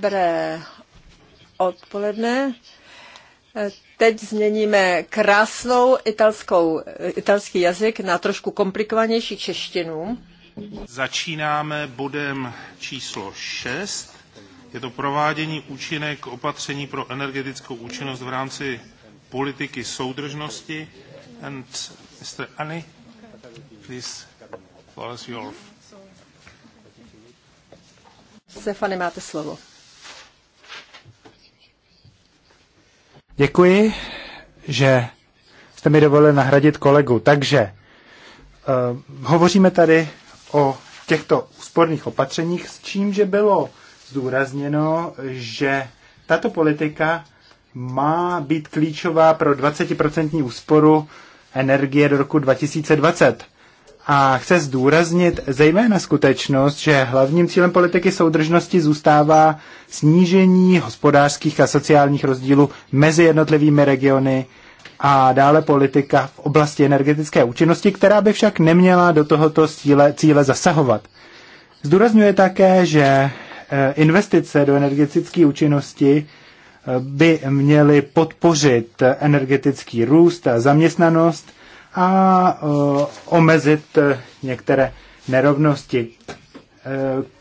Dobré odpoledne. Teď změníme krásnou italskou, italský jazyk na trošku komplikovanější češtinu. Začínáme bodem číslo 6. Je to provádění účinek opatření pro energetickou účinnost v rámci politiky soudržnosti. And Mr. Annie, please, follow your Stefane, máte slovo. Děkuji, že jste mi dovolili nahradit kolegu. Takže uh, hovoříme tady o těchto úsporných opatřeních, s čím, že bylo zdůrazněno, že tato politika má být klíčová pro 20% úsporu energie do roku 2020 a chce zdůraznit zejména skutečnost, že hlavním cílem politiky soudržnosti zůstává snížení hospodářských a sociálních rozdílů mezi jednotlivými regiony a dále politika v oblasti energetické účinnosti, která by však neměla do tohoto cíle, cíle zasahovat. Zdůrazňuje také, že e, investice do energetické účinnosti e, by měly podpořit energetický růst a zaměstnanost – a e, omezit e, některé nerovnosti. E,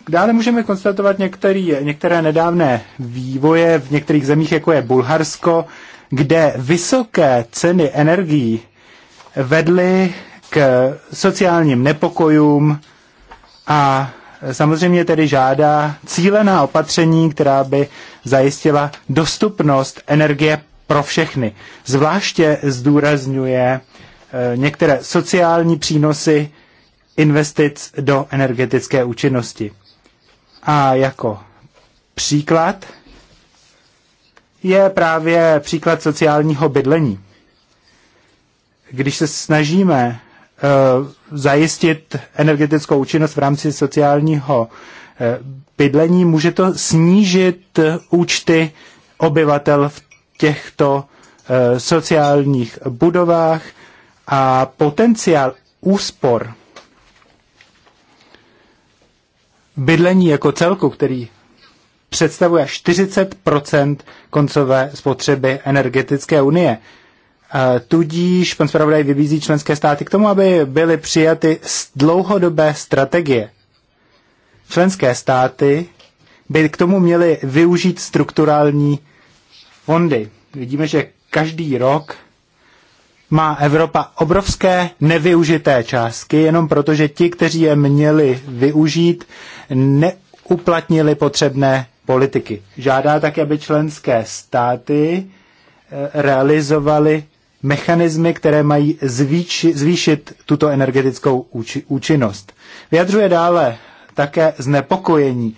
dále můžeme konstatovat některý, některé nedávné vývoje v některých zemích, jako je Bulharsko, kde vysoké ceny energií vedly k sociálním nepokojům a samozřejmě tedy žádá cílená opatření, která by zajistila dostupnost energie pro všechny. Zvláště zdůrazňuje Eh, některé sociální přínosy investic do energetické účinnosti. A jako příklad je právě příklad sociálního bydlení. Když se snažíme eh, zajistit energetickou účinnost v rámci sociálního eh, bydlení, může to snížit účty obyvatel v těchto sociálních budovách, a potenciál úspor bydlení jako celku, který představuje 40 koncové spotřeby energetické unie. Tudíž pan zpravodaj vybízí členské státy k tomu, aby byly přijaty dlouhodobé strategie. Členské státy by k tomu měly využít strukturální fondy. Vidíme, že každý rok má Evropa obrovské nevyužité částky, jenom proto, že ti, kteří je měli využít, neuplatnili potřebné politiky. Žádá tak, aby členské státy eh, realizovaly mechanismy, které mají zvýši, zvýšit tuto energetickou úči, účinnost. Vyjadřuje dále také znepokojení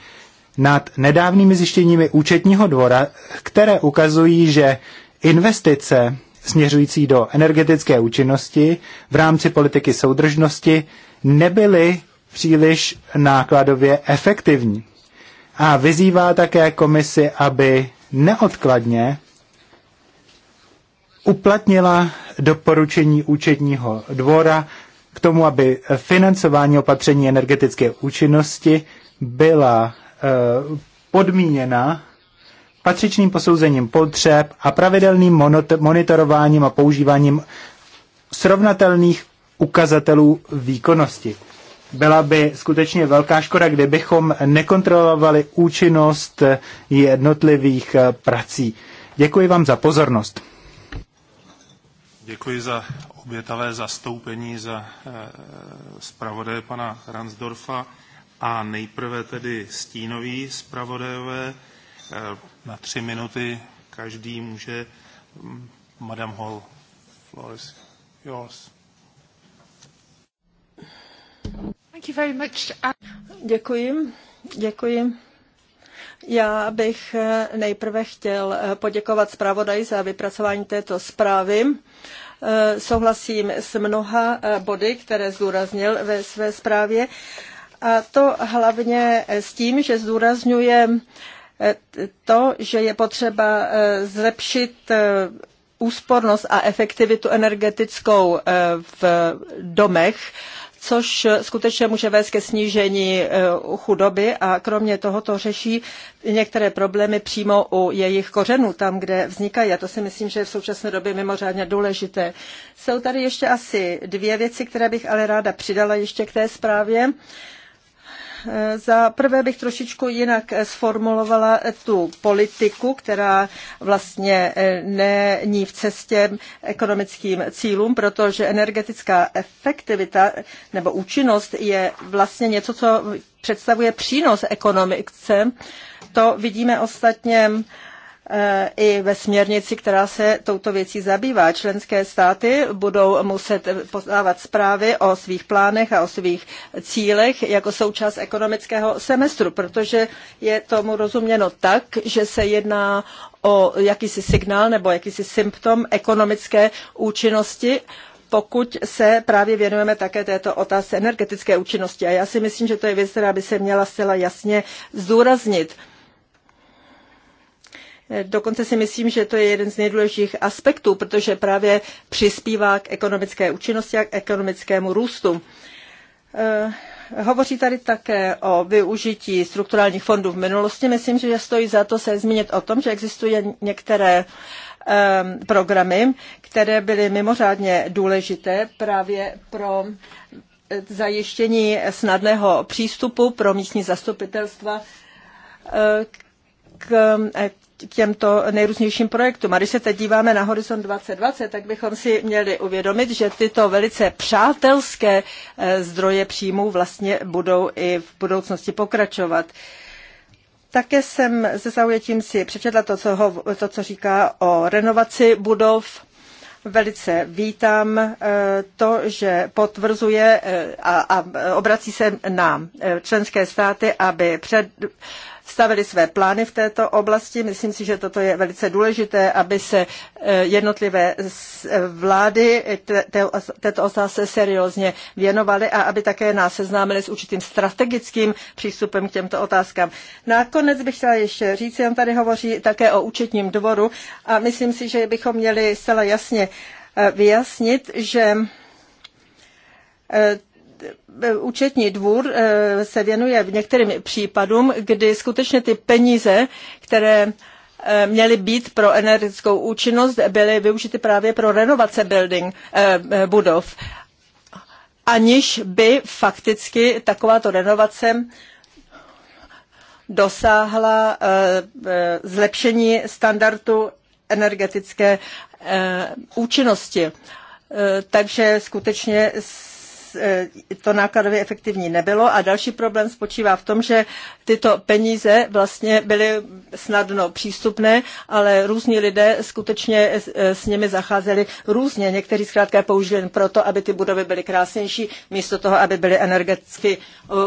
nad nedávnými zjištěními účetního dvora, které ukazují, že investice směřující do energetické účinnosti v rámci politiky soudržnosti nebyly příliš nákladově efektivní. A vyzývá také komisi, aby neodkladně uplatnila doporučení účetního dvora k tomu, aby financování opatření energetické účinnosti byla eh, podmíněna patřičným posouzením potřeb a pravidelným monitorováním a používáním srovnatelných ukazatelů výkonnosti. Byla by skutečně velká škoda, kdybychom nekontrolovali účinnost jednotlivých eh, prací. Děkuji vám za pozornost. Děkuji za obětavé zastoupení za e, zpravodaje pana Ransdorfa a nejprve tedy stínový zpravodajové. E, na tři minuty každý může. Mm, Madam Hall, floor is yours. Thank you very much. Uh, děkuji, děkuji. Já bych eh, nejprve chtěl eh, poděkovat zpravodaji za vypracování této zprávy. Eh, souhlasím s mnoha body, které zdůraznil ve své zprávě. A to hlavně s tím, že zdůrazňuje Eh, to, že je potřeba eh, zlepšit eh, úspornost a efektivitu energetickou v domech, což skutečně může vést ke snížení chudoby a kromě toho to řeší některé problémy přímo u jejich kořenů, tam, kde vznikají. A to si myslím, že je v současné době mimořádně důležité. Jsou tady ještě asi dvě věci, které bych ale ráda přidala ještě k té zprávě. Za prvé bych trošičku jinak sformulovala tu politiku, která vlastně eh, není v cestě ekonomickým cílům, protože energetická efektivita nebo účinnost je vlastně něco, co představuje přínos ekonomice. To vidíme ostatně i ve směrnici, která se touto věcí zabývá. Členské státy budou muset podávat zprávy o svých plánech a o svých cílech jako součást ekonomického semestru, protože je tomu rozuměno tak, že se jedná o jakýsi signál nebo jakýsi symptom ekonomické účinnosti pokud se právě věnujeme také této otázce energetické účinnosti. A já si myslím, že to je věc, která by se měla zcela jasně zdůraznit Dokonce si myslím, že to je jeden z nejdůležitějších aspektů, protože právě přispívá k ekonomické účinnosti a k ekonomickému růstu. Eh, hovoří tady také o využití strukturálních fondů v minulosti. Myslím, že stojí za to se zmínit o tom, že existují některé ehm, programy, které byly mimořádně důležité právě pro eh, zajištění snadného přístupu pro místní zastupitelstva eh, k těmto nejrůznějším projektům. A když se teď díváme na Horizon 2020, tak bychom si měli uvědomit, že tyto velice přátelské eh, zdroje příjmů vlastně budou i v budoucnosti pokračovat. Také jsem se zaujetím si přečetla to, co, ho, to, co říká o renovaci budov. Velice vítám eh, to, že potvrzuje eh, a, a obrací se na členské státy, aby před stavili své plány v této oblasti. Myslím si, že toto je velice důležité, aby se eh, jednotlivé eh, vlády této otázce seriózně věnovaly a aby také nás seznámili s určitým strategickým přístupem k těmto otázkám. Nakonec bych chtěla ještě říct, on tady hovoří také o účetním dvoru a myslím si, že bychom měli zcela jasně eh, vyjasnit, že účetní dvůr eh, se věnuje v některým případům, kdy skutečně ty peníze, které eh, měly být pro energetickou účinnost, byly využity právě pro renovace building, eh, budov, aniž by fakticky takováto renovace dosáhla zlepšení standardu energetické účinnosti. Takže skutečně Eh, to nákladově efektivní nebylo. A další problém spočívá v tom, že tyto peníze vlastně byly snadno přístupné, ale různí lidé skutečně eh, eh, s nimi zacházeli různě. Někteří zkrátka použili jen proto, aby ty budovy byly krásnější, místo toho, aby byly energeticky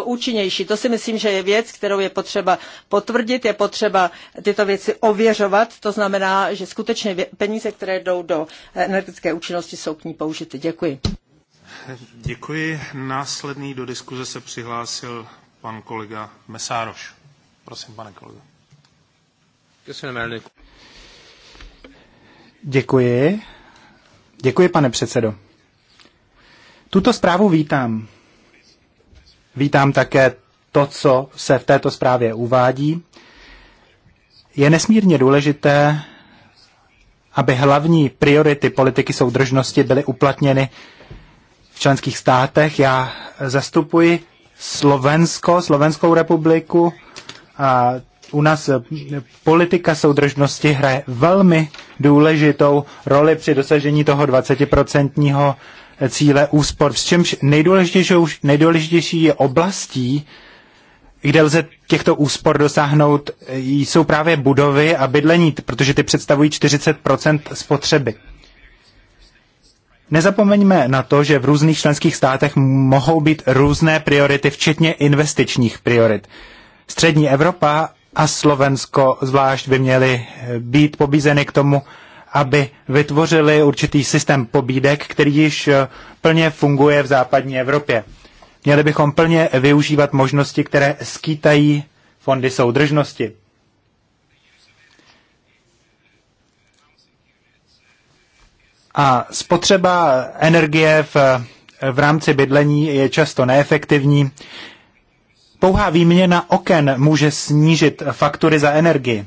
účinnější. To si myslím, že je věc, kterou je potřeba potvrdit, je potřeba tyto věci ověřovat. To znamená, že skutečně peníze, které jdou do energetické účinnosti, jsou k ní použity. Děkuji. Děkuji. Následný do diskuze se přihlásil pan kolega Mesároš. Prosím, pane kolego. Děkuji. Děkuji, pane předsedo. Tuto zprávu vítám. Vítám také to, co se v této zprávě uvádí. Je nesmírně důležité, aby hlavní priority politiky soudržnosti byly uplatněny v členských státech. Já zastupuji Slovensko, Slovenskou republiku a u nás eh, politika soudržnosti hraje velmi důležitou roli při dosažení toho 20% eh, cíle úspor, přičemž nejdůležitějšou, nejdůležitější je oblastí, kde lze těchto úspor dosáhnout, eh, jsou právě budovy a bydlení, protože ty představují 40% spotřeby. Nezapomeňme na to, že v různých členských státech mohou být různé priority, včetně investičních priorit. Střední Evropa a Slovensko zvlášť by měly eh, být pobízeny k tomu, aby vytvořili určitý systém pobídek, který již eh, plně funguje v západní Evropě. Měli bychom plně využívat možnosti, které skýtají fondy soudržnosti. A spotřeba energie v, v rámci bydlení je často neefektivní. Pouhá výměna oken může snížit faktury za energii.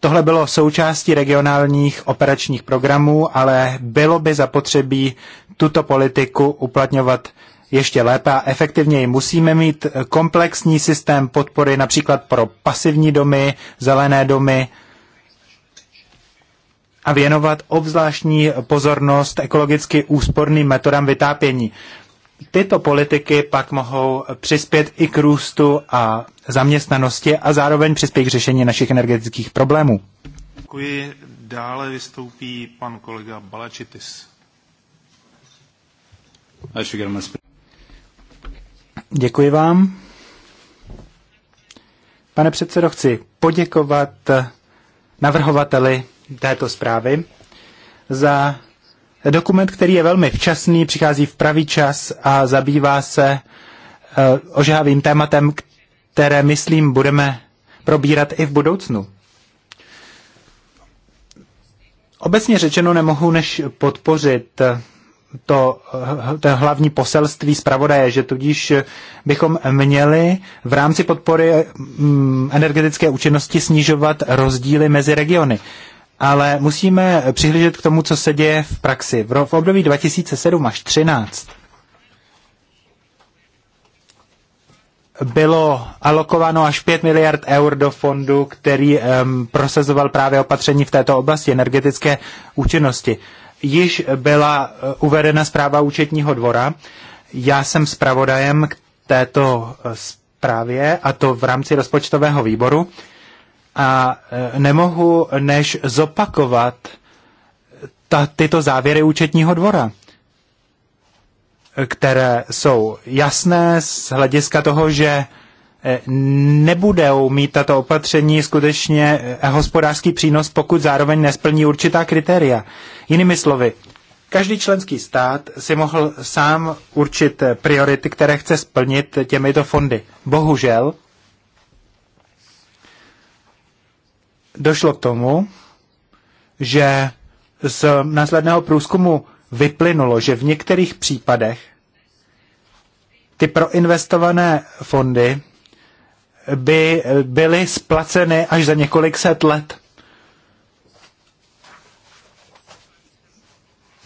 Tohle bylo součástí regionálních operačních programů, ale bylo by zapotřebí tuto politiku uplatňovat ještě lépe a efektivněji. Musíme mít komplexní systém podpory například pro pasivní domy, zelené domy, a věnovat obzvláštní pozornost ekologicky úsporným metodám vytápění. Tyto politiky pak mohou přispět i k růstu a zaměstnanosti a zároveň přispět k řešení našich energetických problémů. Děkuji. Dále vystoupí pan kolega Balačitis. Děkuji vám. Pane předsedo, chci poděkovat navrhovateli této zprávy, za dokument, který je velmi včasný, přichází v pravý čas a zabývá se eh, ožehavým tématem, které, myslím, budeme probírat i v budoucnu. Obecně řečeno nemohu než podpořit eh, to, eh, to hlavní poselství zpravodaje, že tudíž bychom měli v rámci podpory mm, energetické účinnosti snižovat rozdíly mezi regiony ale musíme přihlížet k tomu, co se děje v praxi. V období 2007 až 2013 bylo alokováno až 5 miliard eur do fondu, který um, prosazoval právě opatření v této oblasti energetické účinnosti. Již byla uh, uvedena zpráva účetního dvora. Já jsem zpravodajem k této eh, zprávě, a to v rámci rozpočtového výboru. Uh, a e, nemohu než zopakovat ta, tyto závěry účetního dvora, které jsou jasné z hlediska toho, že e, nebudou mít tato opatření skutečně e, hospodářský přínos, pokud zároveň nesplní určitá kritéria. Jinými slovy, každý členský stát si mohl sám určit priority, které chce splnit těmito fondy. Bohužel, došlo k tomu, že z následného průzkumu vyplynulo, že v některých případech ty proinvestované fondy by byly splaceny až za několik set let.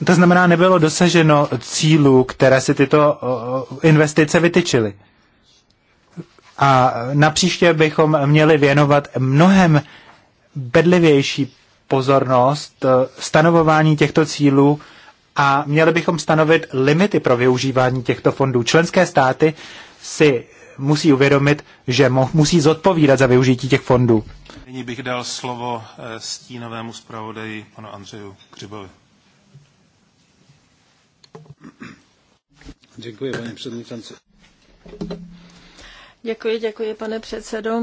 To znamená, nebylo dosaženo cílů, které si tyto investice vytyčily. A napříště bychom měli věnovat mnohem bedlivější pozornost eh, stanovování těchto cílů a měli bychom stanovit limity pro využívání těchto fondů. Členské státy si musí uvědomit, že musí zodpovídat za využití těch fondů. Nyní bych dal slovo eh, stínovému zpravodaji panu Andřeju Křibovi. Děkuji, pane předsedající. Děkuji, děkuji, pane předsedo.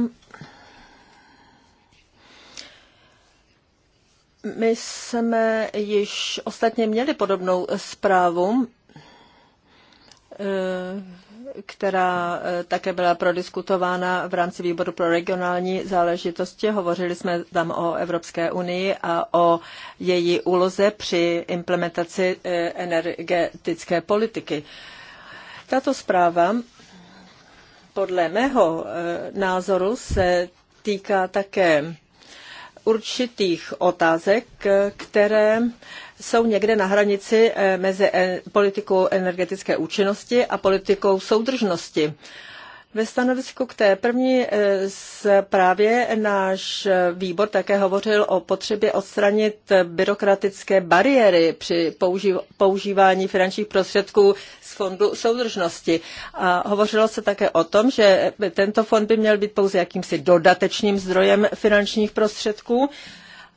My jsme již ostatně měli podobnou zprávu, eh, která eh, také byla prodiskutována v rámci výboru pro regionální záležitosti. Hovořili jsme tam o Evropské unii a o její úloze při implementaci eh, energetické politiky. Tato zpráva podle mého názoru se týká také určitých otázek, které jsou někde na hranici eh, mezi eh, politikou energetické účinnosti a politikou soudržnosti. Ve stanovisku k té první eh, zprávě náš výbor také hovořil o potřebě odstranit byrokratické bariéry při používání finančních prostředků z fondu soudržnosti. A hovořilo se také o tom, že tento fond by měl být pouze jakýmsi dodatečným zdrojem finančních prostředků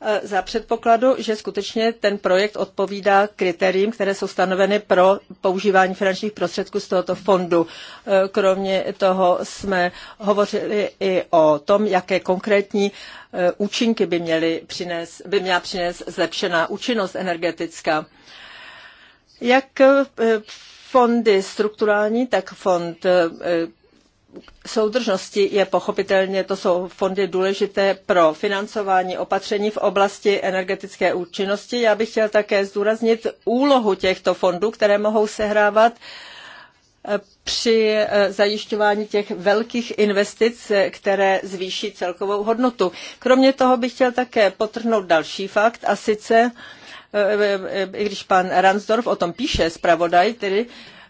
Eh, za předpokladu, že skutečně ten projekt odpovídá kritériím, které jsou stanoveny pro používání finančních prostředků z tohoto fondu. Eh, kromě toho jsme hovořili i o tom, jaké konkrétní eh, účinky by, měly by měla přinést zlepšená účinnost energetická. Jak fondy strukturální, tak fond soudržnosti je pochopitelně, to jsou fondy důležité pro financování opatření v oblasti energetické účinnosti. Já bych chtěl také zdůraznit úlohu těchto fondů, které mohou sehrávat eh, při eh, zajišťování těch velkých investic, eh, které zvýší celkovou hodnotu. Kromě toho bych chtěl také potrhnout další fakt, a sice, i když pan Ransdorf o tom píše, zpravodaj, tedy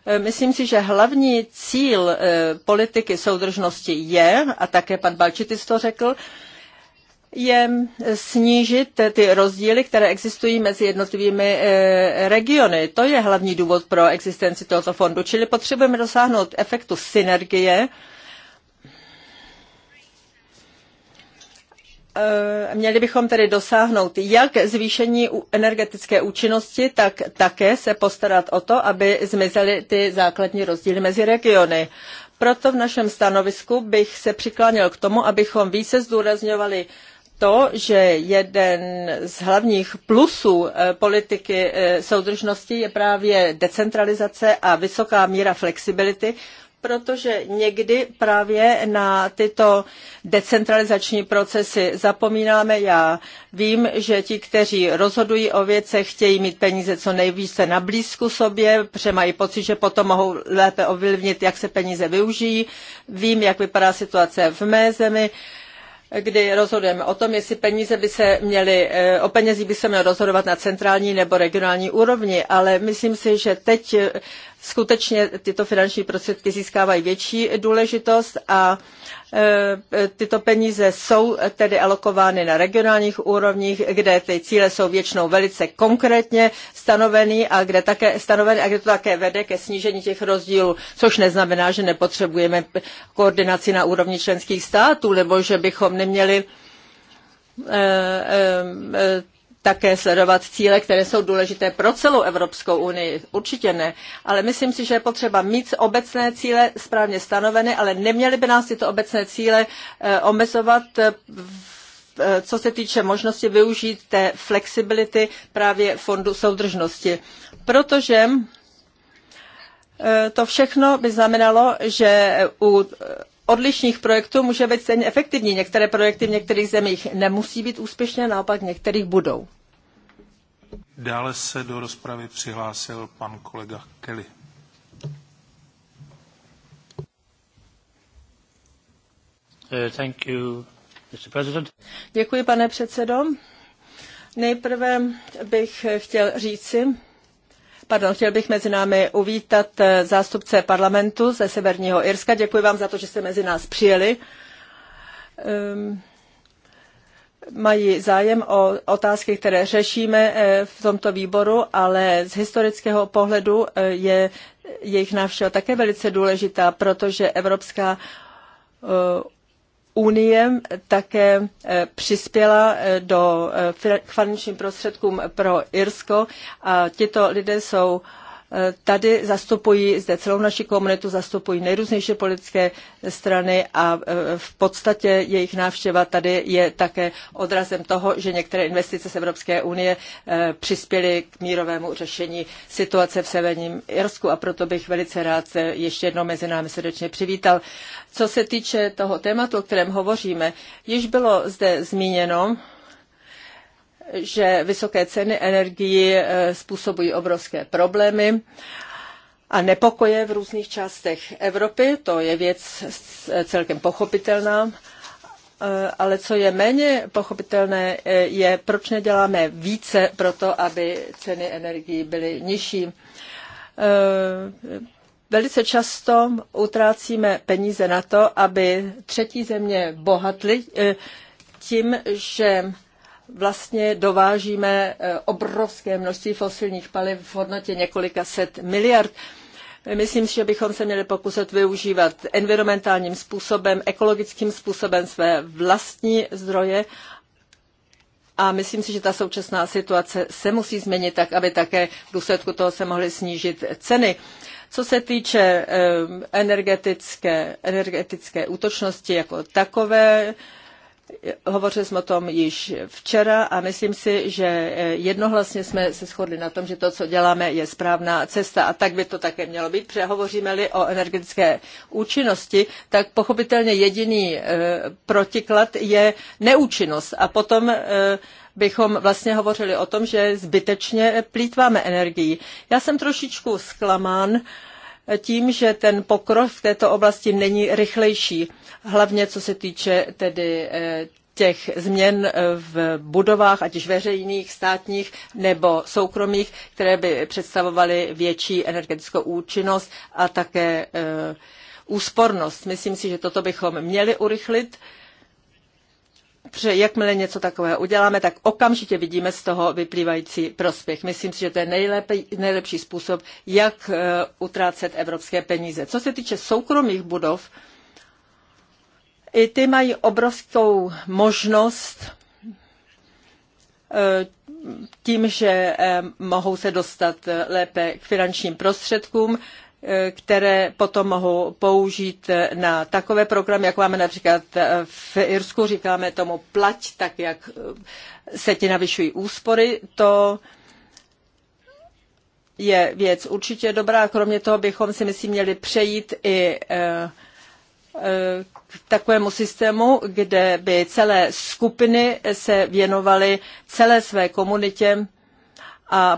Eh, myslím si, že hlavní cíl eh, politiky soudržnosti je, a také pan Balčitis to řekl, je eh, snížit ty rozdíly, které existují mezi jednotlivými regiony. To je hlavní důvod pro existenci tohoto fondu, čili potřebujeme dosáhnout efektu synergie Eh, měli bychom tedy dosáhnout jak zvýšení energetické účinnosti, tak také se postarat o to, aby zmizely ty základní rozdíly mezi regiony. Proto v našem stanovisku bych se přikláněl k tomu, abychom více zdůrazňovali to, že jeden z hlavních plusů eh, politiky eh, soudržnosti je právě decentralizace a vysoká míra flexibility protože někdy právě na tyto decentralizační procesy zapomínáme. Já vím, že ti, kteří rozhodují o věcech, chtějí mít peníze co nejvíce na blízku sobě, protože mají pocit, že potom mohou lépe ovlivnit, jak se peníze využijí. Vím, jak vypadá situace v mé zemi kdy rozhodujeme o tom, jestli peníze by se měly, eh, o penězích by se mělo rozhodovat na centrální nebo regionální úrovni, ale myslím si, že teď eh, skutečně tyto finanční prostředky získávají větší důležitost a Eh, eh, tyto peníze jsou tedy alokovány na regionálních úrovních, kde ty cíle jsou většinou velice konkrétně stanoveny a kde, také, stanoveny a kde to také vede ke snížení těch rozdílů, což neznamená, že nepotřebujeme koordinaci na úrovni členských států nebo že bychom neměli eh, také sledovat cíle, které jsou důležité pro celou Evropskou unii. Určitě ne. Ale myslím si, že je potřeba mít obecné cíle správně stanoveny, ale neměly by nás tyto obecné cíle eh, omezovat eh, eh, co se týče možnosti využít té flexibility právě fondu soudržnosti. Protože to všechno by znamenalo, že u odlišných projektů může být stejně efektivní. Některé projekty v některých zemích nemusí být úspěšné, naopak některých budou. Dále se do rozpravy přihlásil pan kolega Kelly. Uh, thank you, Mr. President. Děkuji, pane předsedo. Nejprve bych chtěl říci, Pardon, chtěl bych mezi námi uvítat eh, zástupce parlamentu ze Severního Irska. Děkuji vám za to, že jste mezi nás přijeli. Ehm, mají zájem o otázky, které řešíme eh, v tomto výboru, ale z historického pohledu eh, je jejich návštěva také velice důležitá, protože Evropská Unie také eh, přispěla eh, do eh, finančním prostředkům pro Irsko a tito lidé jsou Tady zastupují zde celou naši komunitu, zastupují nejrůznější politické strany a e, v podstatě jejich návštěva tady je také odrazem toho, že některé investice z Evropské unie e, přispěly k mírovému řešení situace v severním Irsku a proto bych velice rád ještě jednou mezi námi srdečně přivítal. Co se týče toho tématu, o kterém hovoříme, již bylo zde zmíněno, že vysoké ceny energií eh, způsobují obrovské problémy a nepokoje v různých částech Evropy. To je věc eh, celkem pochopitelná. Eh, ale co je méně pochopitelné, je, proč neděláme více pro to, aby ceny energií byly nižší. Velice často utrácíme peníze na to, aby třetí země bohatly tím, že vlastně dovážíme eh, obrovské množství fosilních paliv v hodnotě několika set miliard. Myslím si, že bychom se měli pokusit využívat environmentálním způsobem, ekologickým způsobem své vlastní zdroje a myslím si, že ta současná situace se musí změnit tak, aby také v důsledku toho se mohly snížit ceny. Co se týče eh, energetické, energetické útočnosti jako takové, Hovořili jsme o tom již včera a myslím si, že eh, jednohlasně jsme se shodli na tom, že to, co děláme, je správná cesta a tak by to také mělo být. Protože hovoříme-li o energetické účinnosti, tak pochopitelně jediný eh, protiklad je neúčinnost a potom eh, bychom vlastně hovořili o tom, že zbytečně plítváme energií. Já jsem trošičku zklamán, tím, že ten pokrok v této oblasti není rychlejší, hlavně co se týče tedy eh, těch změn eh, v budovách, ať už veřejných, státních nebo soukromých, které by představovaly větší energetickou účinnost a také eh, úspornost. Myslím si, že toto bychom měli urychlit protože jakmile něco takového uděláme, tak okamžitě vidíme z toho vyplývající prospěch. Myslím si, že to je nejlepší, nejlepší způsob, jak eh, utrácet evropské peníze. Co se týče soukromých budov, i ty mají obrovskou možnost eh, tím, že eh, mohou se dostat lépe k finančním prostředkům, Eh, které potom mohou použít eh, na takové programy, jako máme například eh, v Irsku, říkáme tomu plať, tak jak se ti navyšují úspory, to je věc určitě dobrá. Kromě toho bychom si myslím měli přejít i k takovému systému, kde by celé skupiny se věnovaly celé své komunitě a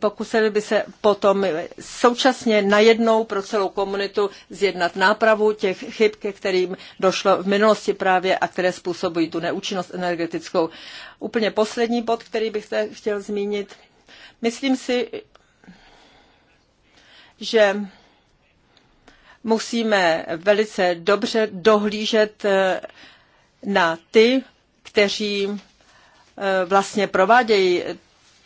pokusili by se potom současně najednou pro celou komunitu zjednat nápravu těch chyb, ke kterým došlo v minulosti právě a které způsobují tu neúčinnost energetickou. Úplně poslední bod, který bych chtěl zmínit. Myslím si, že musíme velice dobře dohlížet eh, na ty, kteří eh, vlastně provádějí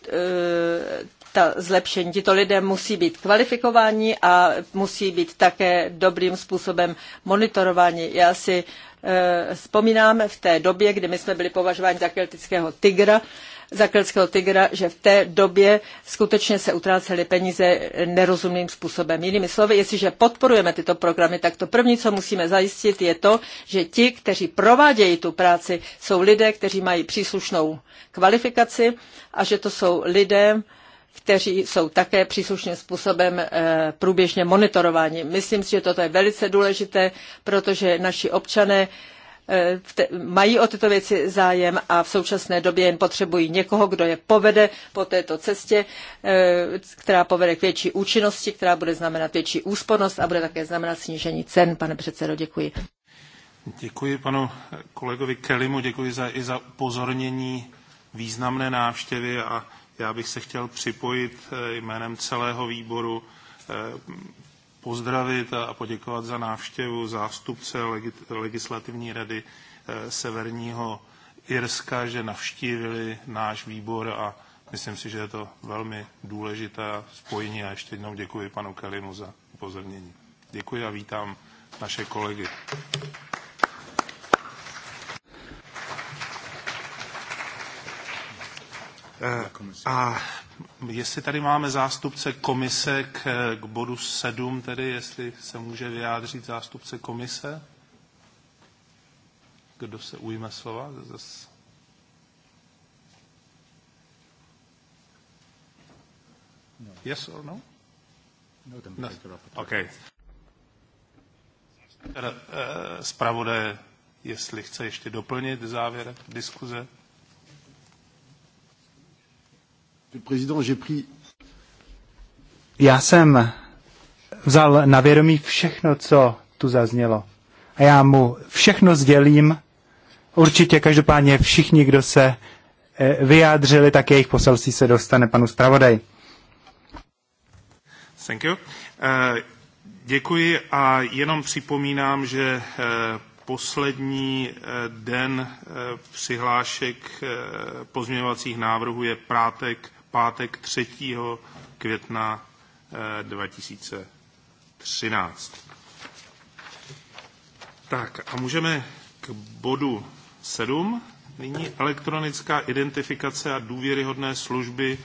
Eh, ta zlepšení. Tito lidé musí být kvalifikováni a musí být také dobrým způsobem monitorováni. Já si eh, vzpomínám v té době, kdy my jsme byli považováni za keltického tygra, zakelského tygra, že v té době skutečně se utrácely peníze nerozumným způsobem. Jinými slovy, jestliže podporujeme tyto programy, tak to první, co musíme zajistit, je to, že ti, kteří provádějí tu práci, jsou lidé, kteří mají příslušnou kvalifikaci a že to jsou lidé, kteří jsou také příslušným způsobem eh, průběžně monitorováni. Myslím si, že toto je velice důležité, protože naši občané Eh, mají o tyto věci zájem a v současné době jen potřebují někoho, kdo je povede po této cestě, eh, která povede k větší účinnosti, která bude znamenat větší úspornost a bude také znamenat snížení cen. Pane předsedo, děkuji. Děkuji panu kolegovi Kelimu, děkuji za, i za upozornění významné návštěvy a já bych se chtěl připojit eh, jménem celého výboru pozdravit a poděkovat za návštěvu zástupce Legislativní rady eh, Severního Irska, že navštívili náš výbor a myslím si, že je to velmi důležité spojení a ještě jednou děkuji panu Kalinu za upozornění. Děkuji a vítám naše kolegy. Eh, a jestli tady máme zástupce komise k, eh, k bodu 7, tedy jestli se může vyjádřit zástupce komise? Kdo se ujme slova? Yes or no? No, then no. Okay. Eh, zpravodaje, jestli chce ještě doplnit závěr diskuze. Já jsem vzal na vědomí všechno, co tu zaznělo. A já mu všechno sdělím. Určitě každopádně všichni, kdo se eh, vyjádřili, tak jejich poselství se dostane panu zpravodaj. Thank you. Eh, děkuji a jenom připomínám, že eh, poslední den přihlášek pozměňovacích návrhů je prátek, pátek 3. května 2013. Eh, tak a můžeme k bodu 7. Nyní elektronická identifikace a důvěryhodné služby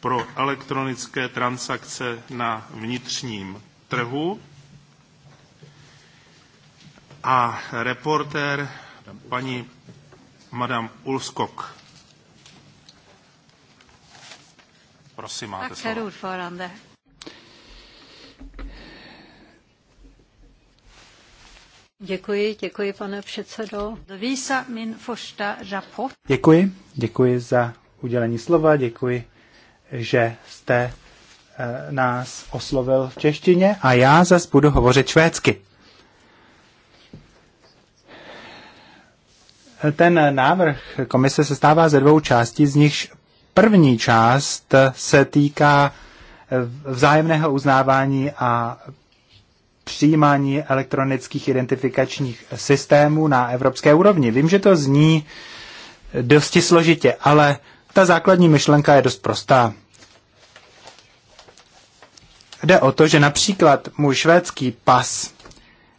pro elektronické transakce na vnitřním trhu. A reportér paní Madame Ulskok. Prosím, máte slovo. Děkuji, děkuji, pane předsedo. Děkuji, děkuji za udělení slova, děkuji, že jste eh, nás oslovil v češtině a já zase budu hovořit švédsky. Ten návrh komise se stává ze dvou částí, z nichž První část se týká eh, vzájemného uznávání a přijímání elektronických identifikačních systémů na evropské úrovni. Vím, že to zní dosti složitě, ale ta základní myšlenka je dost prostá. Jde o to, že například můj švédský pas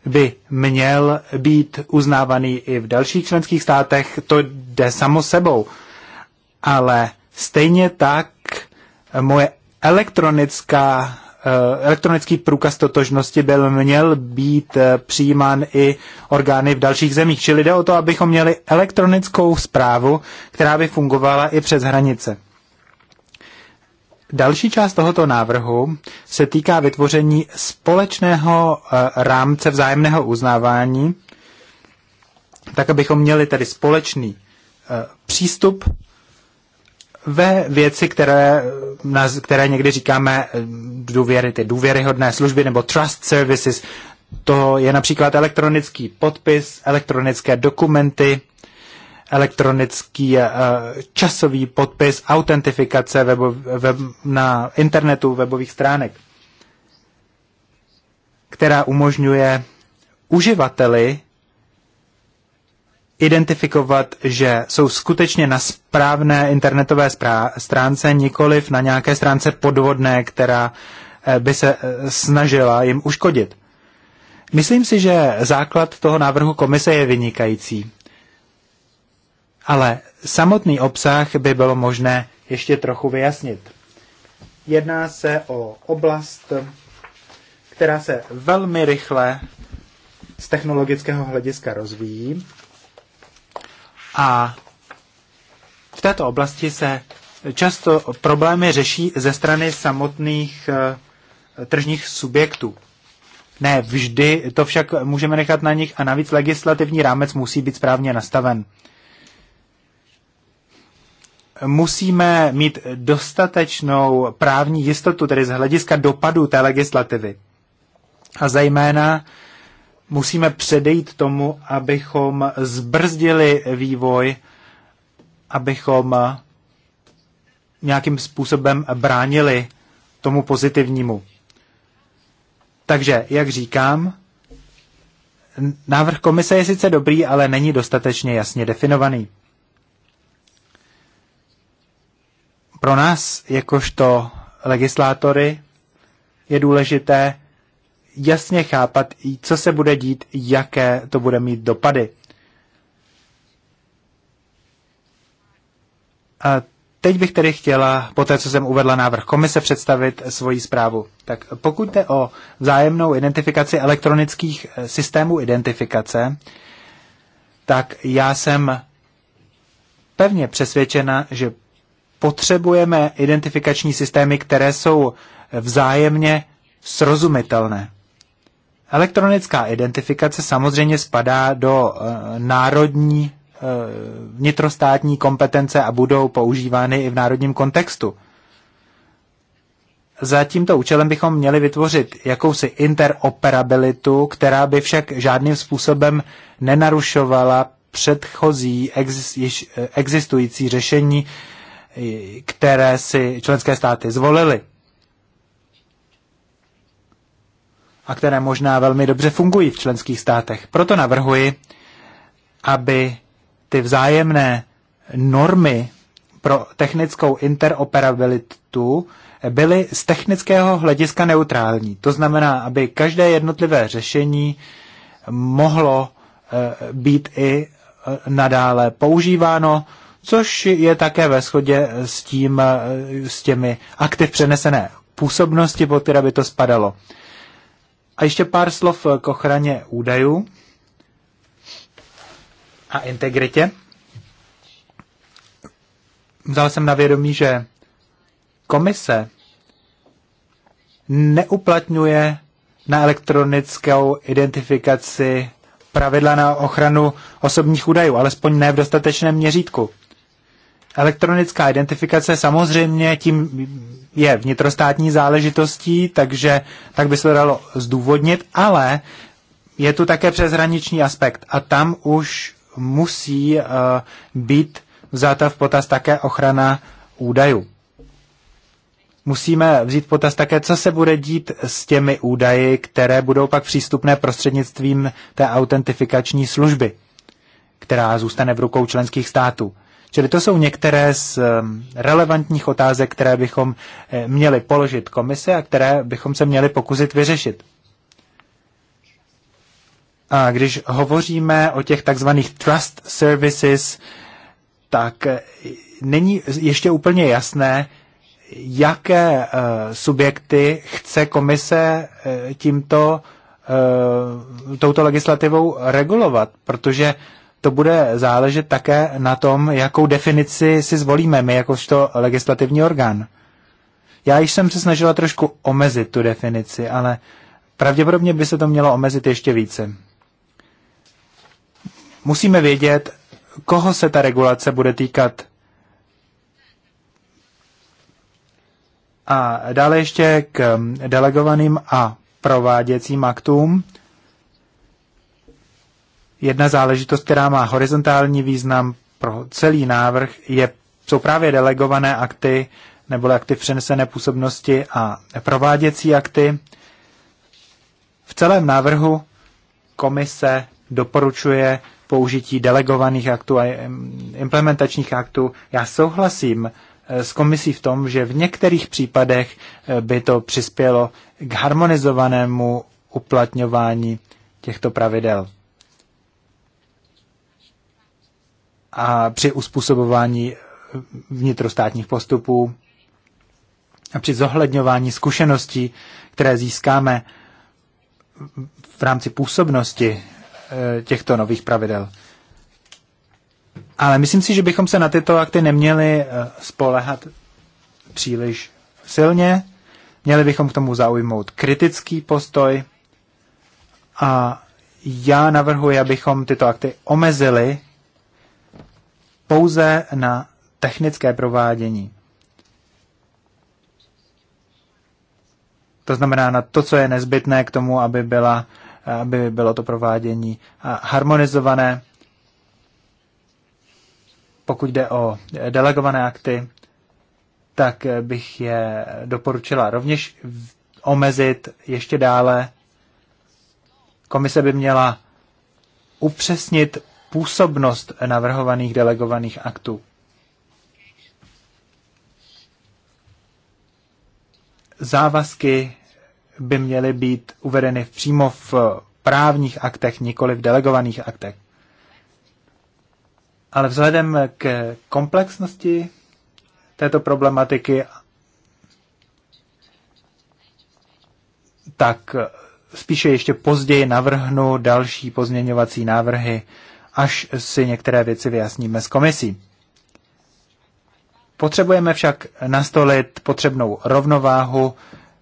by měl být uznávaný i v dalších členských státech, to jde samo sebou. Ale Stejně tak moje elektronická, eh, elektronický průkaz totožnosti byl měl být eh, přijímán i orgány v dalších zemích. Čili jde o to, abychom měli elektronickou zprávu, která by fungovala i přes hranice. Další část tohoto návrhu se týká vytvoření společného eh, rámce vzájemného uznávání, tak abychom měli tedy společný přístup ve věci, které, které někdy říkáme eh, důvěry, ty důvěryhodné služby nebo trust services, to je například elektronický podpis, elektronické dokumenty, elektronický eh, časový podpis, autentifikace webo, web, na internetu webových stránek, která umožňuje uživateli identifikovat, že jsou skutečně na správné internetové stránce, nikoliv na nějaké stránce podvodné, která eh, by se eh, snažila jim uškodit. Myslím si, že základ toho návrhu komise je vynikající, ale samotný obsah by bylo možné ještě trochu vyjasnit. Jedná se o oblast, která se velmi rychle z technologického hlediska rozvíjí a v této oblasti se často problémy řeší ze strany samotných eh, tržních subjektů. Ne vždy, to však můžeme nechat na nich a navíc legislativní rámec musí být správně nastaven. Musíme mít dostatečnou právní jistotu, tedy z hlediska dopadu té legislativy. A zejména musíme předejít tomu, abychom zbrzdili vývoj, abychom nějakým způsobem bránili tomu pozitivnímu. Takže, jak říkám, návrh komise je sice dobrý, ale není dostatečně jasně definovaný. Pro nás, jakožto legislátory, je důležité jasně chápat, co se bude dít, jaké to bude mít dopady. A teď bych tedy chtěla, po té, co jsem uvedla návrh komise, představit svoji zprávu. Tak pokud jde o vzájemnou identifikaci elektronických eh, systémů identifikace, tak já jsem pevně přesvědčena, že potřebujeme identifikační systémy, které jsou eh, vzájemně srozumitelné. Elektronická identifikace samozřejmě spadá do eh, národní eh, vnitrostátní kompetence a budou používány i v národním kontextu. Za tímto účelem bychom měli vytvořit jakousi interoperabilitu, která by však žádným způsobem nenarušovala předchozí eh, existující řešení, které si členské státy zvolily. a které možná velmi dobře fungují v členských státech. Proto navrhuji, aby ty vzájemné normy pro technickou interoperabilitu byly z technického hlediska neutrální. To znamená, aby každé jednotlivé řešení mohlo eh, být i eh, nadále používáno, což je také ve shodě s, tím, eh, s těmi aktiv přenesené působnosti, pod které by to spadalo. A ještě pár slov eh, k ochraně údajů a integritě. Vzal jsem na vědomí, že komise neuplatňuje na elektronickou identifikaci pravidla na ochranu osobních údajů, alespoň ne v dostatečném měřítku. Elektronická identifikace samozřejmě tím je vnitrostátní záležitostí, takže tak by se to dalo zdůvodnit, ale je tu také přeshraniční aspekt a tam už musí uh, být vzata v potaz také ochrana údajů. Musíme vzít potaz také, co se bude dít s těmi údaji, které budou pak přístupné prostřednictvím té autentifikační služby, která zůstane v rukou členských států. Čili to jsou některé z relevantních otázek, které bychom eh, měli položit komise a které bychom se měli pokusit vyřešit. A když hovoříme o těch takzvaných trust services, tak eh, není ještě úplně jasné, jaké eh, subjekty chce komise tímto touto legislativou regulovat, protože to bude záležet také na tom, jakou definici si zvolíme my jakožto legislativní orgán. Já již jsem se snažila trošku omezit tu definici, ale pravděpodobně by se to mělo omezit ještě více. Musíme vědět, koho se ta regulace bude týkat. A dále ještě k delegovaným a prováděcím aktům. Jedna záležitost, která má horizontální význam pro celý návrh, je, jsou právě delegované akty nebo akty v přenesené působnosti a prováděcí akty. V celém návrhu komise doporučuje použití delegovaných aktů a implementačních aktů. Já souhlasím eh, s komisí v tom, že v některých případech eh, by to přispělo k harmonizovanému uplatňování těchto pravidel. a při uspůsobování vnitrostátních postupů a při zohledňování zkušeností, které získáme v rámci působnosti eh, těchto nových pravidel. Ale myslím si, že bychom se na tyto akty neměli eh, spolehat příliš silně. Měli bychom k tomu zaujmout kritický postoj a já navrhuji, abychom tyto akty omezili pouze na technické provádění. To znamená na to, co je nezbytné k tomu, aby, byla, aby bylo to provádění eh, harmonizované. Pokud jde o delegované akty, tak eh, bych je doporučila rovněž omezit ještě dále. Komise by měla upřesnit působnost navrhovaných delegovaných aktů. Závazky by měly být uvedeny přímo v právních aktech, nikoli v delegovaných aktech. Ale vzhledem k komplexnosti této problematiky, tak spíše ještě později navrhnu další pozměňovací návrhy až si některé věci vyjasníme s komisí. Potřebujeme však nastolit potřebnou rovnováhu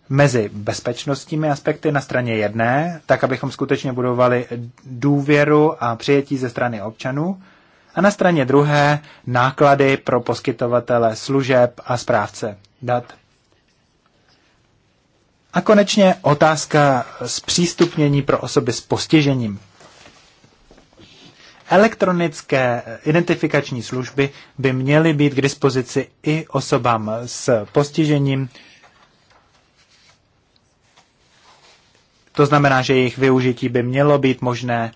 mezi bezpečnostními aspekty na straně jedné, tak abychom skutečně budovali důvěru a přijetí ze strany občanů, a na straně druhé náklady pro poskytovatele služeb a správce dat. A konečně otázka zpřístupnění pro osoby s postižením. Elektronické identifikační služby by měly být k dispozici i osobám s postižením. To znamená, že jejich využití by mělo být možné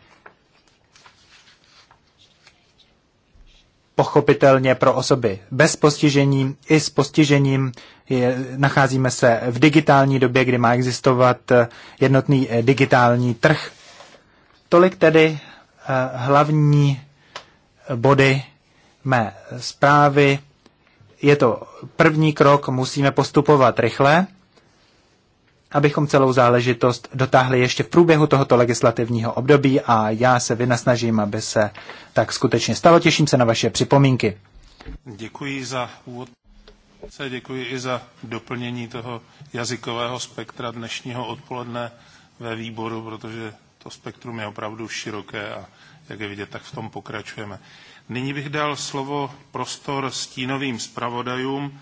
pochopitelně pro osoby bez postižení i s postižením. Je, nacházíme se v digitální době, kdy má existovat jednotný eh, digitální trh. Tolik tedy Eh, hlavní body mé zprávy. Je to první krok, musíme postupovat rychle, abychom celou záležitost dotáhli ještě v průběhu tohoto legislativního období a já se vynasnažím, aby se tak skutečně stalo. Těším se na vaše připomínky. Děkuji za úvod. Děkuji i za doplnění toho jazykového spektra dnešního odpoledne ve výboru, protože to spektrum je opravdu široké a jak je vidět, tak v tom pokračujeme. Nyní bych dal slovo prostor stínovým zpravodajům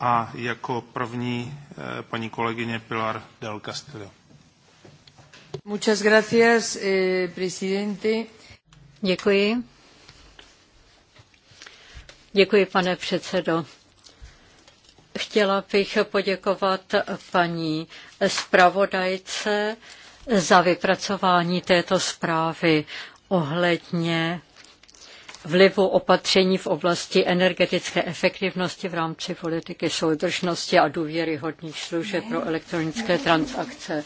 a jako první eh, paní kolegyně Pilar del Castillo. Muchas gracias, eh, presidente. Děkuji. Děkuji, pane předsedo. Chtěla bych poděkovat paní zpravodajce za vypracování této zprávy ohledně vlivu opatření v oblasti energetické efektivnosti v rámci politiky soudržnosti a důvěryhodných služeb pro elektronické transakce.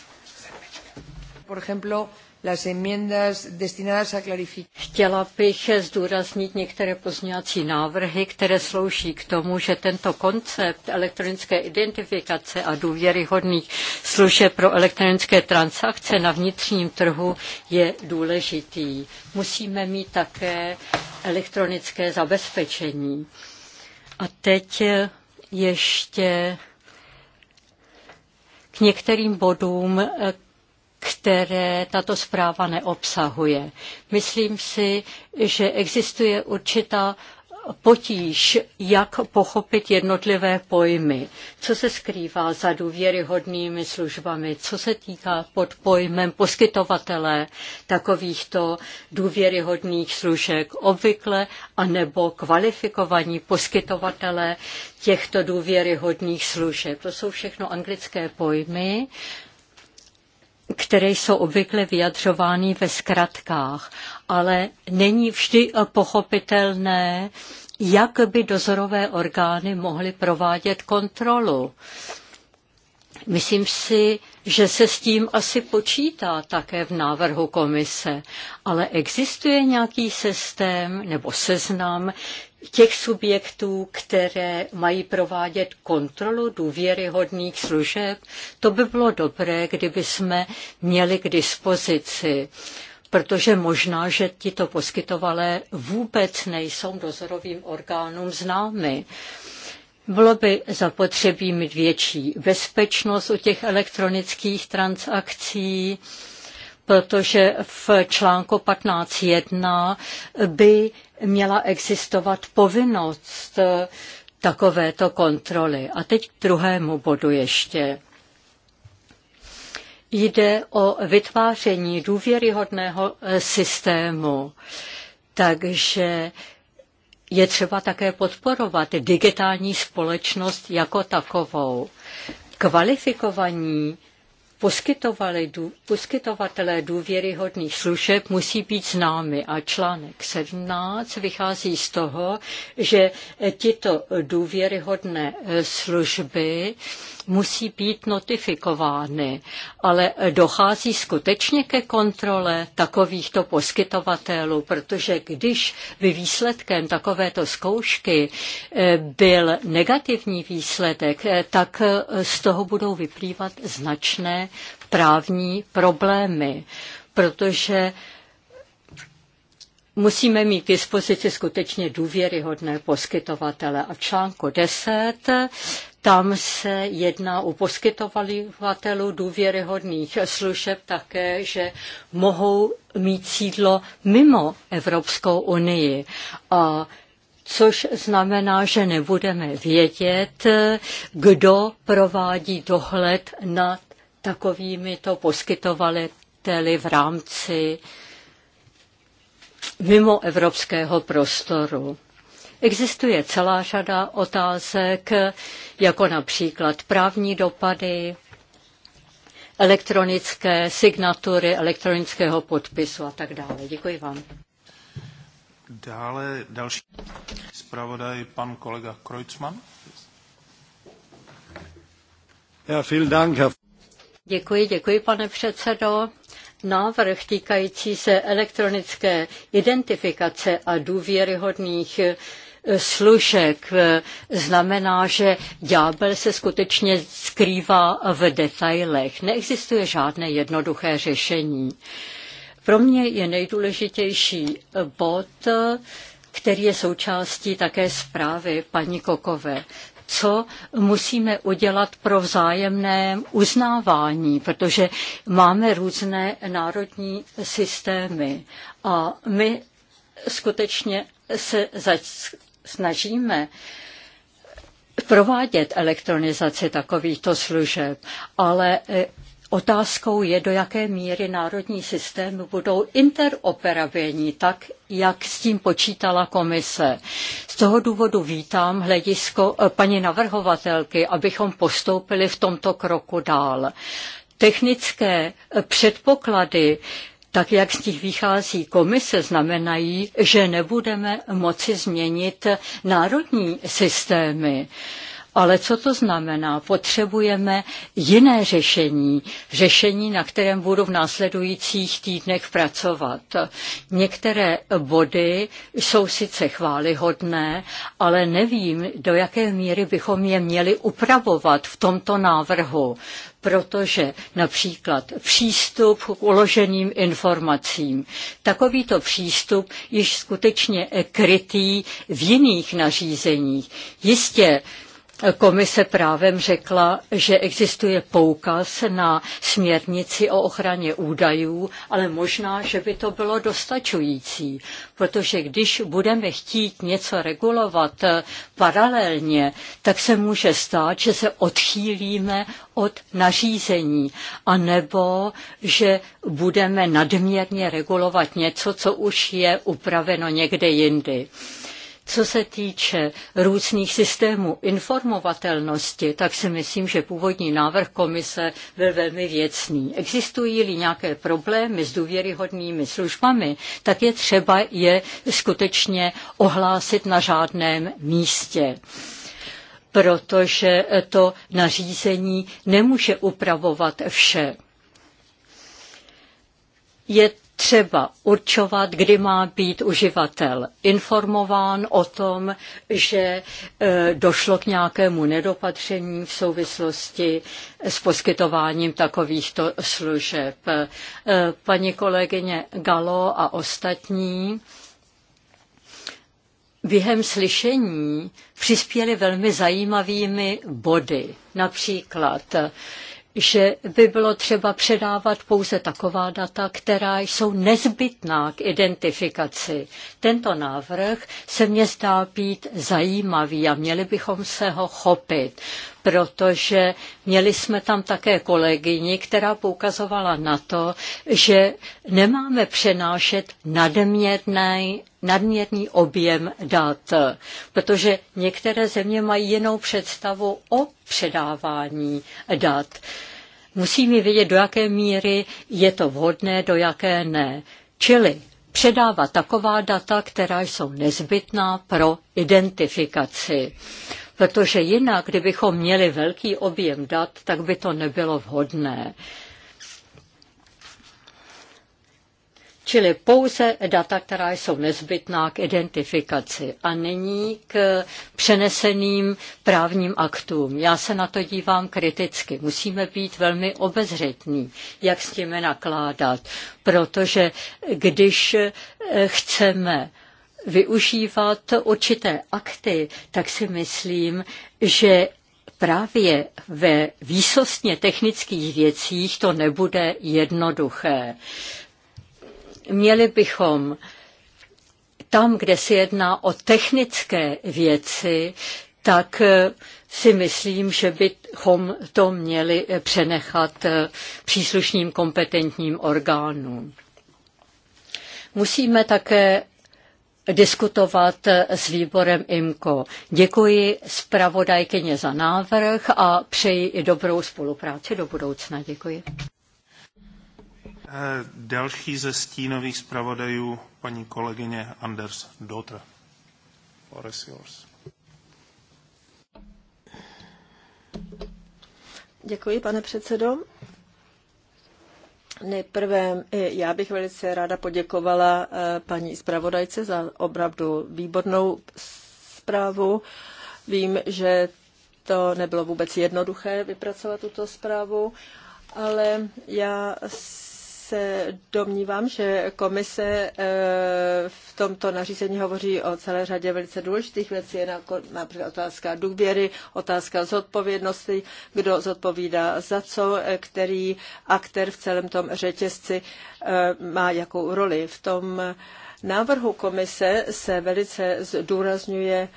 Por ejemplo, las enmiendas destinadas a clarificar. Chtěla bych zdůraznit některé pozměňovací návrhy, které slouží k tomu, že tento koncept elektronické identifikace a důvěryhodných služeb pro elektronické transakce na vnitřním trhu je důležitý. Musíme mít také elektronické zabezpečení. A teď ještě k některým bodům, které tato zpráva neobsahuje. Myslím si, že existuje určitá potíž, jak pochopit jednotlivé pojmy, co se skrývá za důvěryhodnými službami, co se týká pod pojmem poskytovatele takovýchto důvěryhodných služek obvykle, anebo kvalifikovaní poskytovatele těchto důvěryhodných služeb. To jsou všechno anglické pojmy, které jsou obvykle vyjadřovány ve zkratkách, ale není vždy eh, pochopitelné, jak by dozorové orgány mohly provádět kontrolu. Myslím si, že se s tím asi počítá také v návrhu komise, ale existuje nějaký systém nebo seznam těch subjektů, které mají provádět kontrolu důvěryhodných služeb, to by bylo dobré, kdyby jsme měli k dispozici protože možná, že tito poskytovalé vůbec nejsou dozorovým orgánům známy. Bylo by zapotřebí mít větší bezpečnost u těch elektronických transakcí, protože v článku 15.1 by měla existovat povinnost takovéto kontroly. A teď k druhému bodu ještě. Jde o vytváření důvěryhodného eh, systému. Takže je třeba také podporovat digitální společnost jako takovou. Kvalifikovaní Poskytovatelé důvěryhodných služeb musí být známy a článek 17 vychází z toho, že tyto důvěryhodné e, služby musí být notifikovány, ale dochází skutečně ke kontrole takovýchto poskytovatelů, protože když by výsledkem takovéto zkoušky e, byl negativní výsledek, e, tak z toho budou vyplývat značné právní problémy, protože musíme mít k dispozici skutečně důvěryhodné poskytovatele. A v článku 10 tam se jedná u poskytovatelů důvěryhodných služeb také, že mohou mít sídlo mimo Evropskou unii. A což znamená, že nebudeme vědět, kdo provádí dohled nad takovými to poskytovateli v rámci mimo evropského prostoru. Existuje celá řada otázek, jako například právní dopady, elektronické signatury, elektronického podpisu a tak dále. Děkuji vám. Dále další zpravodaj, pan kolega Kreutzmann. Ja, vielen Dank, Herr Děkuji, děkuji, pane předsedo. Návrh týkající se elektronické identifikace a důvěryhodných eh, služek eh, znamená, že ďábel se skutečně skrývá v detailech. Neexistuje žádné jednoduché řešení. Pro mě je nejdůležitější bod, eh, který je součástí také zprávy paní Kokové co musíme udělat pro vzájemné uznávání, protože máme různé národní systémy a my skutečně se snažíme provádět elektronizaci takovýchto služeb, ale eh, Otázkou je, do jaké míry národní systémy budou interoperabilní, tak jak s tím počítala komise. Z toho důvodu vítám hledisko eh, paní navrhovatelky, abychom postoupili v tomto kroku dál. Technické eh, předpoklady tak jak z nich vychází komise, znamenají, že nebudeme moci změnit eh, národní systémy. Ale co to znamená? Potřebujeme jiné řešení, řešení, na kterém budu v následujících týdnech pracovat. Některé body jsou sice chválihodné, ale nevím, do jaké míry bychom je měli upravovat v tomto návrhu protože například přístup k uloženým informacím. Takovýto přístup již skutečně krytý v jiných nařízeních. Jistě Komise právem řekla, že existuje poukaz na směrnici o ochraně údajů, ale možná, že by to bylo dostačující, protože když budeme chtít něco regulovat eh, paralelně, tak se může stát, že se odchýlíme od nařízení, anebo že budeme nadměrně regulovat něco, co už je upraveno někde jindy. Co se týče různých systémů informovatelnosti, tak si myslím, že původní návrh komise byl velmi věcný. Existují-li nějaké problémy s důvěryhodnými službami, tak je třeba je skutečně ohlásit na žádném místě protože to nařízení nemůže upravovat vše. Je třeba určovat, kdy má být uživatel informován o tom, že e, došlo k nějakému nedopatření v souvislosti s poskytováním takovýchto služeb. E, paní kolegyně Galo a ostatní během slyšení přispěli velmi zajímavými body. Například že by bylo třeba předávat pouze taková data, která jsou nezbytná k identifikaci. Tento návrh se mně zdá být zajímavý a měli bychom se ho chopit, protože měli jsme tam také kolegyni, která poukazovala na to, že nemáme přenášet nadměrné nadměrný objem dat, protože některé země mají jinou představu o předávání dat. Musíme vědět, do jaké míry je to vhodné, do jaké ne. Čili předávat taková data, která jsou nezbytná pro identifikaci. Protože jinak, kdybychom měli velký objem dat, tak by to nebylo vhodné. čili pouze data, která jsou nezbytná k identifikaci a není k přeneseným právním aktům. Já se na to dívám kriticky. Musíme být velmi obezřetní, jak s tím nakládat, protože když eh, chceme využívat určité akty, tak si myslím, že právě ve výsostně technických věcích to nebude jednoduché. Měli bychom tam, kde se jedná o technické věci, tak eh, si myslím, že bychom to měli eh, přenechat eh, příslušným kompetentním orgánům. Musíme také diskutovat s výborem IMCO. Děkuji zpravodajkyně za návrh a přeji i dobrou spolupráci do budoucna. Děkuji. Eh, další ze stínových zpravodajů paní kolegyně Anders Dotr. is yours? Děkuji, pane předsedo. Nejprve eh, já bych velice ráda poděkovala eh, paní zpravodajce za opravdu výbornou zprávu. Vím, že to nebylo vůbec jednoduché vypracovat tuto zprávu, ale já se domnívám, že komise e, v tomto nařízení hovoří o celé řadě velice důležitých věcí, je například otázka důvěry, otázka zodpovědnosti, kdo zodpovídá za co, e, který aktér v celém tom řetězci e, má jakou roli. V tom návrhu komise se velice zdůrazňuje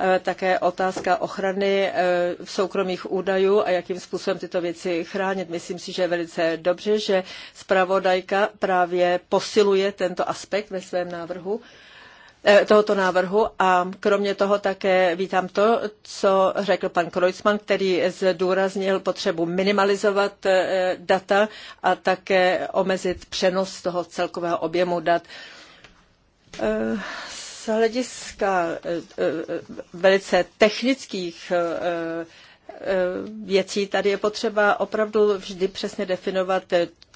Eh, také otázka ochrany eh, soukromých údajů a jakým způsobem tyto věci chránit. Myslím si, že je velice dobře, že zpravodajka právě posiluje tento aspekt ve svém návrhu eh, tohoto návrhu a kromě toho také vítám to, co řekl pan Kreuzmann, který zdůraznil potřebu minimalizovat data a také omezit přenos toho celkového objemu dat hlediska e, e, velice technických e, věcí tady je potřeba opravdu vždy přesně definovat,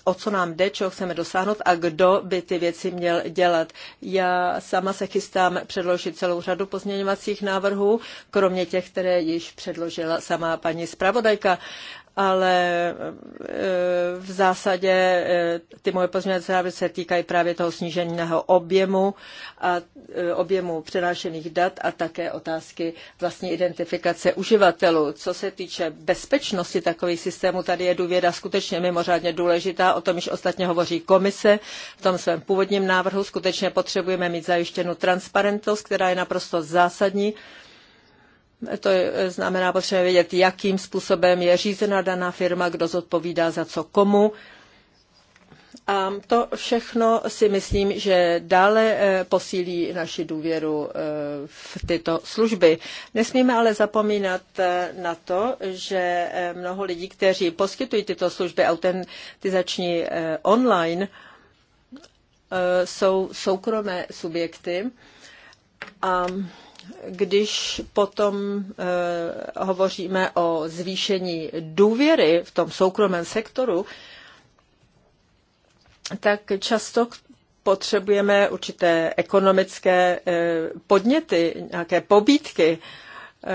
o co nám jde, čeho chceme dosáhnout a kdo by ty věci měl dělat. Já sama se chystám předložit celou řadu pozměňovacích návrhů, kromě těch, které již předložila sama paní zpravodajka ale eh, v zásadě eh, ty moje pozměňovací návrhy se týkají právě toho sníženého objemu a eh, objemu přenášených dat a také otázky vlastně identifikace uživatelů. Co se týče bezpečnosti takových systémů, tady je důvěra skutečně mimořádně důležitá, o tom již ostatně hovoří komise v tom svém původním návrhu. Skutečně potřebujeme mít zajištěnu transparentnost, která je naprosto zásadní to e, znamená, potřebujeme vědět, jakým způsobem je řízena daná firma, kdo zodpovídá za co komu. A to všechno si myslím, že dále e, posílí naši důvěru e, v tyto služby. Nesmíme ale zapomínat na to, že mnoho lidí, kteří poskytují tyto služby autentizační online, jsou soukromé subjekty. A když potom eh, hovoříme o zvýšení důvěry v tom soukromém sektoru, tak často potřebujeme určité ekonomické eh, podněty, nějaké pobídky, eh,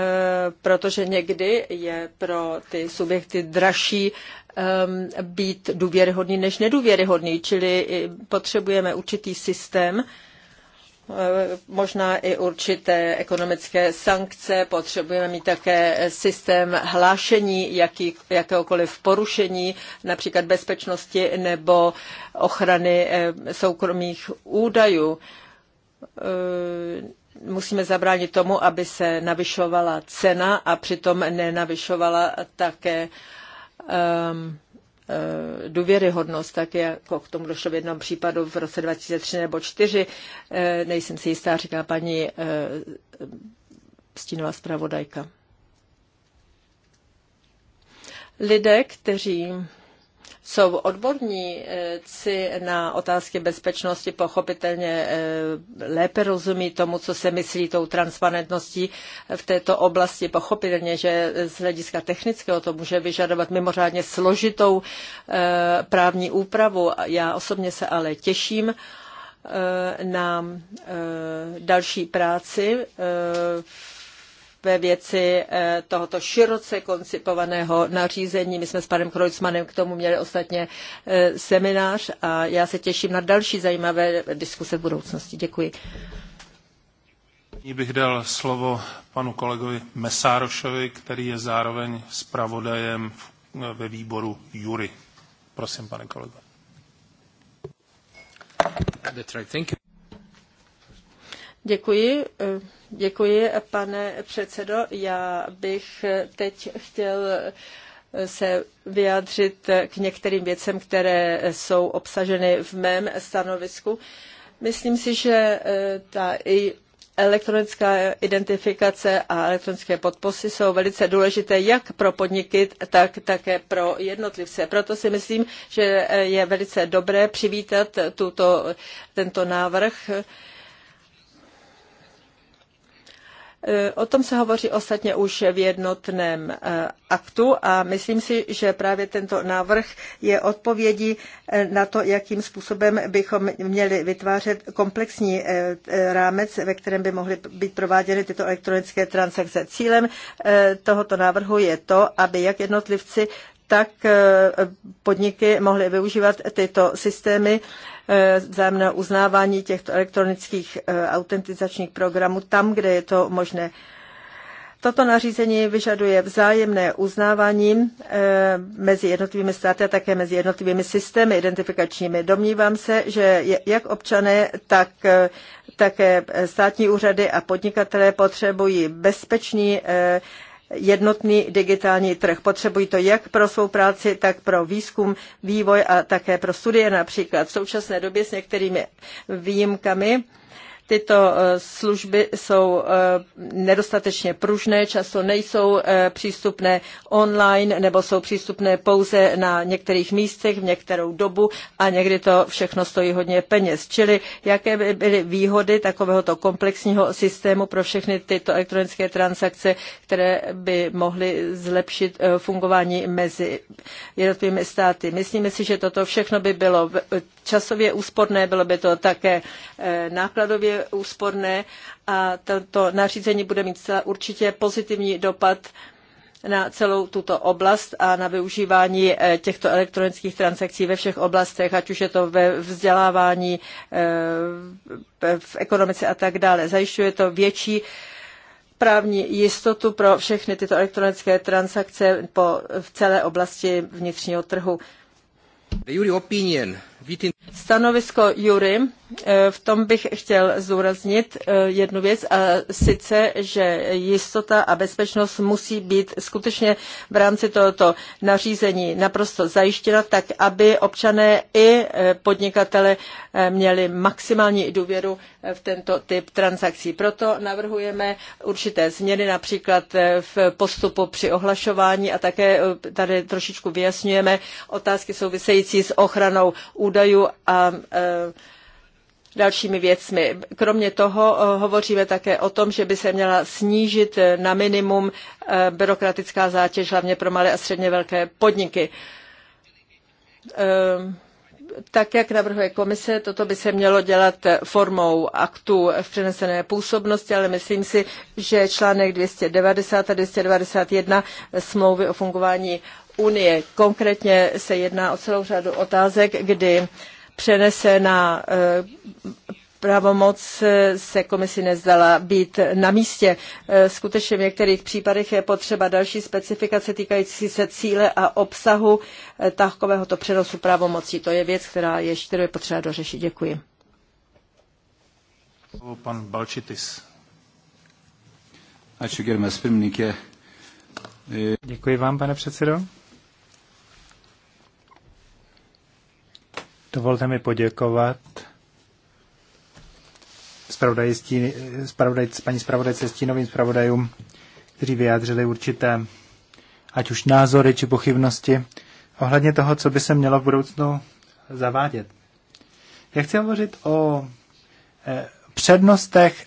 protože někdy je pro ty subjekty dražší ehm, být důvěryhodný než nedůvěryhodný, čili potřebujeme určitý systém, Eh, možná i určité ekonomické sankce, potřebujeme mít také systém hlášení jaký, jakéhokoliv porušení, například bezpečnosti nebo ochrany eh, soukromých údajů. Eh, musíme zabránit tomu, aby se navyšovala cena a přitom nenavyšovala také um, Eh, důvěryhodnost, tak jako k tomu došlo v jednom případu v roce 2003 nebo 2004. Eh, nejsem si jistá, říká paní eh, stínová zpravodajka. Lidé, kteří jsou odborníci na otázky bezpečnosti, pochopitelně eh, lépe rozumí tomu, co se myslí tou transparentností v této oblasti. Pochopitelně, že z hlediska technického to může vyžadovat mimořádně složitou eh, právní úpravu. Já osobně se ale těším eh, na další práci v ve věci eh, tohoto široce koncipovaného nařízení. My jsme s panem Kreuzmanem k tomu měli ostatně eh, seminář a já se těším na další zajímavé diskuse v budoucnosti. Děkuji. Nyní bych dal slovo panu kolegovi Mesárošovi, který je zároveň zpravodajem ve výboru Jury. Prosím, pane kolego. Thank you. Děkuji. Děkuji, pane předsedo. Já bych teď chtěl se vyjádřit k některým věcem, které jsou obsaženy v mém stanovisku. Myslím si, že eh, ta i elektronická identifikace a elektronické podpisy jsou velice důležité jak pro podniky, tak také pro jednotlivce. Proto si myslím, že eh, je velice dobré přivítat tuto, tento návrh. O tom se hovoří ostatně už v jednotném eh, aktu a myslím si, že právě tento návrh je odpovědí eh, na to, jakým způsobem bychom měli vytvářet komplexní eh, rámec, ve kterém by mohly být prováděny tyto elektronické transakce. Cílem tohoto návrhu je to, aby jak jednotlivci, tak podniky mohly využívat tyto systémy vzájemné uznávání těchto elektronických eh, autentizačních programů tam, kde je to možné. Toto nařízení vyžaduje vzájemné uznávání eh, mezi jednotlivými státy a také mezi jednotlivými systémy identifikačními. Domnívám se, že jak občané, tak eh, také státní úřady a podnikatelé potřebují bezpečný jednotný digitální trh. Potřebují to jak pro svou práci, tak pro výzkum, vývoj a také pro studie například. V současné době s některými výjimkami Tyto eh, služby jsou eh, nedostatečně pružné, často nejsou eh, přístupné online nebo jsou přístupné pouze na některých místech v některou dobu a někdy to všechno stojí hodně peněz. Čili jaké by byly výhody takovéhoto komplexního systému pro všechny tyto elektronické transakce, které by mohly zlepšit fungování mezi jednotlivými státy. Myslíme si, že toto všechno by bylo časově úsporné, bylo by to také nákladově úsporné a toto nařízení bude mít zcela určitě pozitivní dopad na celou tuto oblast a na využívání eh, těchto elektronických transakcí ve všech oblastech, ať už je to ve vzdělávání, eh, v ekonomice a tak dále. Zajišťuje to větší právní jistotu pro všechny tyto elektronické transakce po, v celé oblasti vnitřního trhu. The Stanovisko Jury, eh, v tom bych chtěl zdůraznit eh, jednu věc a sice, že jistota a bezpečnost musí být skutečně v rámci tohoto nařízení naprosto zajištěna tak, aby občané i eh, podnikatele měli maximální důvěru v tento typ transakcí. Proto navrhujeme určité změny, například v postupu při ohlašování a také tady trošičku vyjasňujeme otázky související s ochranou údajů údajů a dalšími věcmi. Kromě toho e, hovoříme také o tom, že by se měla snížit e, na minimum e, byrokratická zátěž, hlavně pro malé a středně velké podniky. Tak, jak navrhuje komise, toto by se mělo dělat formou aktů v přenesené působnosti, ale myslím si, že článek 290 a 291 smlouvy o fungování unie. Konkrétně se jedná o celou řadu otázek, kdy přenesená eh, pravomoc eh, se komisi nezdala být na místě. Eh, skutečně v některých případech je potřeba další specifikace týkající se cíle a obsahu takovéhoto přenosu pravomocí. To je věc, která ještě kterou je potřeba dořešit. Děkuji. Pan Balčitis. Ačiū, gerbiamas pirmininkė. Děkuji vám, pane předsedo. Dovolte mi poděkovat spravodajství, spravodaj, paní spravodajce stínovým spravodajům, kteří vyjádřili určité ať už názory či pochybnosti ohledně toho, co by se mělo v budoucnu zavádět. Já chci hovořit o eh, přednostech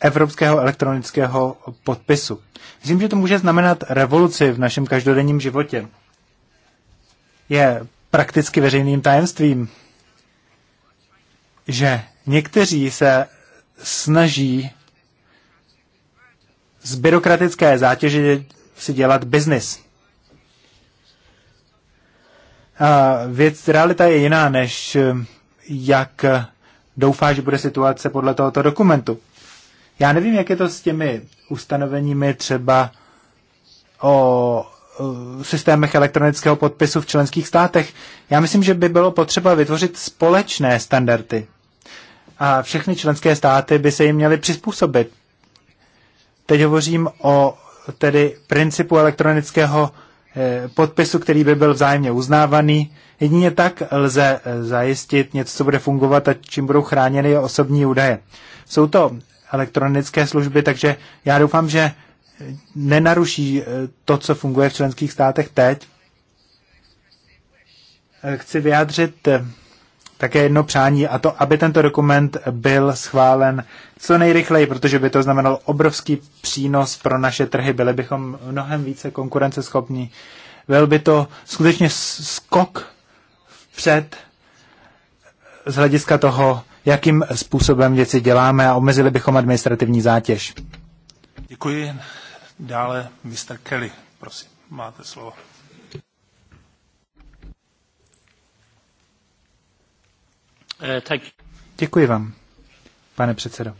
evropského elektronického podpisu. Myslím, že to může znamenat revoluci v našem každodenním životě. Je prakticky veřejným tajemstvím, že někteří se snaží z byrokratické zátěže si dělat biznis. A věc, realita je jiná, než eh, jak doufá, že bude situace podle tohoto dokumentu. Já nevím, jak je to s těmi ustanoveními třeba o Eh, systémech elektronického podpisu v členských státech. Já myslím, že by bylo potřeba vytvořit společné standardy. A všechny členské státy by se jim měly přizpůsobit. Teď hovořím o tedy principu elektronického eh, podpisu, který by byl vzájemně uznávaný. Jedině tak lze eh, zajistit něco, co bude fungovat a čím budou chráněny osobní údaje. Jsou to elektronické služby, takže já doufám, že nenaruší eh, to, co funguje v členských státech teď. Eh, chci vyjádřit eh, také jedno přání, a to, aby tento dokument byl schválen co nejrychleji, protože by to znamenalo obrovský přínos pro naše trhy. Byli bychom mnohem více konkurenceschopní. Byl by to skutečně skok vpřed z hlediska toho, jakým způsobem věci děláme a omezili bychom administrativní zátěž. Děkuji. Dále Mr. Kelly, prosím, máte slovo. Eh, děkuji vám, pane předsedo.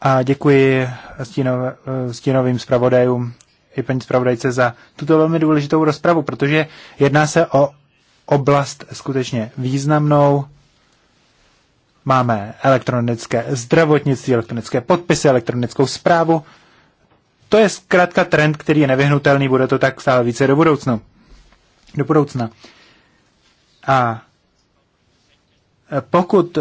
A děkuji stínov, stínovým zpravodajům i paní zpravodajce za tuto velmi důležitou rozpravu, protože jedná se o oblast skutečně významnou, Máme elektronické zdravotnictví, elektronické podpisy, elektronickou zprávu. To je zkrátka trend, který je nevyhnutelný, bude to tak stále více do budoucna. Do budoucna. A pokud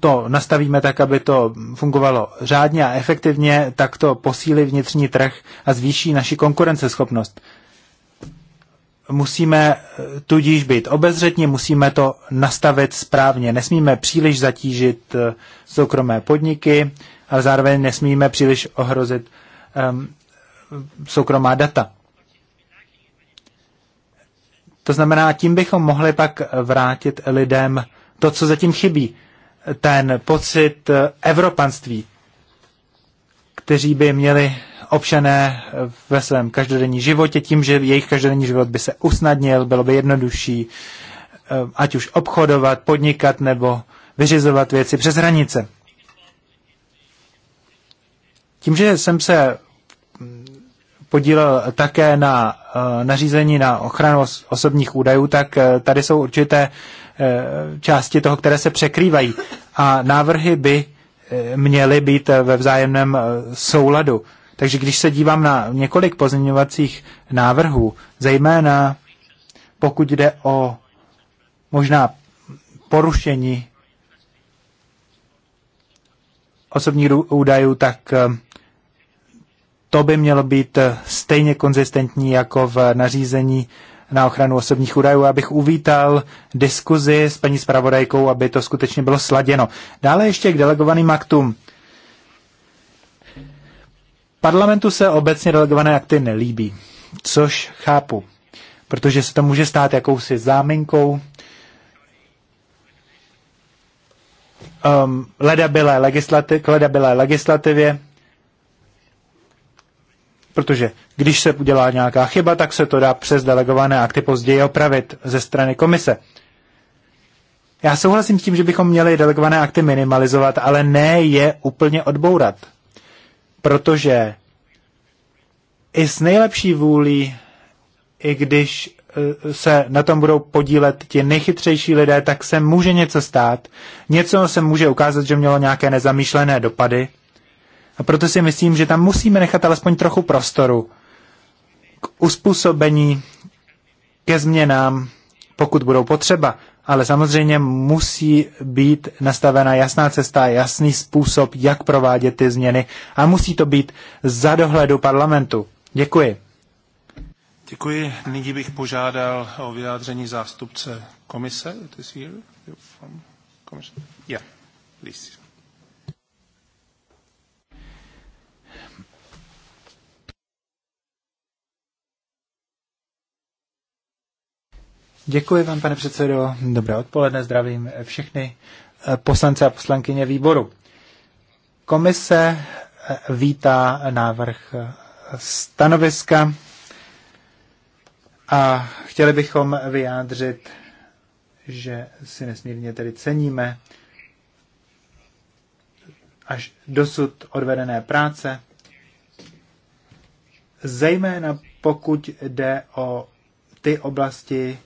to nastavíme tak, aby to fungovalo řádně a efektivně, tak to posílí vnitřní trh a zvýší naši konkurenceschopnost musíme eh, tudíž být obezřetní, musíme to nastavit správně. Nesmíme příliš zatížit eh, soukromé podniky, ale zároveň nesmíme příliš ohrozit um, soukromá data. To znamená, tím bychom mohli pak vrátit lidem to, co zatím chybí. Ten pocit eh, evropanství, kteří by měli občané ve svém každodenní životě tím, že jejich každodenní život by se usnadnil, bylo by jednodušší, eh, ať už obchodovat, podnikat nebo vyřizovat věci přes hranice. Tím, že jsem se mm, podílel také na eh, nařízení na ochranu osobních údajů, tak eh, tady jsou určité části toho, které se překrývají. A návrhy by měly být ve vzájemném souladu. Takže když se dívám na několik pozměňovacích návrhů, zejména pokud jde o možná porušení osobních údajů, tak eh, to by mělo být eh, stejně konzistentní jako v nařízení na ochranu osobních údajů. Abych uvítal diskuzi s paní zpravodajkou, aby to skutečně bylo sladěno. Dále ještě k delegovaným aktům. Parlamentu se obecně delegované akty nelíbí, což chápu, protože se to může stát jakousi záminkou um, ledabilé legislati- k ledabilé legislativě, protože když se udělá nějaká chyba, tak se to dá přes delegované akty později opravit ze strany komise. Já souhlasím s tím, že bychom měli delegované akty minimalizovat, ale ne je úplně odbourat protože i s nejlepší vůlí, i když eh, se na tom budou podílet ti nejchytřejší lidé, tak se může něco stát. Něco se může ukázat, že mělo nějaké nezamýšlené dopady. A proto si myslím, že tam musíme nechat alespoň trochu prostoru k uspůsobení, ke změnám, pokud budou potřeba. Ale samozřejmě musí být nastavena jasná cesta, jasný způsob, jak provádět ty změny a musí to být za dohledu parlamentu. Děkuji. Děkuji. Nyní bych požádal o vyjádření zástupce komise. Is here? From Yeah, please. Děkuji vám, pane předsedo. Dobré odpoledne, zdravím všechny eh, poslance a poslankyně výboru. Komise eh, vítá návrh eh, stanoviska a chtěli bychom vyjádřit, že si nesmírně tedy ceníme až dosud odvedené práce, zejména pokud jde o ty oblasti,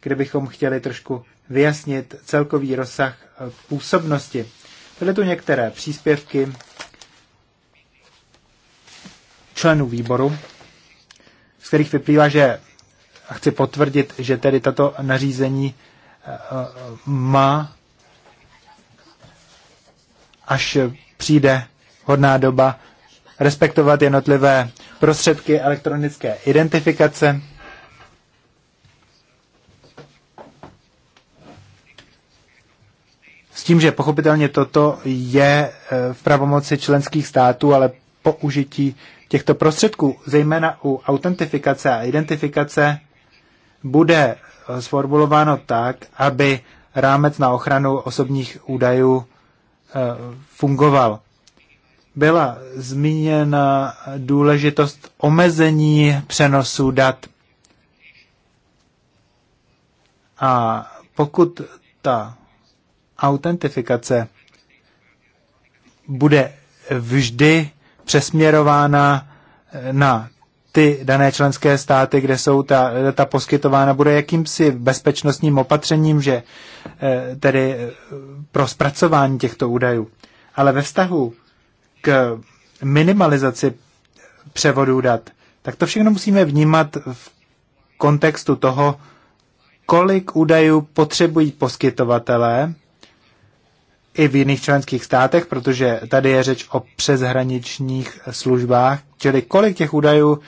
kde bychom chtěli trošku vyjasnit celkový rozsah působnosti. Byly tu některé příspěvky členů výboru, z kterých vyplývá, že a chci potvrdit, že tedy tato nařízení eh, eh, má až přijde hodná doba respektovat jednotlivé prostředky elektronické identifikace S tím, že pochopitelně toto je e, v pravomoci členských států, ale použití těchto prostředků, zejména u autentifikace a identifikace, bude e, sformulováno tak, aby rámec na ochranu osobních údajů e, fungoval. Byla zmíněna důležitost omezení přenosu dat. A pokud ta autentifikace bude vždy přesměrována eh, na ty dané členské státy, kde jsou ta data poskytována, bude jakýmsi bezpečnostním opatřením, že eh, tedy eh, pro zpracování těchto údajů. Ale ve vztahu k minimalizaci převodu dat, tak to všechno musíme vnímat v kontextu toho, kolik údajů potřebují poskytovatelé i v jiných členských státech, protože tady je řeč o přeshraničních službách, čili kolik těch údajů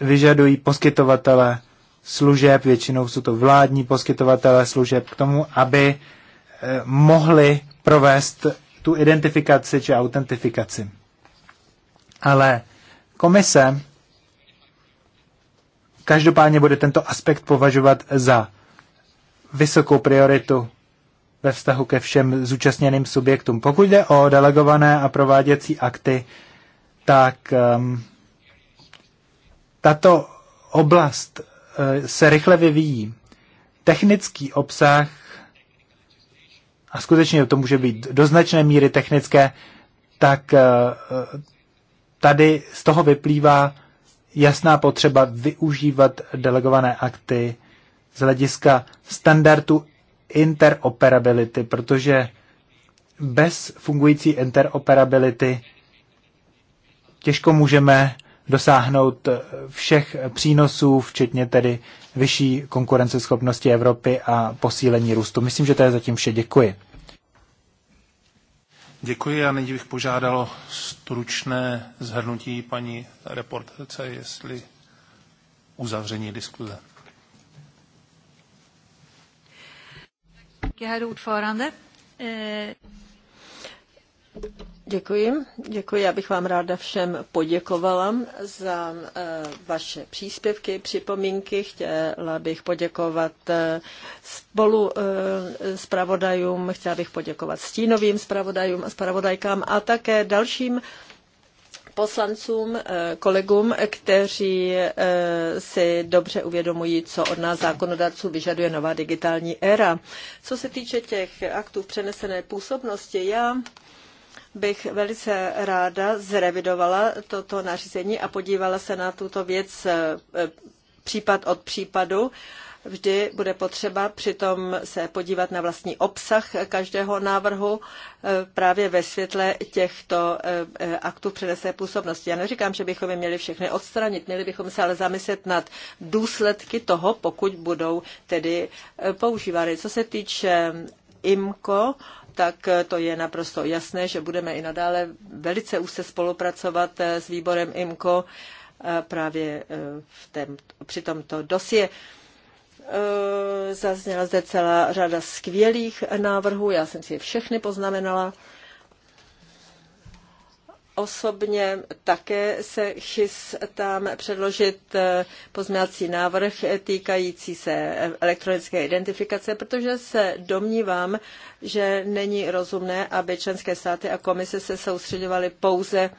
vyžadují poskytovatele služeb, většinou jsou to vládní poskytovatele služeb, k tomu, aby eh, mohli provést tu identifikaci či autentifikaci. Ale komise každopádně bude tento aspekt považovat za vysokou prioritu ve vztahu ke všem zúčastněným subjektům. Pokud jde o delegované a prováděcí akty, tak um, tato oblast uh, se rychle vyvíjí. Technický obsah, a skutečně to může být do značné míry technické, tak uh, tady z toho vyplývá jasná potřeba využívat delegované akty z hlediska standardu interoperability, protože bez fungující interoperability těžko můžeme dosáhnout všech přínosů, včetně tedy vyšší konkurenceschopnosti Evropy a posílení růstu. Myslím, že to je zatím vše. Děkuji. Děkuji a nyní bych požádal stručné zhrnutí paní reportérce, jestli uzavření diskuze. mycket, herr ordförande. Eh. Děkuji. Děkuji. Já bych vám ráda všem poděkovala za eh, vaše příspěvky, připomínky. Chtěla bych poděkovat eh, spolu zpravodajům, chtěla bych poděkovat stínovým zpravodajům a zpravodajkám a také dalším poslancům, eh, kolegům, kteří eh, si dobře uvědomují, co od nás zákonodárců vyžaduje nová digitální éra. Co se týče těch aktů přenesené působnosti, já bych velice ráda zrevidovala toto nařízení a podívala se na tuto věc eh, případ od případu. Vždy bude potřeba přitom se podívat na vlastní obsah každého návrhu e, právě ve světle těchto e, e, aktů přenesené působnosti. Já neříkám, že bychom je měli všechny odstranit, měli bychom se ale zamyslet nad důsledky toho, pokud budou tedy používány. Co se týče IMCO, tak to je naprosto jasné, že budeme i nadále velice úzce spolupracovat s výborem IMCO právě v tém, při tomto dosie. Eh, zazněla zde celá řada skvělých návrhů, já jsem si je všechny poznamenala. Osobně také se chystám předložit eh, pozměňovací návrh týkající se elektronické identifikace, protože se domnívám, že není rozumné, aby členské státy a komise se soustředovaly pouze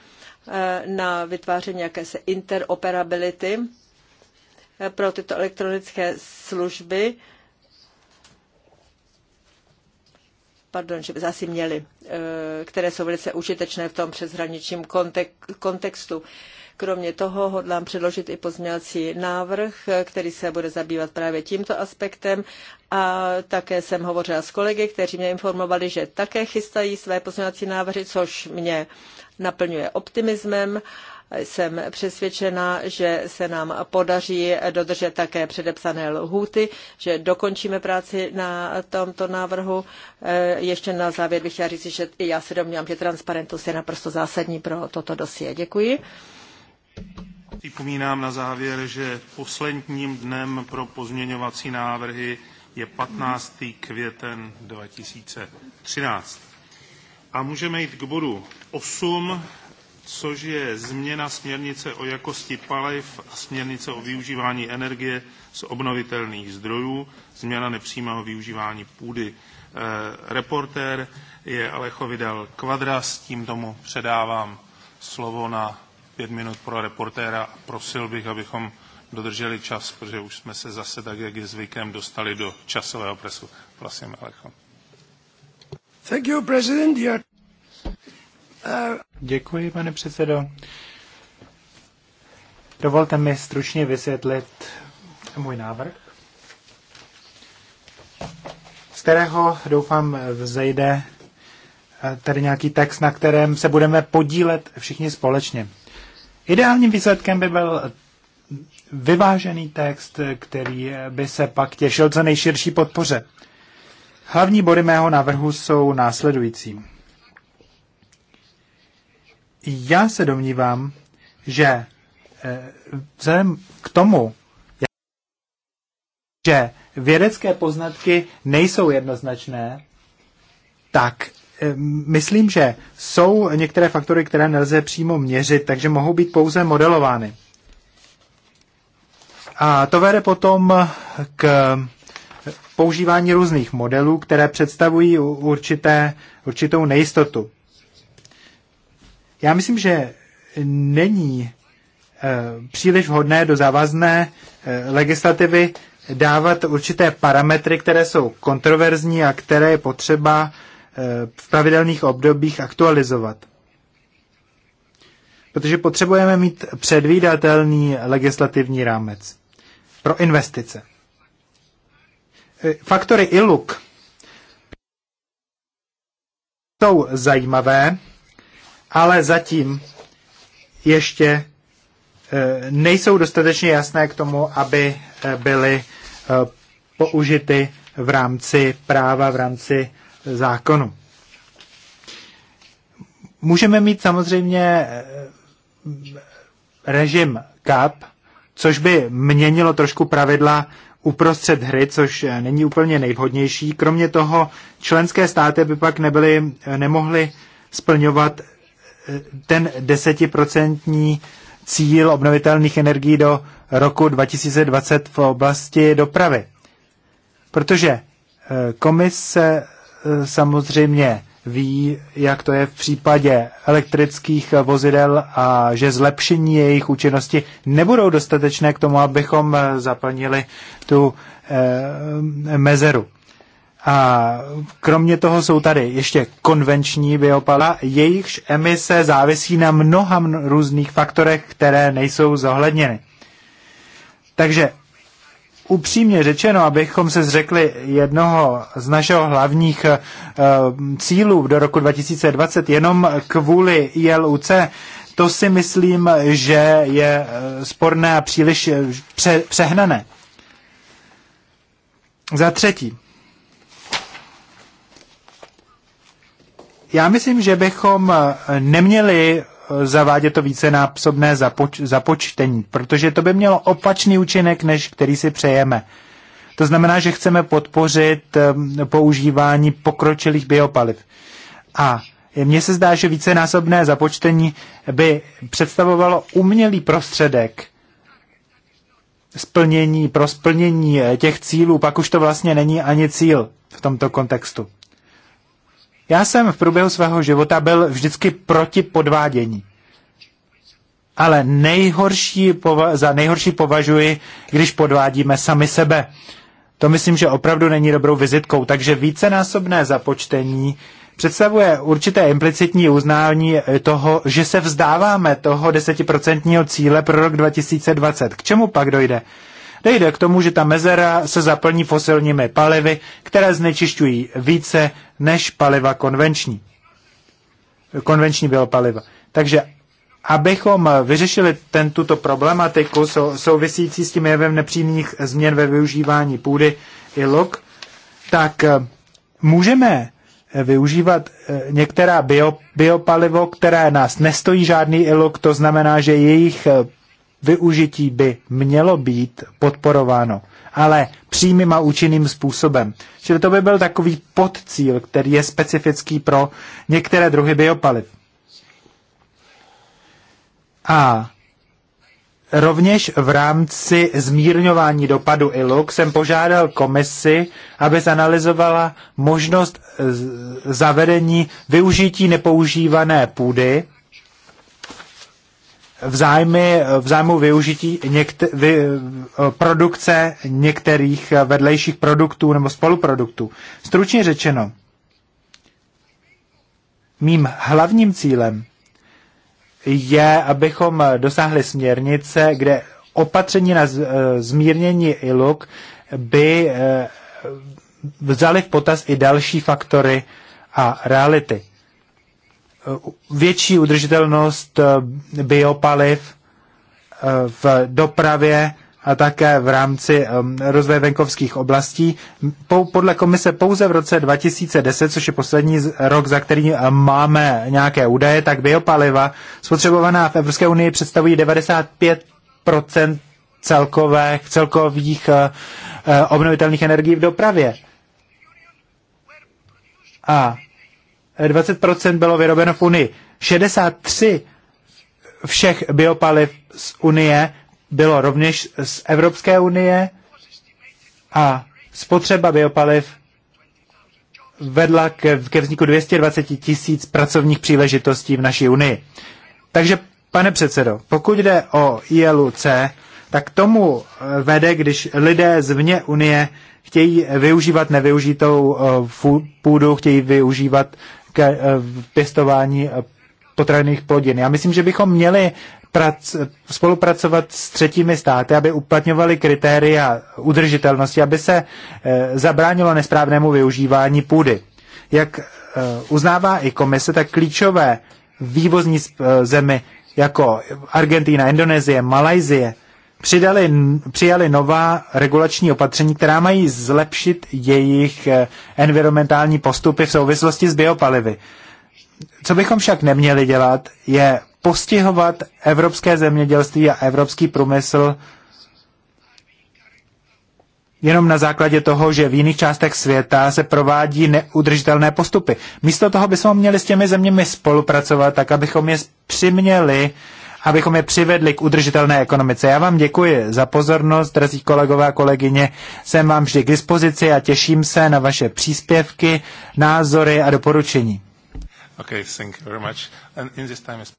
eh, na vytváření jakési interoperability pro tyto elektronické služby, pardon, že by zase měli, eh, které jsou velice užitečné v tom přeshraničním kontextu. Kromě toho hodlám předložit i pozměňovací návrh, eh, který se bude zabývat právě tímto aspektem a také jsem hovořila s kolegy, kteří mě informovali, že také chystají své pozměňovací návrhy, což mě naplňuje optimismem. Jsem přesvědčena, že se nám podaří dodržet také předepsané lhůty, že dokončíme práci na tomto návrhu. Eh, ještě na závěr bych chtěla říct, že i já se domnívám, že transparentnost je naprosto zásadní pro toto dosie. Děkuji. Připomínám na závěr, že posledním dnem pro pozměňovací návrhy je 15. květen 2013. A můžeme jít k bodu 8, což je změna směrnice o jakosti paliv a směrnice o využívání energie z obnovitelných zdrojů, změna nepřímého využívání půdy. E, reportér je Alecho Vidal s tím tomu předávám slovo na pět minut pro reportéra a prosil bych, abychom dodrželi čas, protože už jsme se zase tak, jak je zvykem, dostali do časového presu. Prosím, Alecho. Thank you, President. Děkuji, pane předsedo. Dovolte mi stručně vysvětlit můj návrh, z kterého doufám vzejde eh, tady nějaký text, na kterém se budeme podílet všichni společně. Ideálním výsledkem by byl vyvážený text, který by se pak těšil co nejširší podpoře. Hlavní body mého návrhu jsou následující já se domnívám, že eh, vzhledem k tomu, že vědecké poznatky nejsou jednoznačné, tak eh, myslím, že jsou některé faktory, které nelze přímo měřit, takže mohou být pouze modelovány. A to vede potom k používání různých modelů, které představují určité, určitou nejistotu. Já myslím, že není eh, příliš vhodné do závazné eh, legislativy dávat určité parametry, které jsou kontroverzní a které je potřeba eh, v pravidelných obdobích aktualizovat. Protože potřebujeme mít předvídatelný legislativní rámec pro investice. Faktory ILUK jsou zajímavé, ale zatím ještě eh, nejsou dostatečně jasné k tomu, aby eh, byly eh, použity v rámci práva, v rámci zákonu. Můžeme mít samozřejmě režim CAP, což by měnilo trošku pravidla uprostřed hry, což není úplně nejvhodnější. Kromě toho členské státy by pak nebyly, nemohly splňovat ten desetiprocentní cíl obnovitelných energií do roku 2020 v oblasti dopravy. Protože eh, komise eh, samozřejmě ví, jak to je v případě elektrických vozidel a že zlepšení jejich účinnosti nebudou dostatečné k tomu, abychom eh, zaplnili tu mezeru. A kromě toho jsou tady ještě konvenční biopala, jejichž emise závisí na mnoha různých faktorech, které nejsou zohledněny. Takže upřímně řečeno, abychom se zřekli jednoho z našeho hlavních e, cílů do roku 2020 jenom kvůli ILUC, to si myslím, že je eh, sporné a příliš eh, pře- přehnané. Za třetí, Já myslím, že bychom eh, neměli eh, zavádět to vícenásobné započ- započtení, protože to by mělo opačný účinek, než který si přejeme. To znamená, že chceme podpořit ehm, používání pokročilých biopaliv. A mně se zdá, že vícenásobné započtení by představovalo umělý prostředek splnění, pro splnění eh, těch cílů, pak už to vlastně není ani cíl v tomto kontextu. Já jsem v průběhu svého života byl vždycky proti podvádění. Ale nejhorší za nejhorší považuji, když podvádíme sami sebe. To myslím, že opravdu není dobrou vizitkou, takže vícenásobné započtení představuje určité implicitní uznání eh, toho, že se vzdáváme toho desetiprocentního cíle pro rok 2020. K čemu pak dojde? Dejde k tomu, že ta mezera se zaplní fosilními palivy, které znečišťují více než paliva konvenční. Konvenční biopaliva. Takže abychom vyřešili ten, tuto problematiku sou, související s tím jevem nepřímých změn ve využívání půdy i luk, tak eh, můžeme eh, využívat eh, některá bio, biopalivo, které nás nestojí žádný ilok, to znamená, že jejich využití by mělo být podporováno, ale přímým a účinným způsobem. Čili to by byl takový podcíl, který je specifický pro některé druhy biopaliv. A Rovněž v rámci zmírňování dopadu ILUK jsem požádal komisi, aby zanalizovala možnost zavedení využití nepoužívané půdy v, zájmy, v zájmu využití někte, vy, produkce některých vedlejších produktů nebo spoluproduktů. Stručně řečeno, mým hlavním cílem je, abychom dosáhli směrnice, kde opatření na eh, zmírnění iluk by eh, vzali v potaz i další faktory a reality větší udržitelnost eh, biopaliv eh, v dopravě a také v rámci eh, rozvoje venkovských oblastí. Podle komise pouze v roce 2010, což je poslední rok, za který máme nějaké údaje, tak biopaliva spotřebovaná v Evropské unii představují 95 celkové, celkových obnovitelných energií v dopravě. A 20% bylo vyrobeno v Unii. 63 všech biopaliv z Unie bylo rovněž z Evropské unie a spotřeba biopaliv vedla ke, ke vzniku 220 tisíc pracovních příležitostí v naší unii. Takže, pane předsedo, pokud jde o ILUC, tak tomu eh, vede, když lidé zvně Unie chtějí využívat nevyužitou eh, půdu, chtějí využívat ke eh, pěstování eh, potravinových plodin. Já myslím, že bychom měli prac, spolupracovat s třetími státy, aby uplatňovali kritéria udržitelnosti, aby se e, zabránilo nesprávnému využívání půdy. Jak e, uznává i komise, tak klíčové vývozní zemi jako Argentina, Indonésie, Malajzie, přidali, přijali nová regulační opatření, která mají zlepšit jejich eh, environmentální postupy v souvislosti s biopalivy. Co bychom však neměli dělat, je postihovat evropské zemědělství a evropský průmysl jenom na základě toho, že v jiných částech světa se provádí neudržitelné postupy. Místo toho bychom měli s těmi zeměmi spolupracovat, tak abychom je přiměli uh, abychom je přivedli k udržitelné ekonomice. Já vám děkuji za pozornost, drazí kolegové a kolegyně. Jsem vám vždy k dispozici a těším se na vaše příspěvky, názory a doporučení. Okay, thank you very much. And in this time is...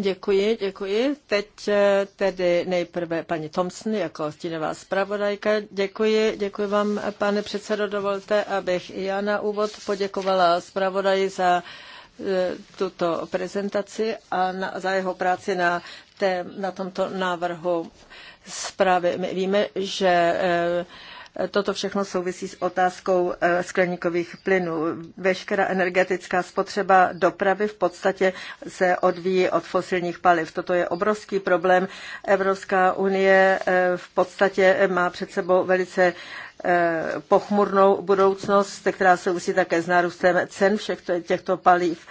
Děkuji, děkuji. Teď eh, tedy nejprve paní Thompson jako stínová zpravodajka. Děkuji, děkuji vám, eh, pane předsedo. Dovolte, abych i já na úvod poděkovala zpravodaji za uh, E, tuto prezentaci a na, za jeho práci na, té, na tomto návrhu zprávy. My víme, že e, Toto všechno souvisí s otázkou e, skleníkových plynů. Veškerá energetická spotřeba dopravy v podstatě se odvíjí od fosilních paliv. Toto je obrovský problém. Evropská unie v podstatě má před sebou velice Eh, pochmurnou budoucnost, která souvisí také s nárůstem cen všech těchto paliv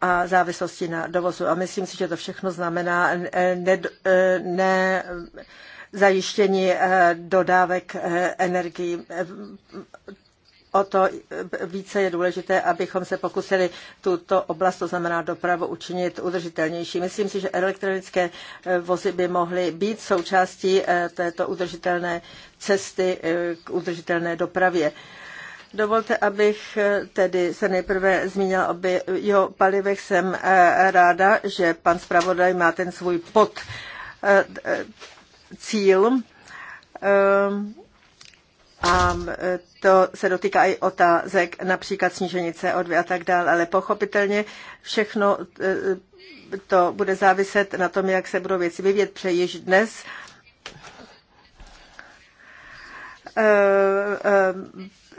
a závislosti na dovozu. A myslím si, že to všechno znamená eh, ne, eh, ne zajištění dodávek energii o to více je důležité, abychom se pokusili tuto oblast, to znamená dopravu, učinit udržitelnější. Myslím si, že elektronické eh, vozy by mohly být součástí eh, této udržitelné cesty eh, k udržitelné dopravě. Dovolte, abych tedy se nejprve zmínila o biopalivech. Jsem ráda, že pan zpravodaj má ten svůj pod cíl. A e, to se dotýká i otázek, například snížení CO2 a tak dále, ale pochopitelně všechno e, to bude záviset na tom, jak se budou věci vyvět přejiž dnes e,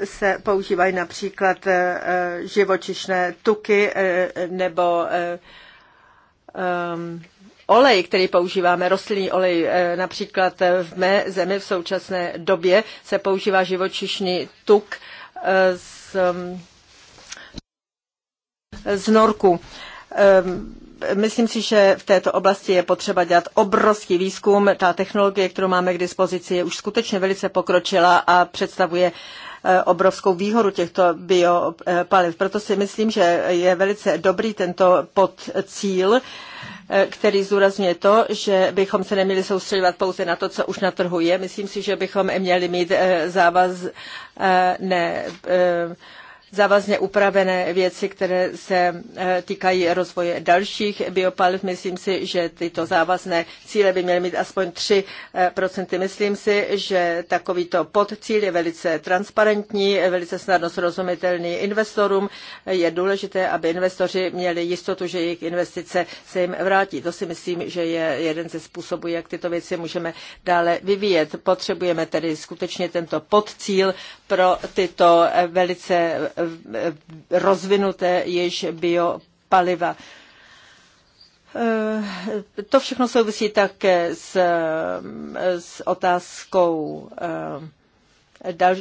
se používají například živočišné tuky nebo olej, který používáme, rostlinný olej, eh, například v mé zemi v současné době se používá živočišný tuk eh, z, mm, z norku. Eh, myslím si, že v této oblasti je potřeba dělat obrovský výzkum. Ta technologie, kterou máme k dispozici, je už skutečně velice pokročila a představuje obrovskou výhodu těchto biopaliv. Proto si myslím, že je velice dobrý tento podcíl Eh, který zdůrazňuje to, že bychom se neměli soustředovat pouze na to, co už na trhu je. Myslím si, že bychom měli mít eh, závaz eh, ne závazně upravené věci, které se eh, týkají rozvoje dalších biopaliv. Myslím si, že tyto závazné cíle by měly mít aspoň 3 eh, Myslím si, že takovýto podcíl je velice transparentní, velice snadno srozumitelný investorům. Je důležité, aby investoři měli jistotu, že jejich investice se jim vrátí. To si myslím, že je jeden ze způsobů, jak tyto věci můžeme dále vyvíjet. Potřebujeme tedy skutečně tento podcíl pro tyto eh, velice rozvinuté již biopaliva. Eh, to všechno souvisí také s, s otázkou eh, dal,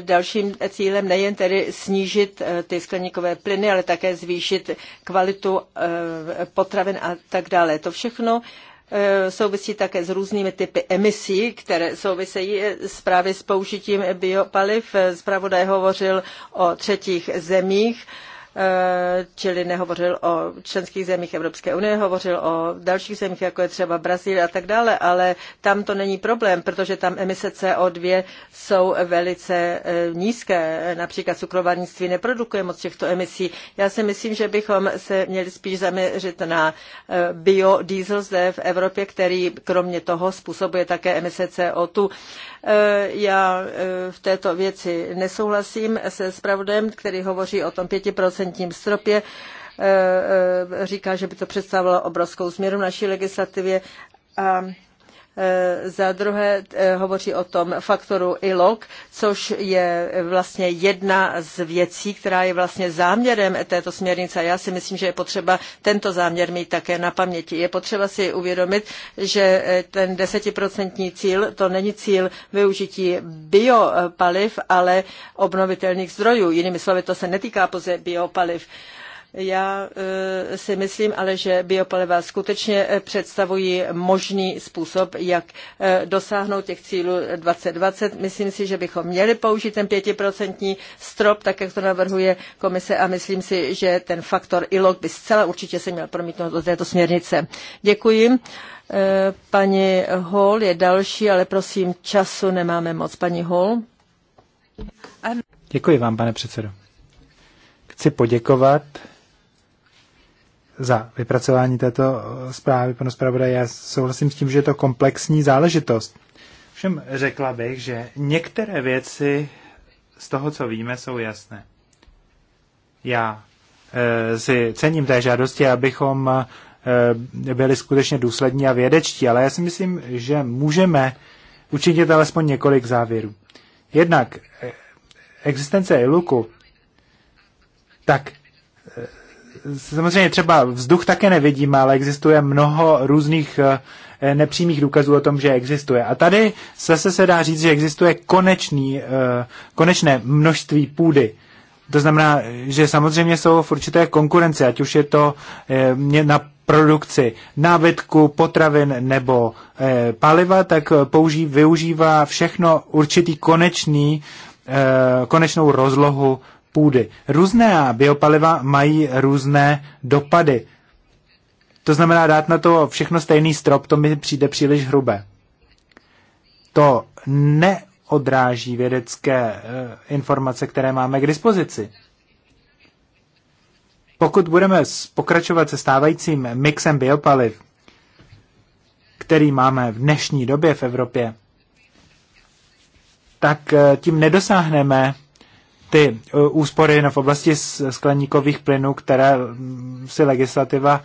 dalším cílem nejen tedy snížit eh, ty skleníkové plyny, ale také zvýšit kvalitu potravin a tak dále. To všechno Eh, souvisí také s různými typy emisí, které souvisejí s eh, právě s použitím biopaliv. Eh, zpravodaj hovořil o třetích zemích. Eh, čili nehovořil o členských zemích Evropské unie, hovořil o dalších zemích, jako je třeba Brazílie a tak dále, ale tam to není problém, protože tam emise CO2 jsou velice eh, nízké. Například cukrovarnictví neprodukuje moc těchto emisí. Já si myslím, že bychom se měli spíš zaměřit na eh, biodiesel zde v Evropě, který kromě toho způsobuje také emise CO2. Já v této věci nesouhlasím se zpravodajem, který hovoří o tom 5% procentním stropě eh, eh, říká, že by to představovalo obrovskou změnu v naší legislativě a Eh, za druhé eh, hovoří o tom faktoru ilok, což je vlastně jedna z věcí, která je vlastně záměrem této směrnice. Já si myslím, že je potřeba tento záměr mít také na paměti. Je potřeba si uvědomit, že eh, ten desetiprocentní cíl, to není cíl využití biopaliv, ale obnovitelných zdrojů. Jinými slovy, to se netýká pouze biopaliv. Já eh, si myslím ale, že biopaliva skutečně eh, představují možný způsob, jak eh, dosáhnout těch cílů 2020. Myslím si, že bychom měli použít ten pětiprocentní strop, tak jak to navrhuje komise a myslím si, že ten faktor ILOG by zcela určitě se měl promítnout do této směrnice. Děkuji. Paní Hall je další, ale prosím, času nemáme moc. Paní Hall. Děkuji vám, pane předsedo. Chci poděkovat za vypracování této eh, zprávy, pane zpravodaj. Já souhlasím s tím, že je to komplexní záležitost. Všem řekla bych, že některé věci z toho, co víme, jsou jasné. Já e, si cením té žádosti, abychom e, byli skutečně důslední a vědečtí, ale já si myslím, že můžeme učinit alespoň několik závěrů. Jednak existence iluku, tak samozřejmě třeba vzduch také nevidíme, ale existuje mnoho různých eh, nepřímých důkazů o tom, že existuje. A tady zase se dá říct, že existuje konečný, eh, konečné množství půdy. To znamená, že samozřejmě jsou v určité konkurence, ať už je to eh, na produkci nábytku, potravin nebo paliva, tak použí, využívá všechno určitý konečný, konečnou rozlohu půdy. Různé biopaliva mají různé dopady. To znamená dát na to všechno stejný strop, to mi přijde příliš hrubé. To neodráží vědecké eh, informace, které máme k dispozici. Pokud budeme pokračovat se stávajícím mixem biopaliv, který máme v dnešní době v Evropě, tak eh, tím nedosáhneme ty eh, úspory v oblasti skleníkových plynů, které mm, si legislativa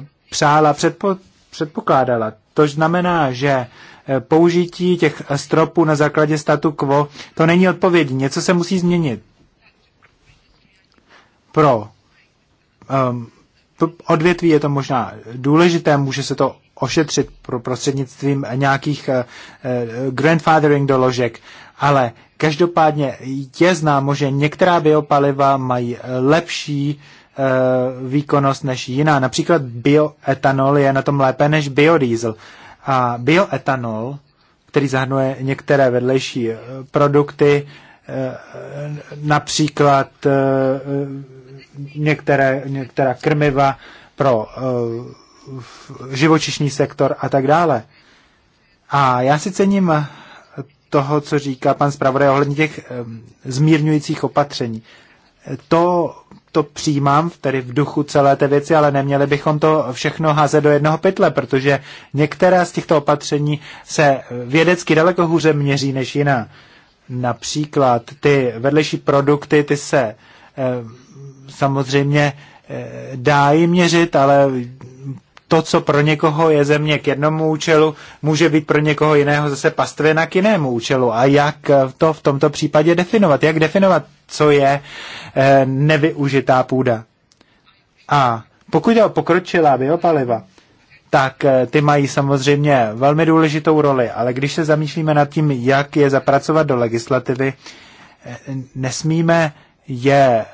eh, přála, předpo, předpokládala. To znamená, že eh, použití těch stropů na základě statu quo, to není odpověď. Něco se musí změnit. Pro um, odvětví je to možná důležité, může se to ošetřit pro prostřednictvím nějakých uh, grandfathering doložek, ale každopádně je známo, že některá biopaliva mají lepší eh, výkonnost než jiná. Například bioetanol je na tom lépe než biodiesel. A bioetanol, který zahrnuje některé vedlejší eh, produkty, eh, například některé, některá krmiva pro živočišní sektor a tak dále. A já si cením toho, co říká pan zpravodaj ohledně těch eh, zmírňujících opatření. To, to přijímám tedy v duchu celé té věci, ale neměli bychom to všechno házet do jednoho pytle, protože některá z těchto opatření se vědecky daleko hůře měří než jiná. Například ty vedlejší produkty, ty se eh, samozřejmě eh, dá ji měřit, ale to, co pro někoho je země k jednomu účelu, může být pro někoho jiného zase pastvina k jinému účelu. A jak to v tomto případě definovat? Jak definovat, co je eh, nevyužitá půda? A pokud jde o pokročilá biopaliva, tak eh, ty mají samozřejmě velmi důležitou roli, ale když se zamýšlíme nad tím, jak je zapracovat do legislativy, eh, nesmíme je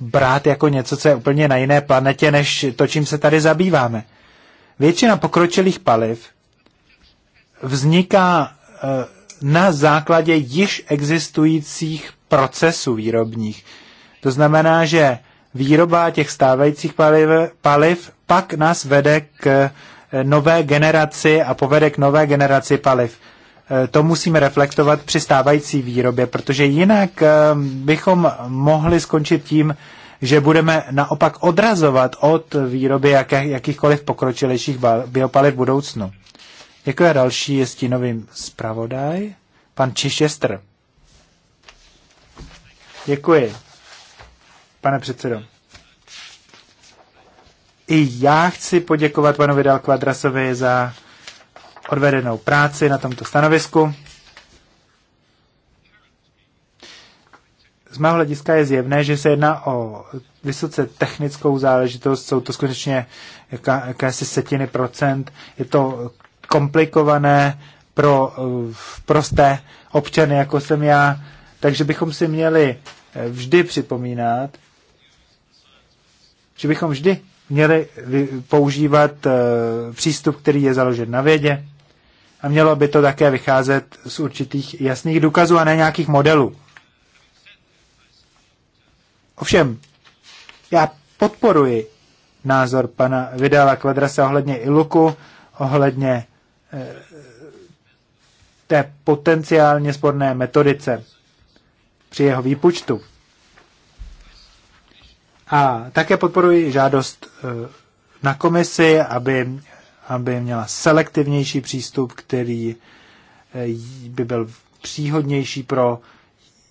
brát jako něco, co je úplně na jiné planetě, než to, čím se tady zabýváme. Většina pokročilých paliv vzniká eh, na základě již existujících procesů výrobních. To znamená, že výroba těch stávajících paliv, paliv pak nás vede k eh, nové generaci a povede k nové generaci paliv. Eh, to musíme reflektovat při stávající výrobě, protože jinak bychom mohli skončit tím, že budeme naopak odrazovat od výroby jaké, jakýchkoliv pokročilejších biopaliv v budoucnu. Děkuji je další je stínový zpravodaj, pan Čišestr. Děkuji, pane předsedo. I já chci poděkovat panu Vidal Kvadrasovi za odvedenou práci na tomto stanovisku. z mého hlediska je zjevné, že se jedná o vysoce technickou záležitost, jsou to skutečně jaká, jakési setiny procent, je to komplikované pro eh, prosté občany, jako jsem já, takže bychom si měli eh, vždy připomínat, že bychom vždy měli používat eh, přístup, který je založen na vědě a mělo by to také vycházet z určitých jasných důkazů a ne nějakých modelů. Ovšem, já podporuji názor pana Vidala Kvadrasa ohledně Iluku, ohledně e, té potenciálně sporné metodice při jeho výpočtu. A také podporuji žádost eh, na komisi, aby, aby měla selektivnější přístup, který eh, by byl příhodnější pro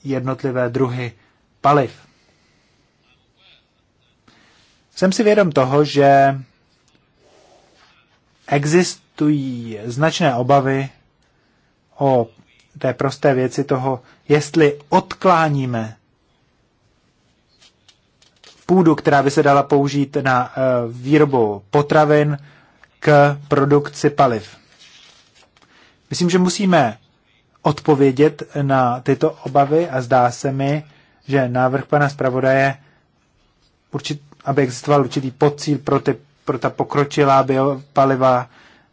jednotlivé druhy paliv. Jsem si vědom toho, že existují značné obavy o té prosté věci toho, jestli odkláníme půdu, která by se dala použít na eh, výrobu potravin k produkci paliv. Myslím, že musíme odpovědět na tyto obavy a zdá se mi, že návrh pana zpravodaje určit, aby existoval určitý podcíl pro, ty, pro ta pokročilá biopaliva,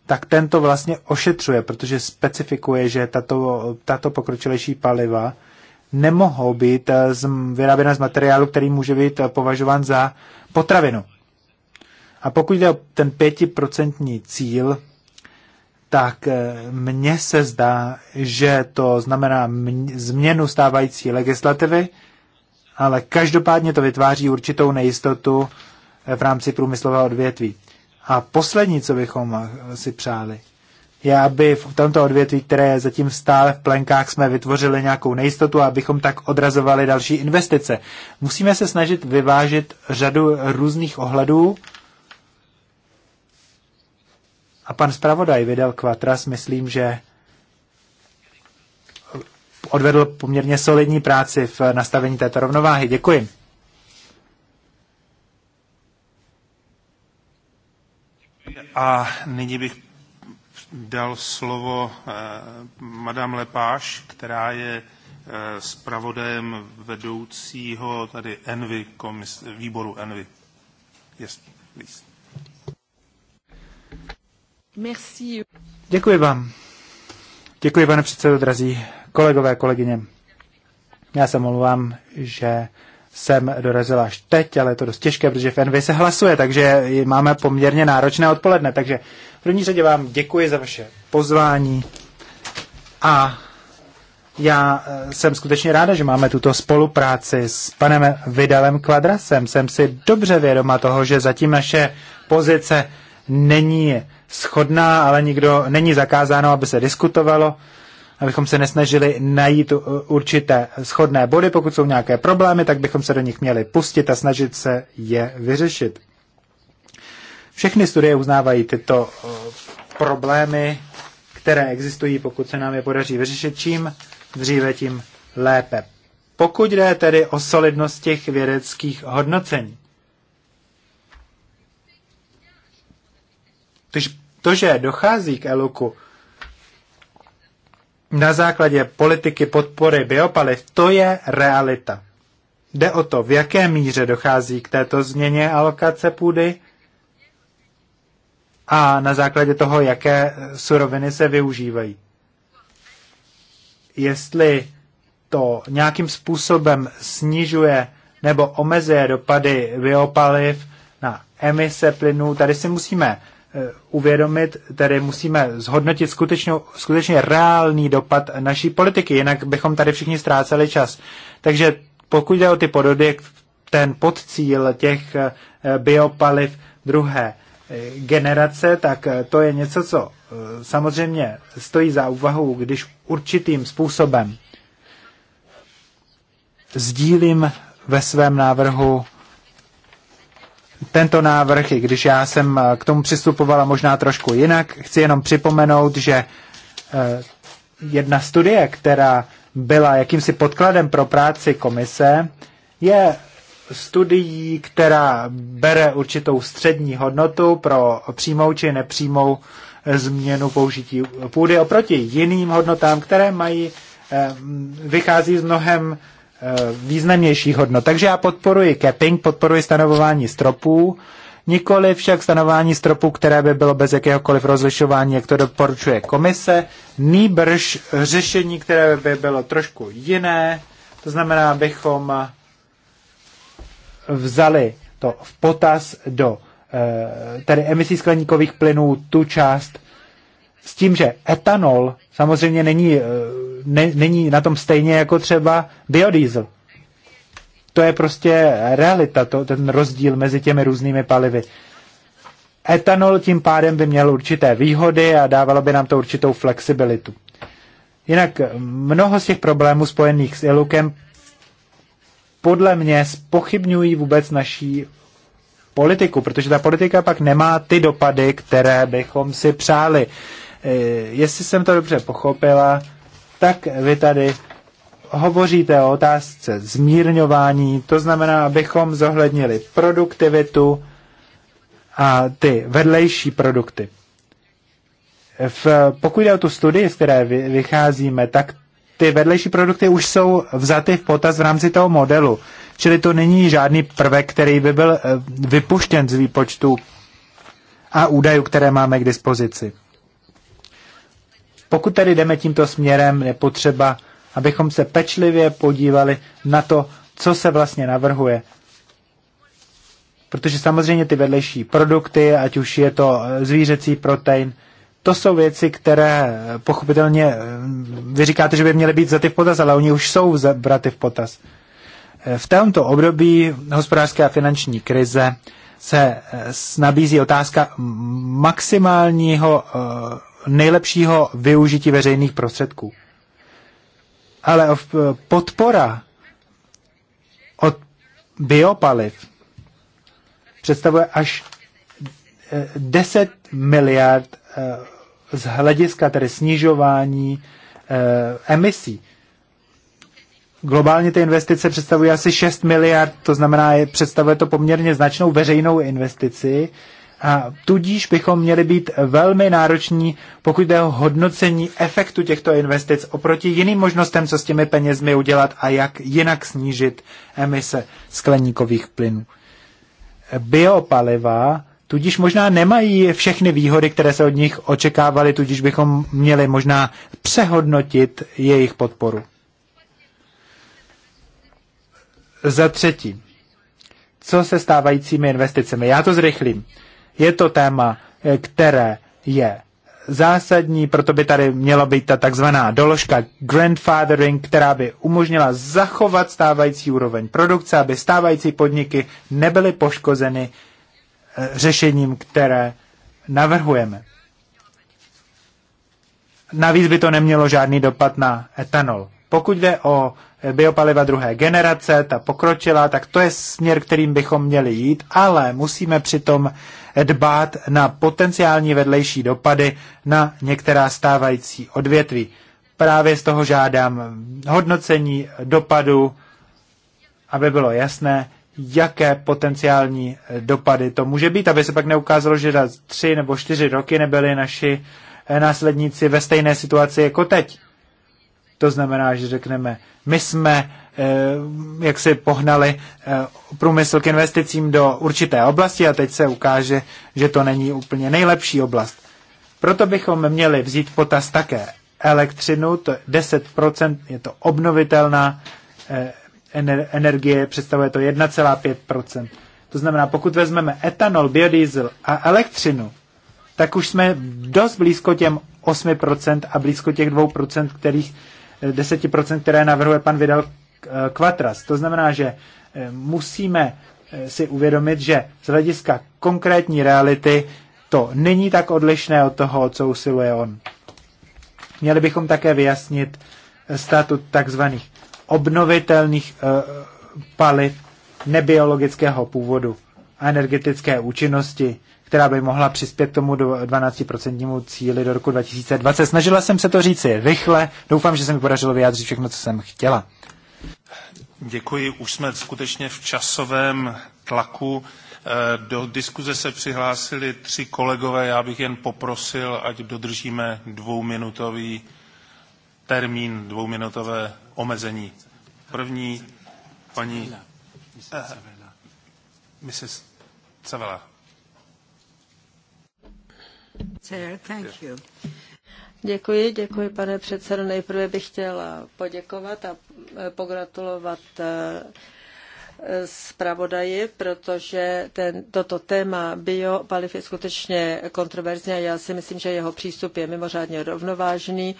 tak tento vlastně ošetřuje, protože specifikuje, že tato, tato pokročilejší paliva nemohou být eh, z, vyráběna z materiálu, který může být eh, považován za potravinu. A pokud jde o ten pětiprocentní cíl, tak eh, mně se zdá, že to znamená změnu stávající legislativy, ale každopádně to vytváří určitou nejistotu eh, v rámci průmyslového odvětví. A poslední, co bychom eh, si přáli, je, aby v tomto odvětví, které je zatím stále v plenkách, jsme vytvořili nějakou nejistotu a abychom tak odrazovali další investice. Musíme se snažit vyvážit řadu různých ohledů. A pan zpravodaj vydal Kvatras, myslím, že odvedl poměrně solidní práci v nastavení této rovnováhy. Děkuji. A nyní bych dal slovo eh, Madame Lepáš, která je eh, zpravodajem vedoucího tady Envy, komis, výboru Envy. Yes, please. Merci. Děkuji vám. Děkuji, pane předsedo, drazí Kolegové, kolegyně, já se omlouvám, že jsem dorazil až teď, ale je to dost těžké, protože v NV se hlasuje, takže máme poměrně náročné odpoledne. Takže v první řadě vám děkuji za vaše pozvání a já eh, jsem skutečně ráda, že máme tuto spolupráci s panem Vidalem Kvadrasem. Jsem si dobře vědoma toho, že zatím naše pozice není schodná, ale nikdo není zakázáno, aby se diskutovalo abychom se nesnažili najít uh, určité schodné body. Pokud jsou nějaké problémy, tak bychom se do nich měli pustit a snažit se je vyřešit. Všechny studie uznávají tyto uh, problémy, které existují, pokud se nám je podaří vyřešit. Čím dříve, tím lépe. Pokud jde tedy o solidnost těch vědeckých hodnocení, to, že dochází k eluku, na základě politiky podpory biopaliv, to je realita. Jde o to, v jaké míře dochází k této změně alokace půdy a na základě toho, jaké suroviny se využívají. Jestli to nějakým způsobem snižuje nebo omezuje dopady biopaliv na emise plynů, tady si musíme Eh, uvědomit, tedy musíme zhodnotit skutečnou, skutečně reálný dopad naší politiky, jinak bychom tady všichni ztráceli čas. Takže pokud jde o ty podody, ten podcíl těch eh, biopaliv druhé eh, generace, tak to je něco, co samozřejmě stojí za úvahu, když určitým způsobem sdílím ve svém návrhu tento návrh, i když já jsem eh, k tomu přistupovala možná trošku jinak. Chci jenom připomenout, že eh, jedna studie, která byla jakýmsi podkladem pro práci komise, je studií, která bere určitou střední hodnotu pro přímou či nepřímou eh, změnu použití půdy oproti jiným hodnotám, které mají, vychází z mnohem Eh, významnější hodnot. Takže já podporuji capping, podporuji stanovování stropů, nikoli však stanovování stropů, které by bylo bez jakéhokoliv rozlišování, jak to doporučuje komise, nýbrž řešení, které by bylo trošku jiné, to znamená, abychom vzali to v potaz do eh, tedy emisí skleníkových plynů, tu část, s tím, že etanol samozřejmě není, eh, ne, není na tom stejně jako třeba biodiesel. To je prostě realita, to, ten rozdíl mezi těmi různými palivy. Etanol tím pádem by měl určité výhody a dávalo by nám to určitou flexibilitu. Jinak eh, mnoho z těch problémů spojených s ilukem podle mě spochybňují vůbec naší politiku, protože ta politika pak nemá ty dopady, které bychom si přáli. Eh, jestli jsem to dobře pochopila, tak vy tady hovoříte o otázce zmírňování, to znamená, abychom zohlednili produktivitu a ty vedlejší produkty. V, pokud jde o tu studii, z které vy, vycházíme, tak ty vedlejší produkty už jsou vzaty v potaz v rámci toho modelu. Čili to není žádný prvek, který by byl eh, vypuštěn z výpočtu a údajů, které máme k dispozici. Pokud tedy jdeme tímto směrem, je potřeba, abychom se pečlivě podívali na to, co se vlastně navrhuje. Protože samozřejmě ty vedlejší produkty, ať už je to eh, zvířecí protein, to jsou věci, které eh, pochopitelně, eh, vy říkáte, že by měly být vzaty v potaz, ale oni už jsou vzaty v potaz. V tomto období hospodářské a finanční krize se nabízí otázka maximálního nejlepšího využití veřejných prostředků. Ale eh, podpora od biopaliv představuje až 10 eh, miliard eh, z hlediska tedy snižování emisí. Globálně ty investice představují asi 6 miliard, to znamená, představuje to poměrně značnou veřejnou investici, a tudíž bychom měli být velmi nároční, pokud jde o hodnocení efektu těchto investic oproti jiným možnostem, co s těmi penězmi udělat a jak jinak snížit emise skleníkových plynů. Biopaliva tudíž možná nemají všechny výhody, které se od nich očekávaly, tudíž bychom měli možná přehodnotit jejich podporu. Za třetí, co se stávajícími investicemi? Já to zrychlím. Je to téma, eh, které je zásadní, proto by tady měla být ta takzvaná doložka grandfathering, která by umožnila zachovat stávající úroveň produkce, aby stávající podniky nebyly poškozeny eh, řešením, které navrhujeme. Navíc by to nemělo žádný dopad na etanol. Pokud jde o eh, biopaliva druhé generace, ta pokročila, tak to je směr, kterým bychom měli jít, ale musíme přitom dbát na potenciální vedlejší dopady na některá stávající odvětví. Právě z toho žádám hodnocení dopadu, aby bylo jasné, jaké potenciální dopady to může být, aby se pak neukázalo, že za tři nebo čtyři roky nebyli naši eh, následníci ve stejné situaci jako teď. To znamená, že řekneme, my jsme Eh, jak si pohnali eh, průmysl k investicím do určité oblasti a teď se ukáže, že to není úplně nejlepší oblast. Proto bychom měli vzít potaz také elektřinu, to 10% je to obnovitelná eh, energie, představuje to 1,5%. To znamená, pokud vezmeme etanol, biodiesel a elektřinu, tak už jsme dost blízko těm 8% a blízko těch 2%, kterých 10%, které navrhuje pan Vidal kvatras. Eh, to znamená, že eh, musíme eh, si uvědomit, že z hlediska konkrétní reality to není tak odlišné od toho, co usiluje on. Měli bychom také vyjasnit statut takzvaných obnovitelných paliv nebiologického původu a energetické účinnosti, která by mohla přispět k tomu 12% cíli do roku 2020. Snažila jsem se to říci rychle, doufám, že se mi podařilo vyjádřit všechno, co jsem chtěla. Děkuji, už jsme skutečně v časovém tlaku. E, do diskuze se přihlásili tři kolegové, já bych jen poprosil, ať dodržíme dvouminutový termín, dvouminutové omezení. První paní Mrs. Eh, Cavella. Chair, thank you. Děkuji, děkuji pane předsedo. Nejprve bych chtěla poděkovat a e, pogratulovat e, zpravodaji, protože ten, toto téma biopaliv je skutečně kontroverzní a já si myslím, že jeho přístup je mimořádně rovnovážný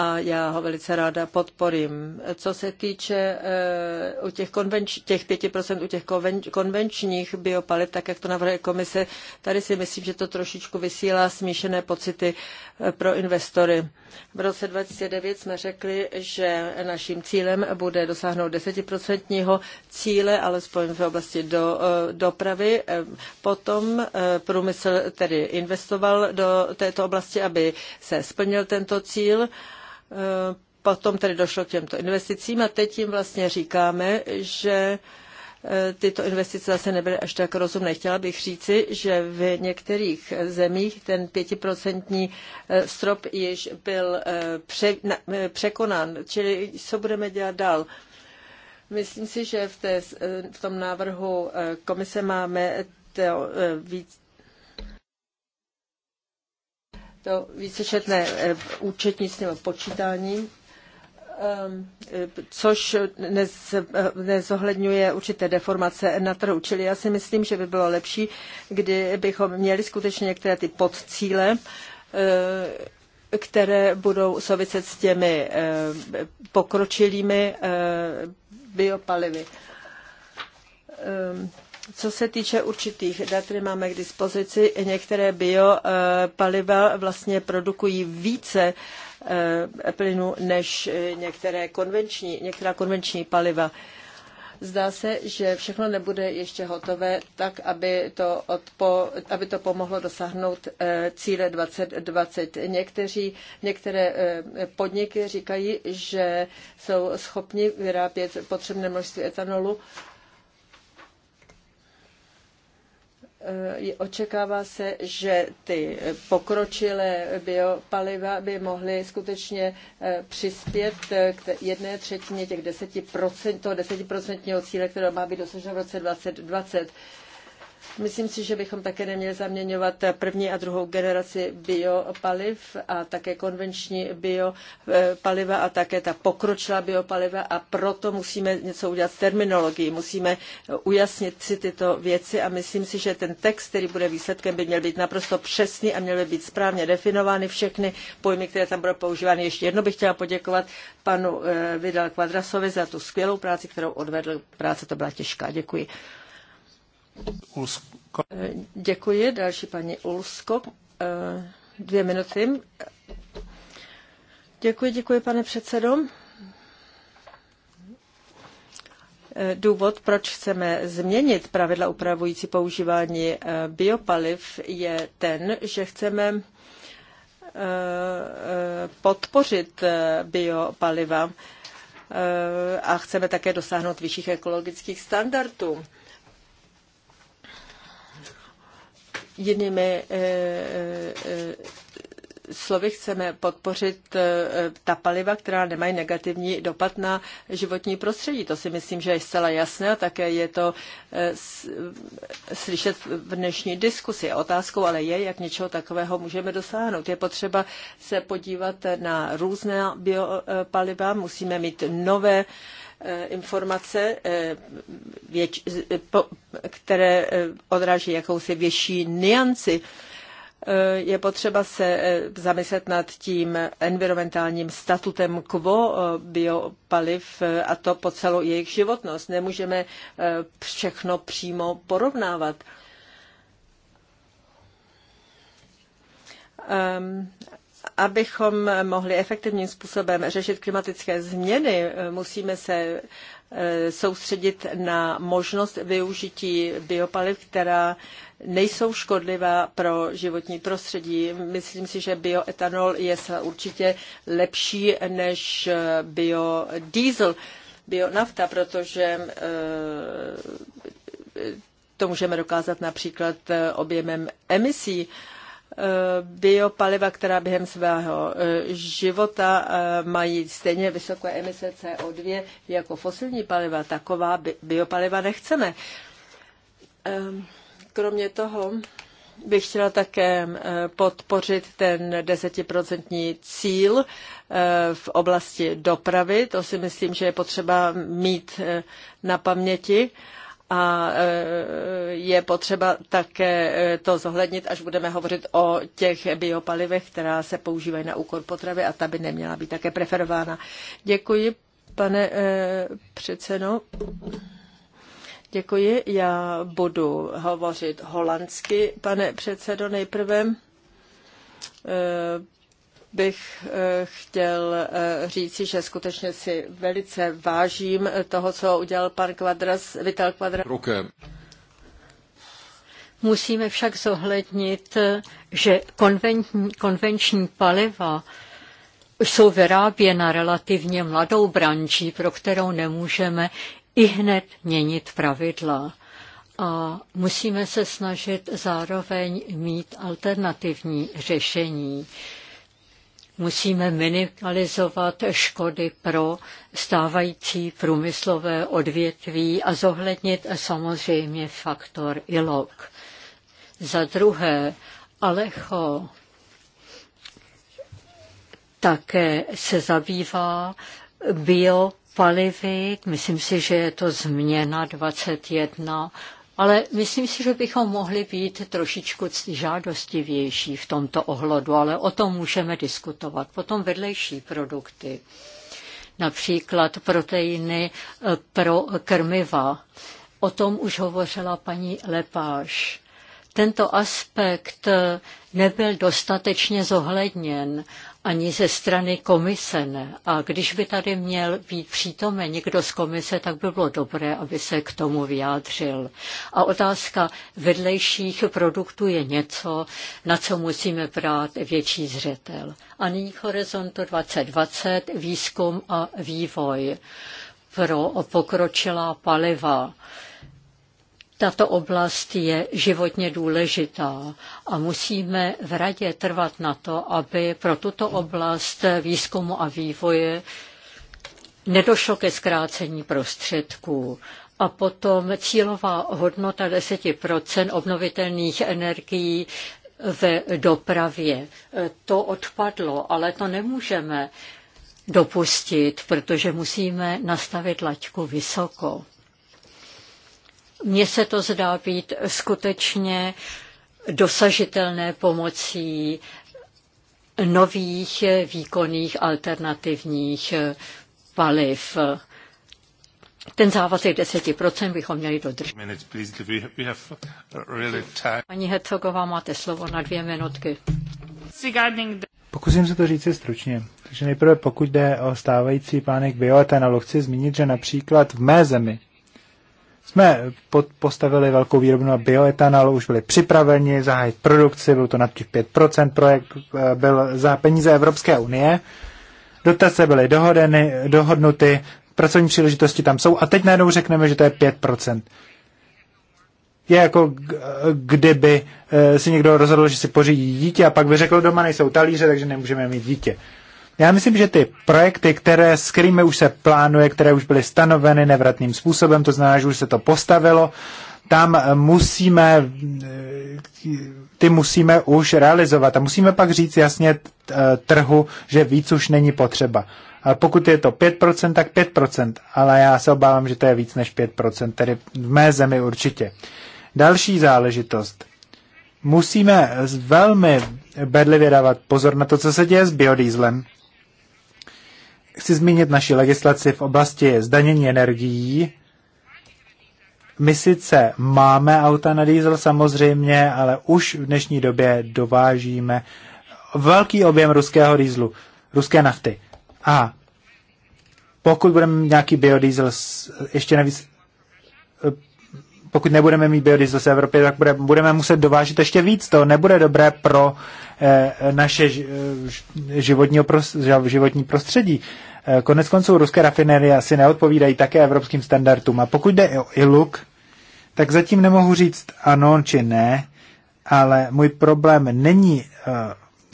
a já ho velice ráda podporím. Co se týče eh, u těch, konvenč, těch 5% u těch konvenčních biopaliv, tak jak to navrhuje komise, tady si myslím, že to trošičku vysílá smíšené pocity eh, pro investory. V roce 2009 jsme řekli, že naším cílem bude dosáhnout 10% cíle, alespoň v oblasti do, eh, dopravy. Potom průmysl tedy investoval do této oblasti, aby se splnil tento cíl Eh, potom tedy došlo k těmto investicím a teď jim vlastně říkáme, že eh, tyto investice zase nebyly až tak rozumné. Chtěla bych říci, že v některých zemích ten pětiprocentní eh, strop již byl překonán. Čili co budeme dělat dál? Myslím si, že v, té, v tom návrhu komise máme víc to vícečetné eh, účetnictví nebo počítání, ehm, eh, což eh, nezohledňuje určité deformace na trhu. Čili já si myslím, že by bylo lepší, kdybychom měli skutečně některé ty podcíle, které budou souviset s těmi pokročilými biopalivy ehm, co se týče určitých dat, které máme k dispozici, některé biopaliva eh, vlastně produkují více eh, plynu než eh, některé konvenční, některá konvenční paliva. Zdá se, že všechno nebude ještě hotové, tak aby to, odpo, aby to pomohlo dosáhnout cíle 2020. Někteří, některé podniky říkají, že jsou schopni vyrábět potřebné množství etanolu Eh, očekává se, že ty pokročilé biopaliva by mohly skutečně eh, přispět k jedné třetině těch 10%, toho desetiprocentního cíle, které má být dosaženo v roce 2020. Myslím si, že bychom také neměli zaměňovat první a druhou generaci biopaliv a také konvenční biopaliva a také ta pokročilá biopaliva a proto musíme něco udělat s terminologií, musíme ujasnit si tyto věci a myslím si, že ten text, který bude výsledkem, by měl být naprosto přesný a měly být správně definovány všechny pojmy, které tam budou používány. Ještě jedno bych chtěla poděkovat panu eh, Vidal Quadrasovi za tu skvělou práci, kterou odvedl. Práce to byla těžká. Děkuji. Ulsko. Eh, děkuji. Další paní Ulsko. Eh, dvě minuty. Děkuji, děkuji, pane předsedo. Eh, důvod, proč chceme změnit pravidla upravující používání biopaliv, je ten, že chceme podpořit biopaliva a chceme také dosáhnout vyšších ekologických standardů. Jinými eh, eh, eh, slovy chceme podpořit ta paliva, která nemají negativní dopad na životní prostředí. To si myslím, že je zcela jasné a také je to slyšet v dnešní diskusi. Otázkou ale je, jak něčeho takového můžeme dosáhnout. Je potřeba se podívat na různé biopaliva, musíme mít nové Eh, informace, eh, věč, eh, které odráží jakousi větší nianci. Je potřeba se zamyslet nad tím environmentálním statutem quo biopaliv a to po celou jejich životnost. Nemůžeme všechno přímo porovnávat. Ehm, abychom mohli efektivním způsobem řešit klimatické změny, musíme se eh, soustředit na možnost využití biopaliv, která nejsou škodlivá pro životní prostředí. Myslím si, že bioetanol je určitě lepší než eh, biodiesel, bionafta, protože eh, to můžeme dokázat například objemem emisí. Eh, biopaliva, která během svého eh, života eh, mají stejně vysoké emise CO2 jako fosilní paliva. Taková biopaliva nechceme. Ehm, kromě toho bych chtěla také podpořit ten desetiprocentní cíl v oblasti dopravy. To si myslím, že je potřeba mít na paměti a e, je potřeba také e, to zohlednit, až budeme hovořit o těch biopalivech, která se používají na úkor potravy a ta by neměla být také preferována. Děkuji, pane e, předsedo. Děkuji, já budu hovořit holandsky, pane předsedo, nejprve bych eh, chtěl eh, říci, že skutečně si velice vážím eh, toho, co udělal pan Kvadras, Vital Kvadras. Musíme však zohlednit, že konvenční, konvenční paliva jsou vyráběna relativně mladou branží, pro kterou nemůžeme i hned měnit pravidla. A musíme se snažit zároveň mít alternativní řešení musíme minimalizovat škody pro stávající průmyslové odvětví a zohlednit samozřejmě faktor ilok. Za druhé, Alecho také se zabývá biopalivy. Myslím si, že je to změna 21 ale myslím si, že bychom mohli být trošičku žádostivější v tomto ohledu, ale o tom můžeme diskutovat. Potom vedlejší produkty, například proteiny eh, pro krmiva. O tom už hovořila paní Lepáš. Tento aspekt eh, nebyl dostatečně zohledněn ani ze strany komise ne. A když by tady měl být přítomen někdo z komise, tak by bylo dobré, aby se k tomu vyjádřil. A otázka vedlejších produktů je něco, na co musíme brát větší zřetel. A nyní Horizontu 2020, výzkum a vývoj pro pokročilá paliva. Tato oblast je životně důležitá a musíme v radě trvat na to, aby pro tuto oblast výzkumu a vývoje nedošlo ke zkrácení prostředků. A potom cílová hodnota 10% obnovitelných energií ve dopravě. To odpadlo, ale to nemůžeme dopustit, protože musíme nastavit laťku vysoko. Mně se to zdá být skutečně dosažitelné pomocí nových výkonných alternativních paliv. Ten závazek 10% bychom měli dodržet. Pani Hercogová, máte slovo na dvě minutky. Pokusím se to říct stručně. Takže nejprve pokud jde o stávající plánek bioetanolu, chci zmínit, že například v mé zemi jsme postavili velkou výrobnu na bioetanolu, už byli připraveni zahájit produkci, byl to nad těch 5%, projekt eh, byl za peníze Evropské unie, dotace byly dohodeny, dohodnuty, pracovní příležitosti tam jsou a teď najednou řekneme, že to je 5%. Je jako kdyby eh, si někdo rozhodl, že si pořídí dítě a pak by řekl, doma nejsou talíře, takže nemůžeme mít dítě. Já myslím, že ty projekty, které, s kterými už se plánuje, které už byly stanoveny nevratným způsobem, to znamená, že už se to postavilo, tam musíme, ty musíme už realizovat. A musíme pak říct jasně trhu, že víc už není potřeba. A pokud je to 5%, tak 5%, ale já se obávám, že to je víc než 5%, tedy v mé zemi určitě. Další záležitost. Musíme velmi bedlivě dávat pozor na to, co se děje s biodýzlem, chci zmínit naši legislaci v oblasti zdanění energií. My sice máme auta na diesel samozřejmě, ale už v dnešní době dovážíme velký objem ruského dieselu, ruské nafty. A pokud budeme mít nějaký biodiesel, ještě navíc, eh, pokud nebudeme mít biodiesel z Evropy, tak bude, budeme muset dovážit ještě víc. To nebude dobré pro eh, naše eh, životní prostředí. Eh, konec konců ruské rafinerie asi neodpovídají také evropským standardům. A pokud jde o ILUK, tak zatím nemohu říct ano či ne, ale můj problém není eh,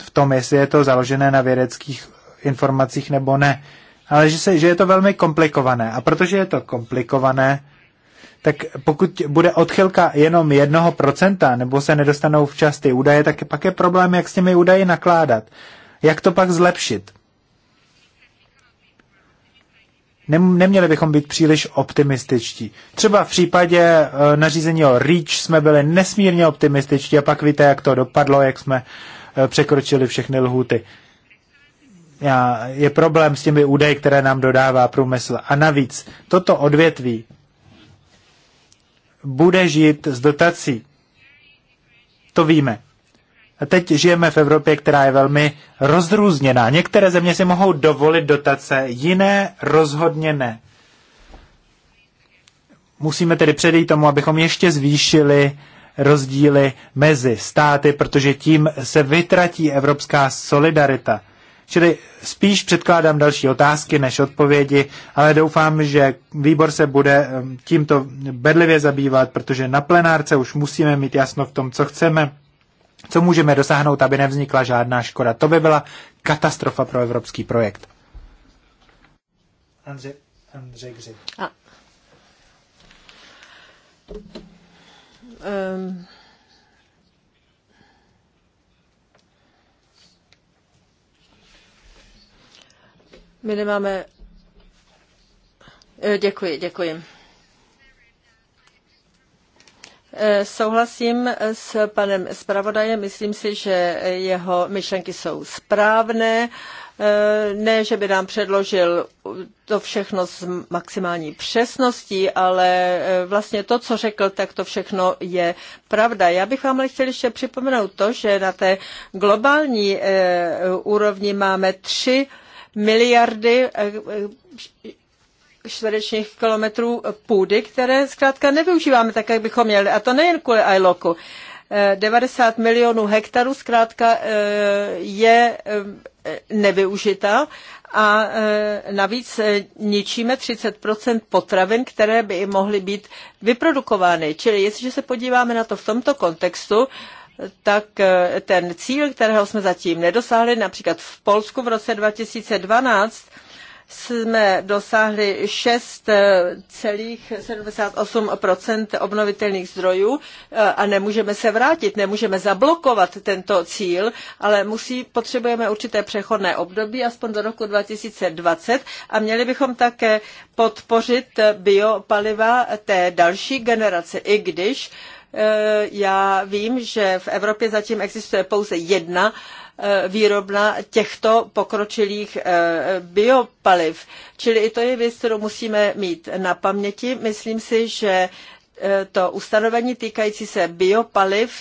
v tom, jestli je to založené na vědeckých informacích nebo ne, ale že, se, že je to velmi komplikované. A protože je to komplikované, tak pokud bude odchylka jenom jednoho procenta, nebo se nedostanou včas ty údaje, tak pak je problém, jak s těmi údaji nakládat. Jak to pak zlepšit? neměli bychom být příliš optimističtí. Třeba v případě eh, nařízení o REACH jsme byli nesmírně optimističtí a pak víte, jak to dopadlo, jak jsme eh, překročili všechny lhuty. Je problém s těmi údaji, které nám dodává průmysl. A navíc, toto odvětví bude žít z dotací. To víme. Teď žijeme v Evropě, která je velmi rozrůzněná. Některé země si mohou dovolit dotace, jiné rozhodně ne. Musíme tedy předejít tomu, abychom ještě zvýšili rozdíly mezi státy, protože tím se vytratí evropská solidarita. Čili spíš předkládám další otázky než odpovědi, ale doufám, že výbor se bude tímto bedlivě zabývat, protože na plenárce už musíme mít jasno v tom, co chceme co můžeme dosáhnout, aby nevznikla žádná škoda. To by byla katastrofa pro evropský projekt. Andře, Andřej Gřib. A. Um. My nemáme... Eh, děkuji, děkuji. Eh, souhlasím s panem zpravodajem, myslím si, že jeho myšlenky jsou správné. Eh, ne, že by nám předložil to všechno s maximální přesností, ale eh, vlastně to, co řekl, tak to všechno je pravda. Já bych vám ale chtěl ještě připomenout to, že na té globální úrovni máme tři miliardy čtverečních kilometrů půdy, které zkrátka nevyužíváme tak, jak bychom měli. A to nejen kvůli ILOKu. 90 eh, milionů hektarů zkrátka eh, je eh, nevyužita a navíc ničíme 30 potravin, které by i mohly být vyprodukovány. Čili jestliže se podíváme na to v tomto kontextu, tak ten cíl, kterého jsme zatím nedosáhli, například v Polsku v roce 2012, jsme dosáhli 6,78 eh, obnovitelných zdrojů eh, a nemůžeme se vrátit, nemůžeme zablokovat tento cíl, ale musí, potřebujeme určité přechodné období, aspoň do roku 2020 a měli bychom také podpořit biopaliva té další generace, i když eh, já vím, že v Evropě zatím existuje pouze jedna E, výrobna těchto pokročilých e, biopaliv. Čili i to je věc, kterou musíme mít na paměti. Myslím si, že e, to ustanovení týkající se biopaliv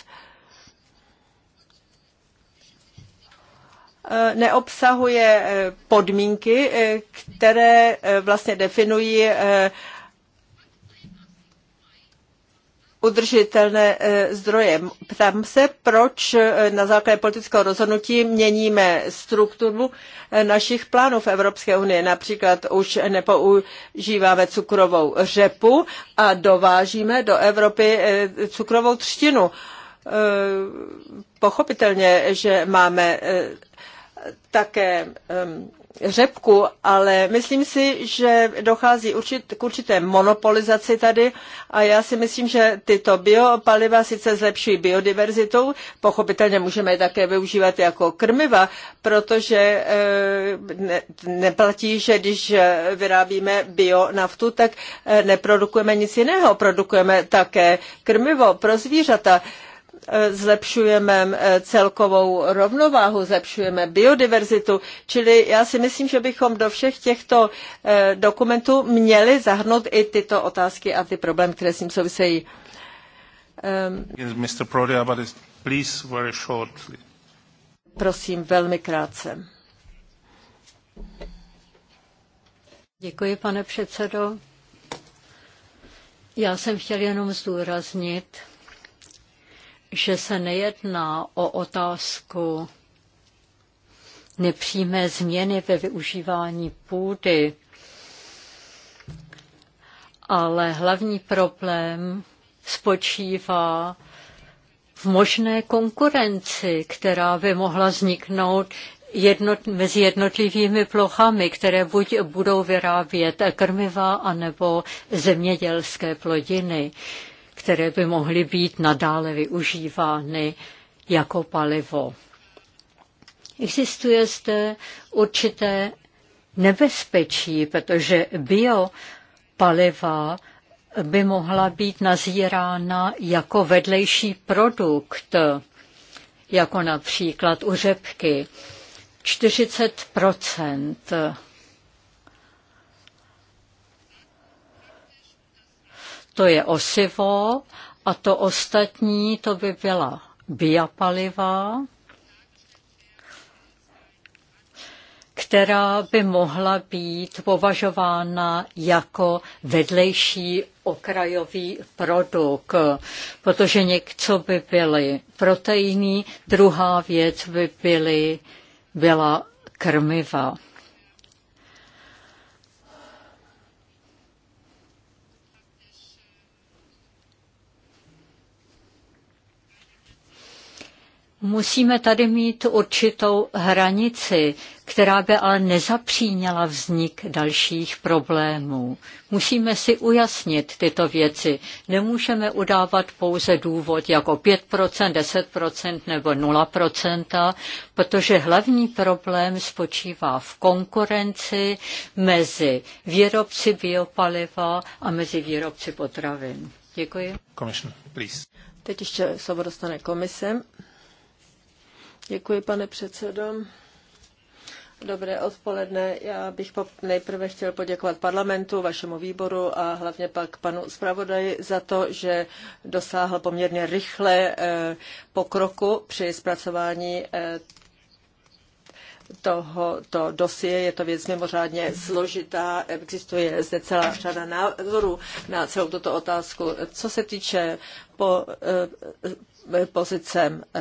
neobsahuje podmínky, které vlastně definují udržitelné eh, zdroje. Ptám se, proč eh, na základě politického rozhodnutí měníme strukturu eh, našich plánů v Evropské unii. Například už nepoužíváme cukrovou řepu a dovážíme do Evropy cukrovou třtinu. Pochopitelně, že máme také ehm, řepku, ale myslím si, že dochází určit, k určité monopolizaci tady a já si myslím, že tyto biopaliva sice zlepšují biodiverzitu, pochopitelně můžeme je také využívat jako krmiva, protože eh, ne, neplatí, že když vyrábíme bionaftu, tak eh, neprodukujeme nic jiného, produkujeme také krmivo pro zvířata. Eh, zlepšujeme eh, celkovou rovnováhu, zlepšujeme biodiverzitu, čili já si myslím, že bychom do všech těchto eh, dokumentů měli zahrnout i tyto otázky a ty problémy, které s tím souvisejí. Ehm, Prosím, velmi krátce. Děkuji, pane předsedo. Já jsem chtěl jenom zdůraznit, že se nejedná o otázku nepřímé změny ve využívání půdy, ale hlavní problém spočívá v možné konkurenci, která by mohla vzniknout jednot, mezi jednotlivými plochami, které buď budou vyrábět krmiva anebo zemědělské plodiny které by mohly být nadále využívány jako palivo. Existuje zde určité nebezpečí, protože biopaliva by mohla být nazírána jako vedlejší produkt, jako například u řepky. 40 to je osivo a to ostatní to by byla biopaliva, která by mohla být považována jako vedlejší okrajový produkt, protože něco by byly proteiny, druhá věc by byly, byla krmiva. Musíme tady mít určitou hranici, která by ale nezapříněla vznik dalších problémů. Musíme si ujasnit tyto věci. Nemůžeme udávat pouze důvod jako 5%, 10% nebo 0%, protože hlavní problém spočívá v konkurenci mezi výrobci biopaliva a mezi výrobci potravin. Děkuji. Commission, please. Teď ještě slovo dostane komise. Děkuji, pane předsedo. Dobré odpoledne. Já bych nejprve chtěl poděkovat parlamentu, vašemu výboru a hlavně pak panu zpravodaji za to, že dosáhl poměrně rychle eh, pokroku při zpracování eh, tohoto dosie. Je to věc mimořádně složitá, existuje zde celá řada názorů na celou tuto otázku. Co se týče po, eh, pozice eh,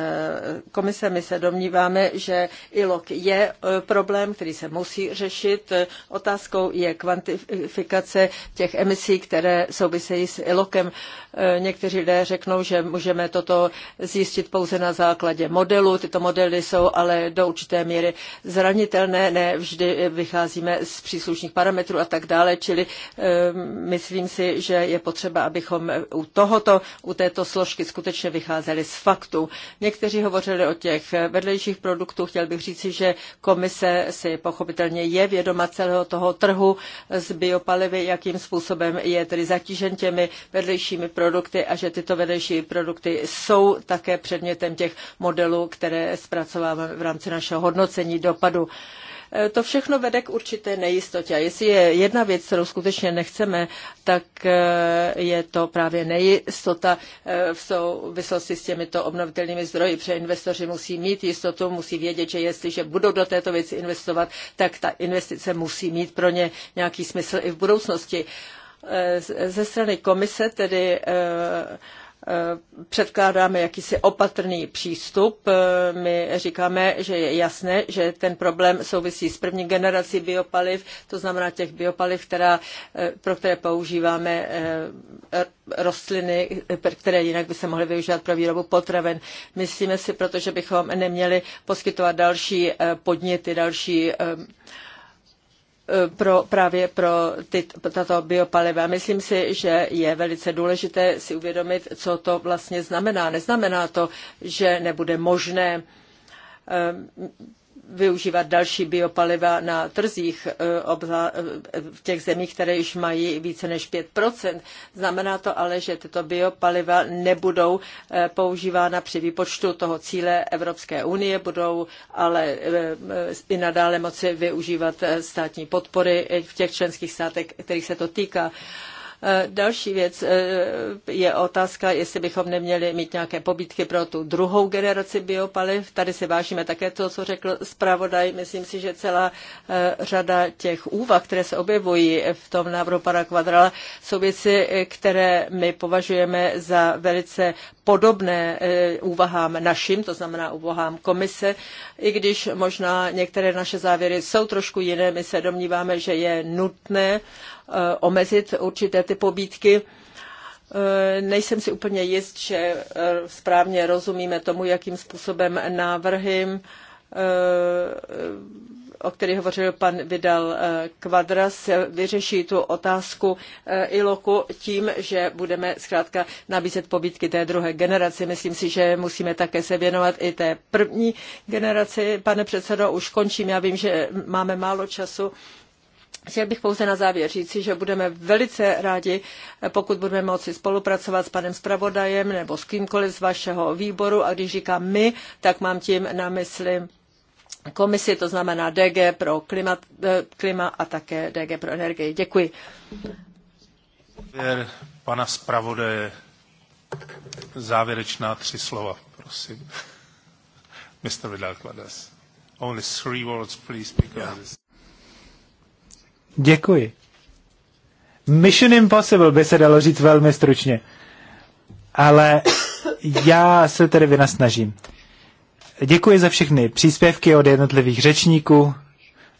komise. My se domníváme, že ILOK je eh, problém, který se musí řešit. Otázkou je kvantifikace těch emisí, které souvisejí s ILOKem. Eh, někteří lidé řeknou, že můžeme toto zjistit pouze na základě modelu. Tyto modely jsou ale do určité míry zranitelné, ne vždy vycházíme z příslušných parametrů a tak dále, čili myslím si, že je potřeba, abychom u tohoto, u této složky skutečně vycházeli vycházeli z faktů. Někteří hovořili o těch vedlejších produktů. Chtěl bych říci, že komise si pochopitelně je vědoma celého toho trhu s biopalivy, jakým způsobem je tedy zatížen těmi vedlejšími produkty a že tyto vedlejší produkty jsou také předmětem těch modelů, které zpracováváme v rámci našeho hodnocení dopadu. Eh, to všechno vede k určité nejistotě. A jestli je jedna věc, kterou skutečně nechceme, tak eh, je to právě nejistota eh, v souvislosti s těmito obnovitelnými zdroji, protože investoři musí mít jistotu, musí vědět, že jestliže budou do této věci investovat, tak ta investice musí mít pro ně nějaký smysl i v budoucnosti. Ze strany komise tedy Eh, předkládáme jakýsi opatrný přístup. Eh, my říkáme, že je jasné, že ten problém souvisí s první generací biopaliv, to znamená těch biopaliv, která, eh, pro které používáme rostliny, které jinak by se mohly využívat pro výrobu potraven. Myslíme si, protože bychom neměli poskytovat další podněty, další Eh, pro, právě pro ty, tato biopaliva. Myslím si, že je velice důležité si uvědomit, co to vlastně znamená. Neznamená to, že nebude možné eh, využívat další biopaliva na trzích eh, eh, v těch zemích, které již mají více než 5 Znamená to ale, že tyto biopaliva nebudou eh, používána při výpočtu toho cíle Evropské unie, budou ale i nadále moci využívat státní podpory v těch členských státech, kterých se to týká. Eh, další věc eh, je otázka, jestli bychom neměli mít nějaké pobídky pro tu druhou generaci biopaliv. Tady si vážíme také to, co řekl zpravodaj. Myslím si, že celá eh, řada těch úvah, které se objevují v tom návrhu pana Kvadrala, jsou věci, které my považujeme za velice podobné úvahám našim, to znamená úvahám komise, i když možná některé naše závěry jsou trošku jiné, my se domníváme, že je nutné Eh, omezit určité ty pobídky. Eh, nejsem si úplně jist, že eh, správně rozumíme tomu, jakým způsobem návrhy, o kterých hovořil pan Vidal Kvadras, vyřeší tu otázku ILOKu tím, že budeme zkrátka nabízet pobídky té druhé generaci. Myslím si, že musíme také se věnovat i té první generaci. Pane předsedo, už končím. Já vím, že máme málo času Chtěl bych pouze na závěr říci, že budeme velice rádi, pokud budeme moci spolupracovat s panem zpravodajem nebo s kýmkoliv z vašeho výboru. A když říkám my, tak mám tím na mysli komisi, to znamená DG pro klima, eh, klima a také DG pro energii. Děkuji. Závěr pana zpravodaje. Závěrečná tři slova, prosím. Mr. Vidal Only three words, please, because... Yeah. Děkuji. Mission Impossible by se dalo říct velmi stručně. Ale já se tedy vynasnažím. Děkuji za všechny příspěvky od jednotlivých řečníků,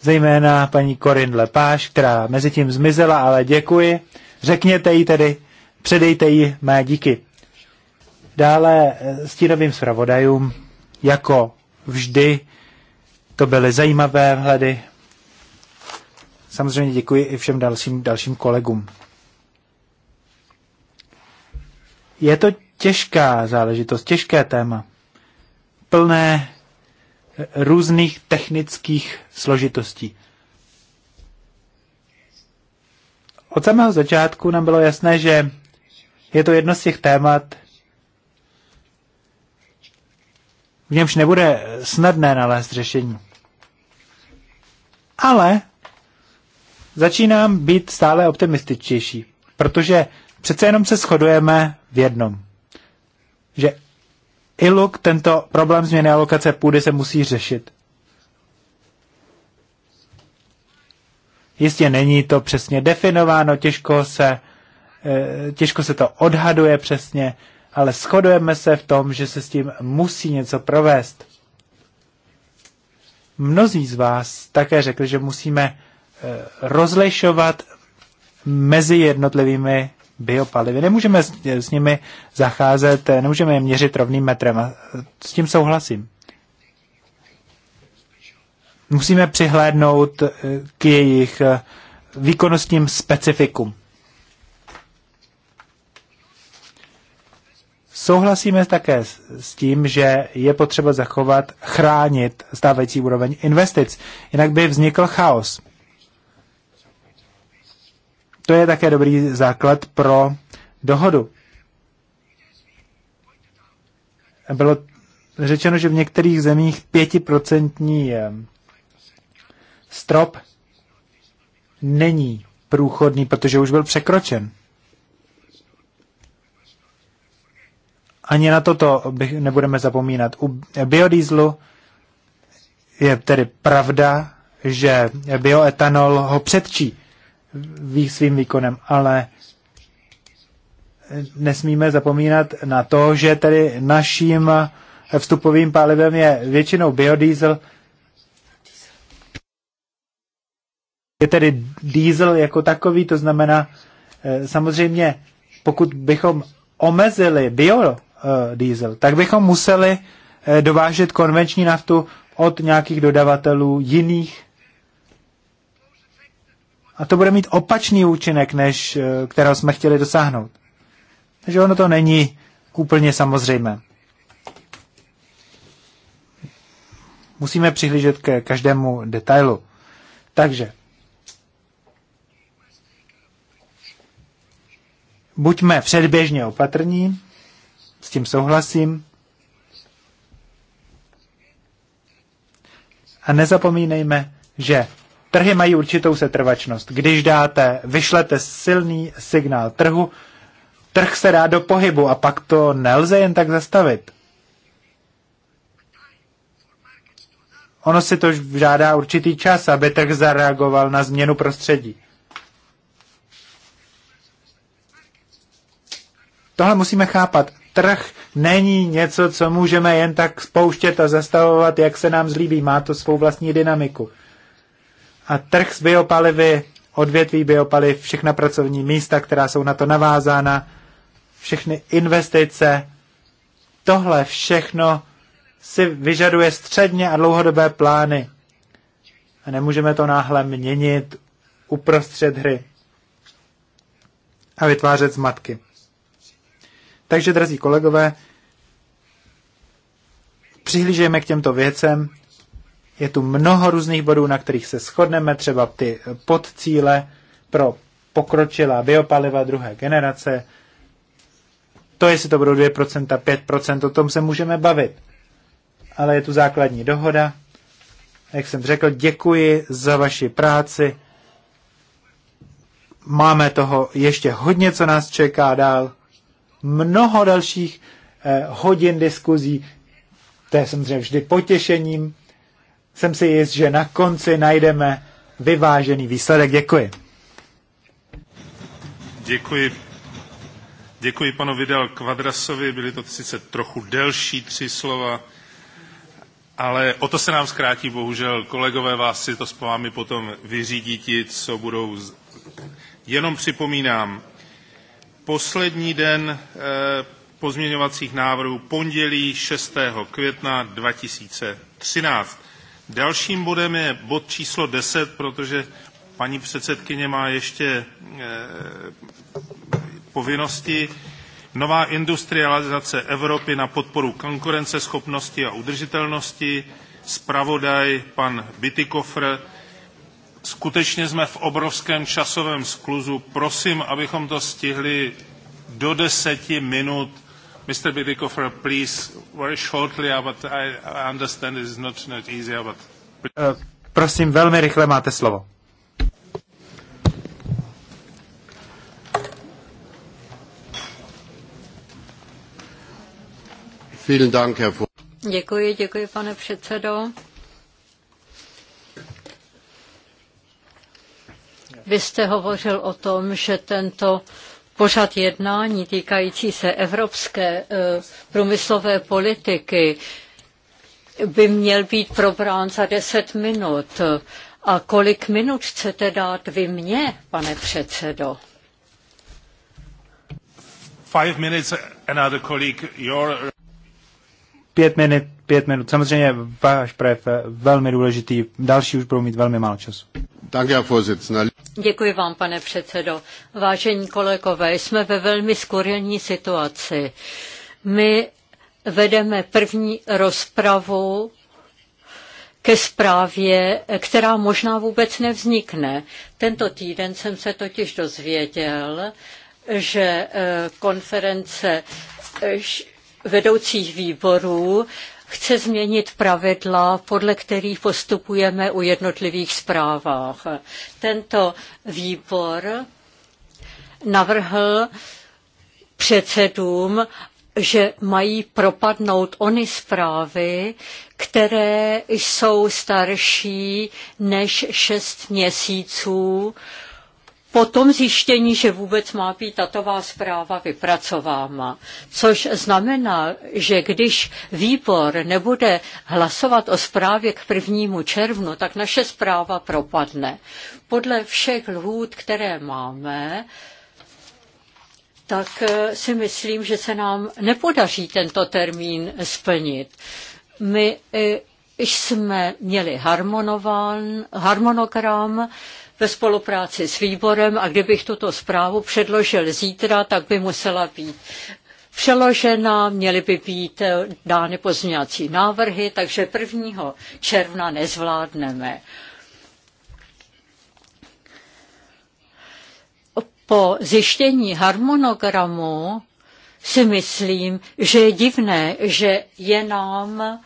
zejména paní Corin Lepáš, která mezi tím zmizela, ale děkuji. Řekněte jí tedy, předejte jí mé díky. Dále eh, stínovým zpravodajům, jako vždy, to byly zajímavé vhledy, Samozřejmě děkuji i všem dalším, dalším kolegům. Je to těžká záležitost, těžké téma, plné různých technických složitostí. Od samého začátku nám bylo jasné, že je to jedno z těch témat, v němž nebude snadné nalézt řešení. Ale začínám být stále optimističtější, protože přece jenom se shodujeme v jednom, že ILUK tento problém změny alokace půdy se musí řešit. Jistě není to přesně definováno, těžko se, eh, těžko se to odhaduje přesně, ale shodujeme se v tom, že se s tím musí něco provést. Mnozí z vás také řekli, že musíme Eh, rozlišovat mezi jednotlivými biopalivy. Nemůžeme s, s nimi zacházet, eh, nemůžeme je měřit rovným metrem. A eh, s tím souhlasím. Musíme přihlédnout k jejich výkonnostním specifikum. Souhlasíme také s tím, že je potřeba zachovat, chránit stávající úroveň investic, jinak by vznikl chaos. To je také dobrý základ pro dohodu. Bylo řečeno, že v některých zemích pětiprocentní eh, strop není průchodný, protože už byl překročen. Ani na toto bych nebudeme zapomínat. U biodýzlu je tedy pravda, že bioetanol ho předčí svým výkonem, ale nesmíme zapomínat na to, že tedy naším vstupovým palivem je většinou biodiesel. Je tedy diesel jako takový, to znamená eh, samozřejmě, pokud bychom omezili biodiesel, tak bychom museli eh, dovážet konvenční naftu od nějakých dodavatelů jiných a to bude mít opačný účinek, než eh, kterého jsme chtěli dosáhnout. Takže ono to není úplně samozřejmé. Musíme přihlížet ke každému detailu. Takže buďme předběžně opatrní, s tím souhlasím. A nezapomínejme, že Trhy mají určitou setrvačnost. Když dáte, vyšlete silný signál trhu, trh se dá do pohybu a pak to nelze jen tak zastavit. Ono si to žádá určitý čas, aby trh zareagoval na změnu prostředí. Tohle musíme chápat. Trh není něco, co můžeme jen tak spouštět a zastavovat, jak se nám zlíbí. Má to svou vlastní dynamiku a trh s biopalivy, odvětví biopaliv, všechna pracovní místa, která jsou na to navázána, všechny investice, tohle všechno si vyžaduje středně a dlouhodobé plány. A nemůžeme to náhle měnit uprostřed hry a vytvářet zmatky. Takže, drazí kolegové, přihlížejme k těmto věcem je tu mnoho různých bodů, na kterých se shodneme, třeba ty podcíle pro pokročilá biopaliva druhé generace. To, jestli to budou 2%, 5%, o tom se můžeme bavit. Ale je tu základní dohoda. Jak jsem řekl, děkuji za vaši práci. Máme toho ještě hodně, co nás čeká dál. Mnoho dalších eh, hodin diskuzí. To je samozřejmě vždy potěšením jsem si jist, že na konci najdeme vyvážený výsledek. Děkuji. Děkuji. Děkuji panu Vidal Kvadrasovi, byly to sice trochu delší tři slova, ale o to se nám zkrátí, bohužel. Kolegové vás si to s vámi potom vyřídí ti, co budou... Jenom připomínám, poslední den eh, pozměňovacích návrhů pondělí 6. května 2013. Dalším bodem je bod číslo 10, protože paní předsedkyně má ještě eh, povinnosti. Nová industrializace Evropy na podporu konkurenceschopnosti a udržitelnosti. Spravodaj pan Bitykofr. Skutečně jsme v obrovském časovém skluzu. Prosím, abychom to stihli do deseti minut Mr. Bidikofer, please, very shortly, uh, but I understand it is not, not easy, but... Eh, prosím, velmi rychle máte slovo. Děkuji, děkuji, pane předsedo. Vy jste hovořil o tom, že tento pořad jednání týkající se evropské eh, průmyslové politiky by měl být probrán za 10 minut. A kolik minut chcete dát vy mně, pane předsedo? Five minutes, another colleague, your... Pět minut pět minut. Samozřejmě váš projev je velmi důležitý, další už budou mít velmi málo času. Děkuji vám, pane předsedo. Vážení kolegové, jsme ve velmi skurilní situaci. My vedeme první rozpravu ke zprávě, která možná vůbec nevznikne. Tento týden jsem se totiž dozvěděl, že eh, konference eh, vedoucích výborů chce změnit pravidla, podle kterých postupujeme u jednotlivých zprávách. Tento výbor navrhl předsedům, že mají propadnout ony zprávy, které jsou starší než šest měsíců po tom zjištění, že vůbec má být datová zpráva vypracována. Což znamená, že když výbor nebude hlasovat o zprávě k prvnímu červnu, tak naše zpráva propadne. Podle všech lhůt, které máme, tak eh, si myslím, že se nám nepodaří tento termín splnit. My eh, jsme měli harmonogram, ve spolupráci s výborem a kdybych tuto zprávu předložil zítra, tak by musela být přeložena, měly by být eh, dány pozměňovací návrhy, takže 1. června nezvládneme. Po zjištění harmonogramu si myslím, že je divné, že je nám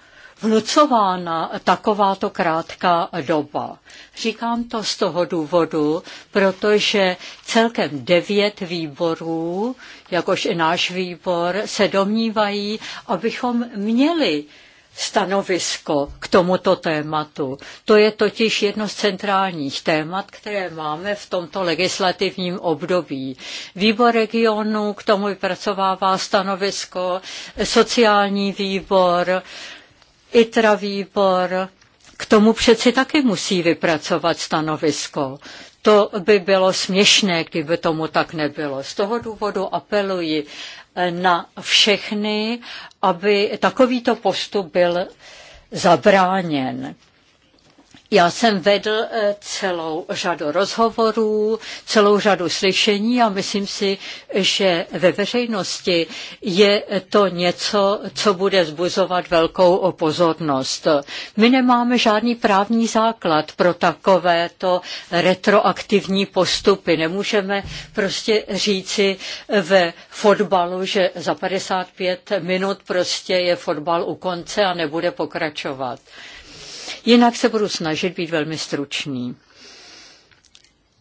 vnucována takováto krátká doba. Říkám to z toho důvodu, protože celkem devět výborů, jakož i náš výbor, se domnívají, abychom měli stanovisko k tomuto tématu. To je totiž jedno z centrálních témat, které máme v tomto legislativním období. Výbor regionu k tomu vypracovává stanovisko, sociální výbor, ITRA výbor k tomu přeci taky musí vypracovat stanovisko. To by bylo směšné, kdyby tomu tak nebylo. Z toho důvodu apeluji na všechny, aby takovýto postup byl zabráněn. Já jsem vedl eh, celou řadu rozhovorů, celou řadu slyšení a myslím si, že ve veřejnosti je to něco, co bude zbuzovat velkou pozornost. My nemáme žádný právní základ pro takovéto retroaktivní postupy. Nemůžeme prostě říci ve fotbalu, že za 55 minut prostě je fotbal u konce a nebude pokračovat. Jinak se budu snažit být velmi stručný.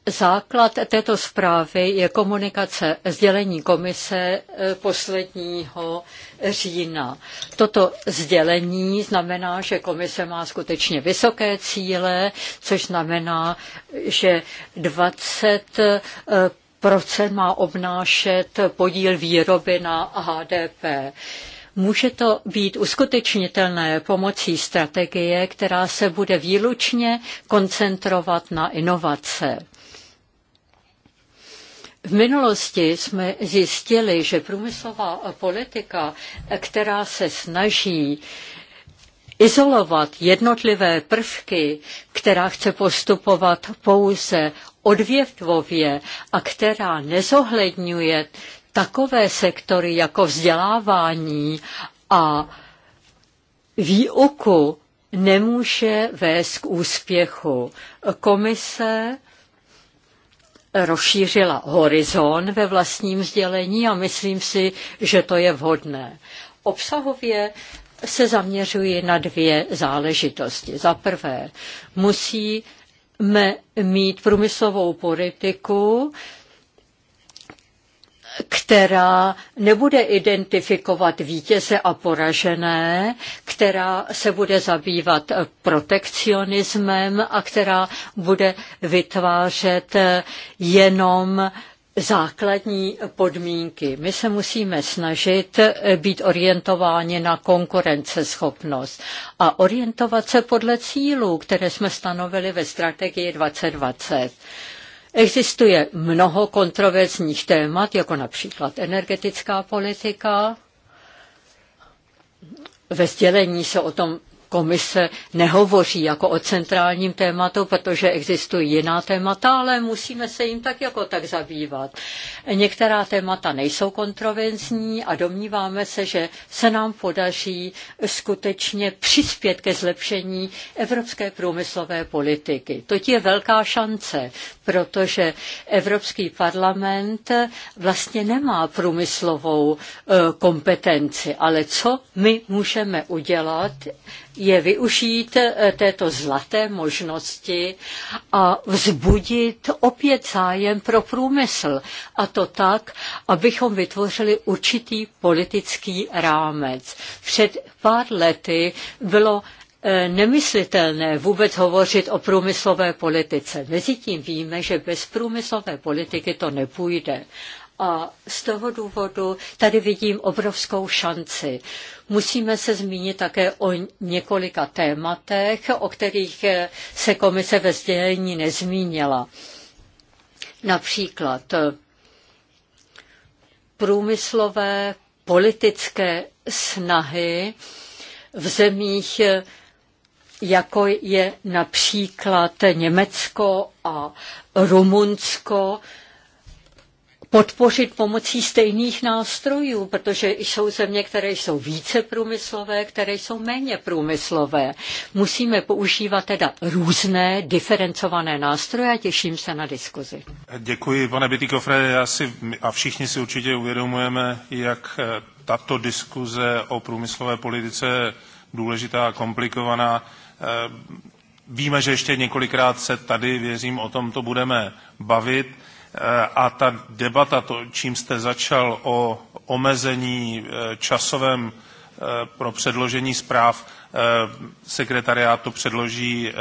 Základ této zprávy je komunikace sdělení komise eh, posledního října. Toto sdělení znamená, že komise má skutečně vysoké cíle, což znamená, že 20 eh, procent má obnášet podíl výroby na HDP. Může to být uskutečnitelné pomocí strategie, která se bude výlučně koncentrovat na inovace. V minulosti jsme zjistili, že průmyslová politika, která se snaží izolovat jednotlivé prvky, která chce postupovat pouze odvětvově a která nezohledňuje takové sektory jako vzdělávání a výuku nemůže vést k úspěchu. Komise rozšířila horizont ve vlastním vzdělení a myslím si, že to je vhodné. Obsahově se zaměřuji na dvě záležitosti. Za prvé, musíme mít průmyslovou politiku, která nebude identifikovat vítěze a poražené, která se bude zabývat protekcionismem a která bude vytvářet jenom základní podmínky. My se musíme snažit být orientováni na konkurenceschopnost a orientovat se podle cílů, které jsme stanovili ve strategii 2020. Existuje mnoho kontroverzních témat, jako například energetická politika. Ve sdělení se o tom komise nehovoří jako o centrálním tématu, protože existují jiná témata, ale musíme se jim tak jako tak zabývat. Některá témata nejsou kontroverzní a domníváme se, že se nám podaří skutečně přispět ke zlepšení evropské průmyslové politiky. To je velká šance, protože Evropský parlament vlastně nemá průmyslovou eh, kompetenci, ale co my můžeme udělat, je využít eh, této zlaté možnosti a vzbudit opět zájem pro průmysl. A to tak, abychom vytvořili určitý politický rámec. Před pár lety bylo eh, nemyslitelné vůbec hovořit o průmyslové politice. Mezitím víme, že bez průmyslové politiky to nepůjde. A z toho důvodu tady vidím obrovskou šanci. Musíme se zmínit také o několika tématech, o kterých se komise ve sdělení nezmínila. Například průmyslové politické snahy v zemích, jako je například Německo a Rumunsko, podpořit pomocí stejných nástrojů, protože jsou země, které jsou více průmyslové, které jsou méně průmyslové. Musíme používat teda různé diferencované nástroje a těším se na diskuzi. Děkuji, pane Bytýkofre. Já si a všichni si určitě uvědomujeme, jak eh, tato diskuze o průmyslové politice je důležitá a komplikovaná. Eh, víme, že ještě několikrát se tady, věřím, o tom to budeme bavit Eh, a ta debata, to, čím jste začal o omezení eh, časovém eh, pro předložení zpráv, sekretariát to předloží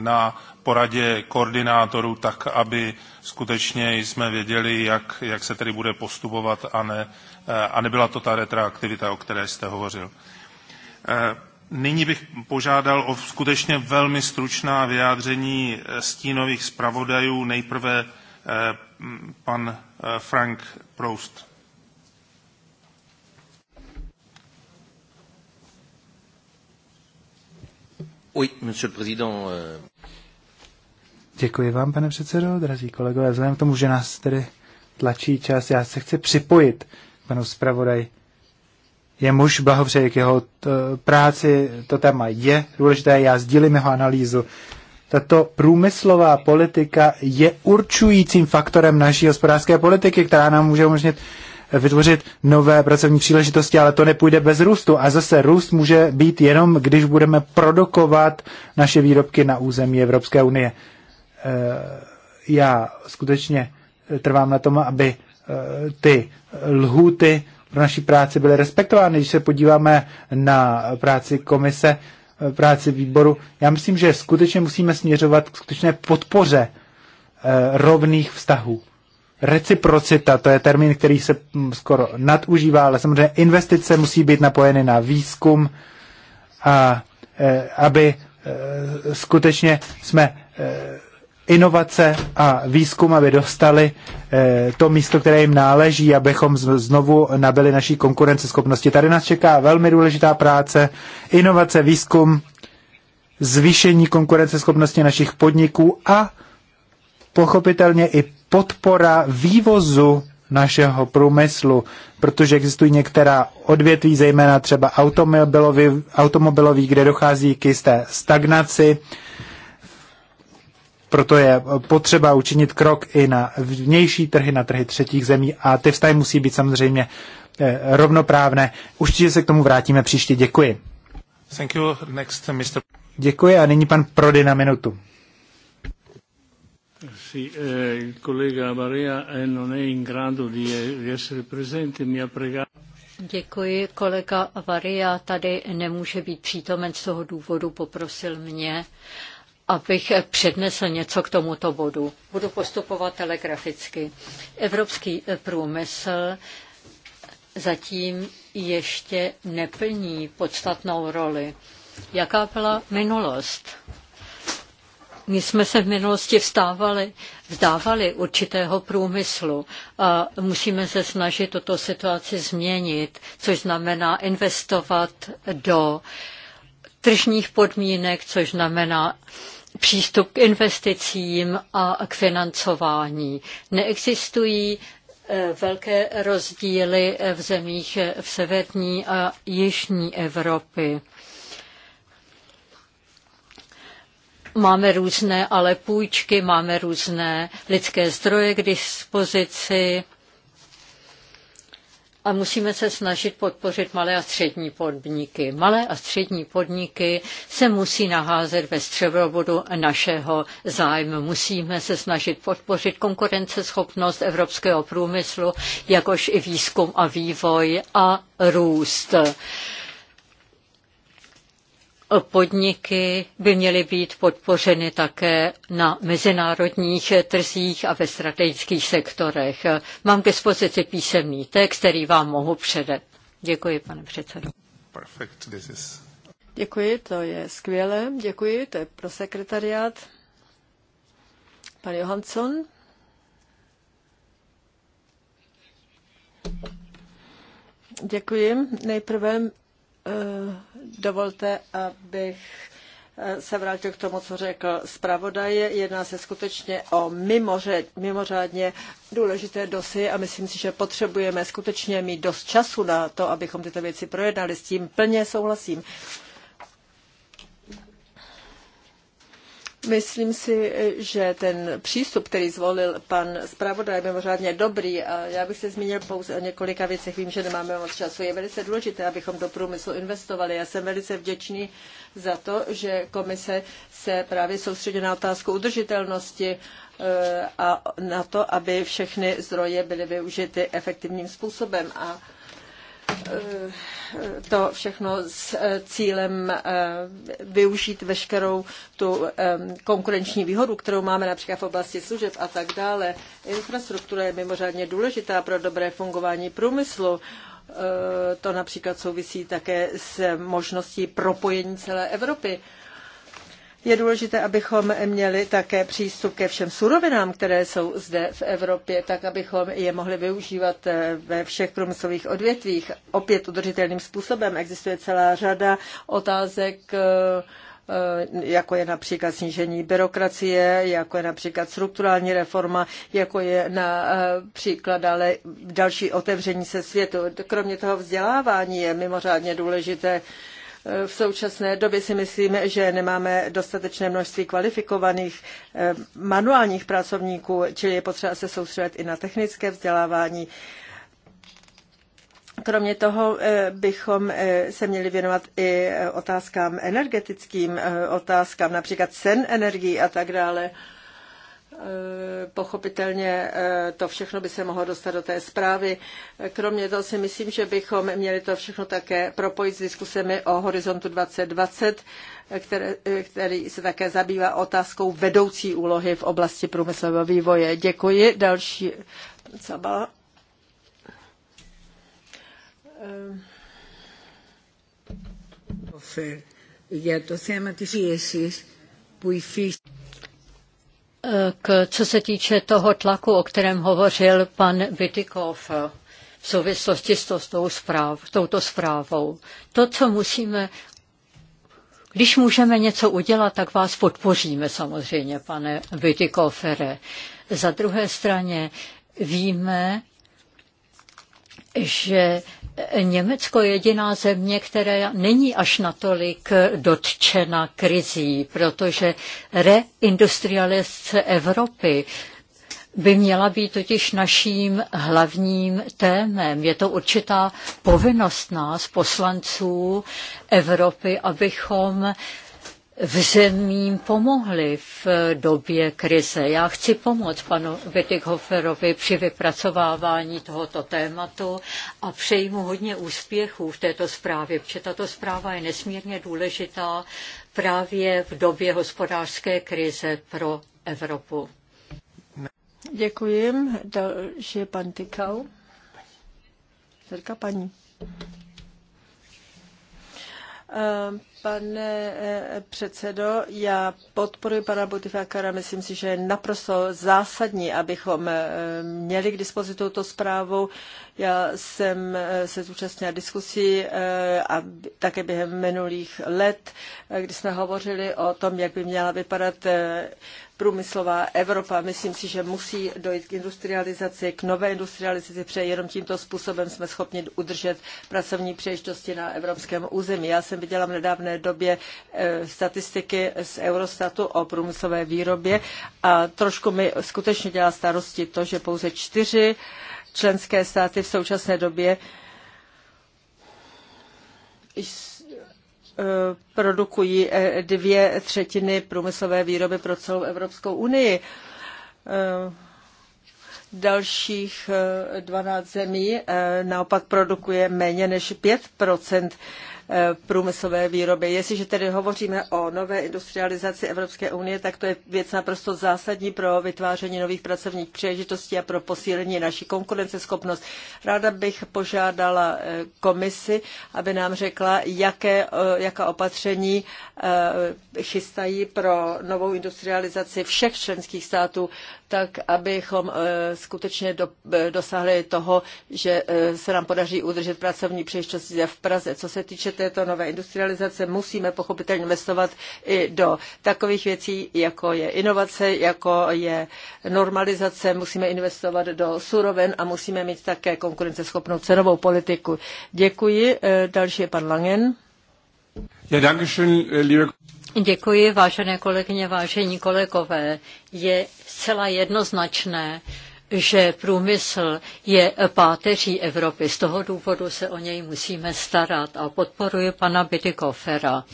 na poradě koordinátorů tak, aby skutečně jsme věděli, jak, jak se tedy bude postupovat a, ne, a nebyla to ta retroaktivita, o které jste hovořil. Nyní bych požádal o skutečně velmi stručná vyjádření stínových zpravodajů, nejprve pan eh, Frank Proust. Oui, monsieur le président. Euh. Děkuji vám, pane předsedo, drazí kolegové. Vzhledem k tomu, že nás tedy tlačí čas, já se chci připojit k panu zpravodaj. Je muž blahopřeji k jeho eh, práci, to téma je důležité, já sdílím jeho analýzu. Tato průmyslová politika je určujícím faktorem naší hospodářské politiky, která nám může umožnit vytvořit nové pracovní příležitosti, ale to nepůjde bez růstu. A zase růst může být jenom, když budeme produkovat naše výrobky na území Evropské unie. Eh, já skutečně trvám na tom, aby eh, ty lhuty pro naší práci byly respektovány. Když se podíváme na práci komise, Eh, práci výboru. Já myslím, že skutečně musíme směřovat k skutečné podpoře eh, rovných vztahů. Reciprocita, to je termín, který se mm, skoro nadužívá, ale samozřejmě investice musí být napojeny na výzkum, a eh, aby skutečně jsme inovace a výzkum, aby dostali eh, to místo, které jim náleží, abychom znovu nabili naší konkurenceschopnosti. Tady nás čeká velmi důležitá práce, inovace, výzkum, zvýšení konkurenceschopnosti našich podniků a pochopitelně i podpora vývozu našeho průmyslu, protože existují některá odvětví, zejména třeba automobilový, automobilový kde dochází k jisté stagnaci proto je potřeba učinit krok i na vnější trhy, na trhy třetích zemí a ty vztahy musí být samozřejmě eh, rovnoprávné. Určitě se k tomu vrátíme příště. Děkuji. Thank you. Next, Mr. Děkuji a nyní pan Prody na minutu. Sì, eh, il collega eh, non è in grado di, eh, di essere presente, mi ha pregato. Děkuji, kolega Varia tady nemůže být přítomen z toho důvodu, poprosil mě, abych přednesl něco k tomuto bodu. Budu postupovat telegraficky. Evropský průmysl zatím ještě neplní podstatnou roli. Jaká byla minulost? My jsme se v minulosti vstávali, vzdávali určitého průmyslu a musíme se snažit tuto situaci změnit, což znamená investovat do tržních podmínek, což znamená přístup k investicím a k financování. Neexistují eh, velké rozdíly eh, v zemích eh, v severní a jižní Evropy. Máme různé ale půjčky, máme různé lidské zdroje k dispozici a musíme se snažit podpořit malé a střední podniky. Malé a střední podniky se musí naházet ve střevrobodu našeho zájmu. Musíme se snažit podpořit konkurenceschopnost evropského průmyslu, jakož i výzkum a vývoj a růst podniky by měly být podpořeny také na mezinárodních trzích a ve strategických sektorech. Mám k dispozici písemný text, který vám mohu předat. Děkuji, pane předsedo. Perfect. This is... Děkuji, to je skvělé. Děkuji, to je pro sekretariát. Pan Johansson. Děkuji. Nejprve uh, Dovolte, abych eh, se vrátil k tomu, co řekl zpravodaj. Jedná se skutečně o mimořádně důležité dosy a myslím si, že potřebujeme skutečně mít dost času na to, abychom tyto věci projednali. S tím plně souhlasím. Myslím si, že ten přístup, který zvolil pan zpravodaj, je mimořádně dobrý a já bych se zmínil pouze o několika věcech. Vím, že nemáme moc času. Je velice důležité, abychom do průmyslu investovali. Já jsem velice vděčný za to, že komise se právě soustředí na otázku udržitelnosti eh, a na to, aby všechny zdroje byly využity efektivním způsobem. A Eh, to všechno s eh, cílem eh, využít veškerou tu konkurenční výhodu, kterou máme například v oblasti služeb a tak dále. Infrastruktura je mimořádně důležitá pro dobré fungování průmyslu. To například souvisí také s možností propojení celé Evropy. Je důležité, abychom měli také přístup ke všem surovinám, které jsou zde v Evropě, tak abychom je mohli využívat eh, ve všech průmyslových odvětvích opět udržitelným způsobem. Existuje celá řada otázek eh, eh, jako je například snížení byrokracie, jako je například strukturální reforma, jako je například dále další otevření se světu. Kromě toho vzdělávání je mimořádně důležité v současné době si myslím, že nemáme dostatečné množství kvalifikovaných eh, manuálních pracovníků, čili je potřeba se soustředit i na technické vzdělávání. Kromě toho eh, bychom eh, se měli věnovat i otázkám energetickým, otázkám například cen energií a tak dále. Eh, pochopitelně eh, to všechno by se mohlo dostat do té zprávy. Kromě toho si myslím, že bychom měli to všechno také propojit s diskusemi o Horizontu 2020, eh, které, který se také zabývá otázkou vedoucí úlohy v oblasti průmyslového vývoje. Děkuji. Další. Cabala. Je to θέμα της ίεσης k, co se týče toho tlaku, o kterém hovořil pan Vitikov, v souvislosti s, to, tou zpráv, touto zprávou. To, co musíme, když můžeme něco udělat, tak vás podpoříme samozřejmě, pane Bytykofere. Za druhé straně víme, že Německo je jediná země, která není až natolik dotčena krizí, protože reindustrializace Evropy by měla být totiž naším hlavním témem. Je to určitá povinnost nás, poslanců Evropy, abychom v zemím pomohli v eh, době krize. Já chci pomoct panu Wittighoferovi při vypracovávání tohoto tématu a přeji mu hodně úspěchů v této zprávě, protože tato zpráva je nesmírně důležitá právě v době hospodářské krize pro Evropu. Děkuji. Další je pan Tykal. Zrka paní. Uh Pane eh, předsedo, já podporuji pana Butifákara. Myslím si, že je naprosto zásadní, abychom eh, měli k dispozici tuto zprávu. Já jsem eh, se zúčastnila diskusí a také během minulých let, kdy jsme hovořili o tom, jak by měla vypadat průmyslová Evropa. Myslím si, že musí dojít k industrializaci, k nové industrializaci, protože jenom tímto způsobem jsme schopni udržet pracovní příležitosti na evropském území. Já jsem viděla v nedávné době eh, statistiky z Eurostatu o průmyslové výrobě a trošku mi skutečně dělá starosti to, že pouze čtyři členské státy v současné době eh, produkují eh, dvě třetiny průmyslové výroby pro celou Evropskou unii. Dalších 12 zemí naopak produkuje méně než 5 Eh, průmyslové výroby. Jestliže tedy hovoříme o nové industrializaci Evropské unie, tak to je věc naprosto zásadní pro vytváření nových pracovních příležitostí a pro posílení naší konkurenceschopnost. Ráda bych požádala eh, komisi, aby nám řekla, jaké, eh, jaká opatření chystají pro novou industrializaci všech členských států, tak abychom skutečně dosáhli toho, že se nám podaří udržet pracovní příležitosti v Praze. Co se týče této nové industrializace musíme pochopitelně investovat i do takových věcí, jako je inovace, jako je normalizace, musíme investovat do surovin a musíme mít také konkurenceschopnou cenovou politiku. Děkuji. E, další je pan Langen. Ja, danke schön, äh, liebe Děkuji, vážené kolegyně, vážení kolegové. Je zcela jednoznačné, že průmysl je páteří Evropy. Z toho důvodu se o něj musíme starat a podporuji pana Bidikofera.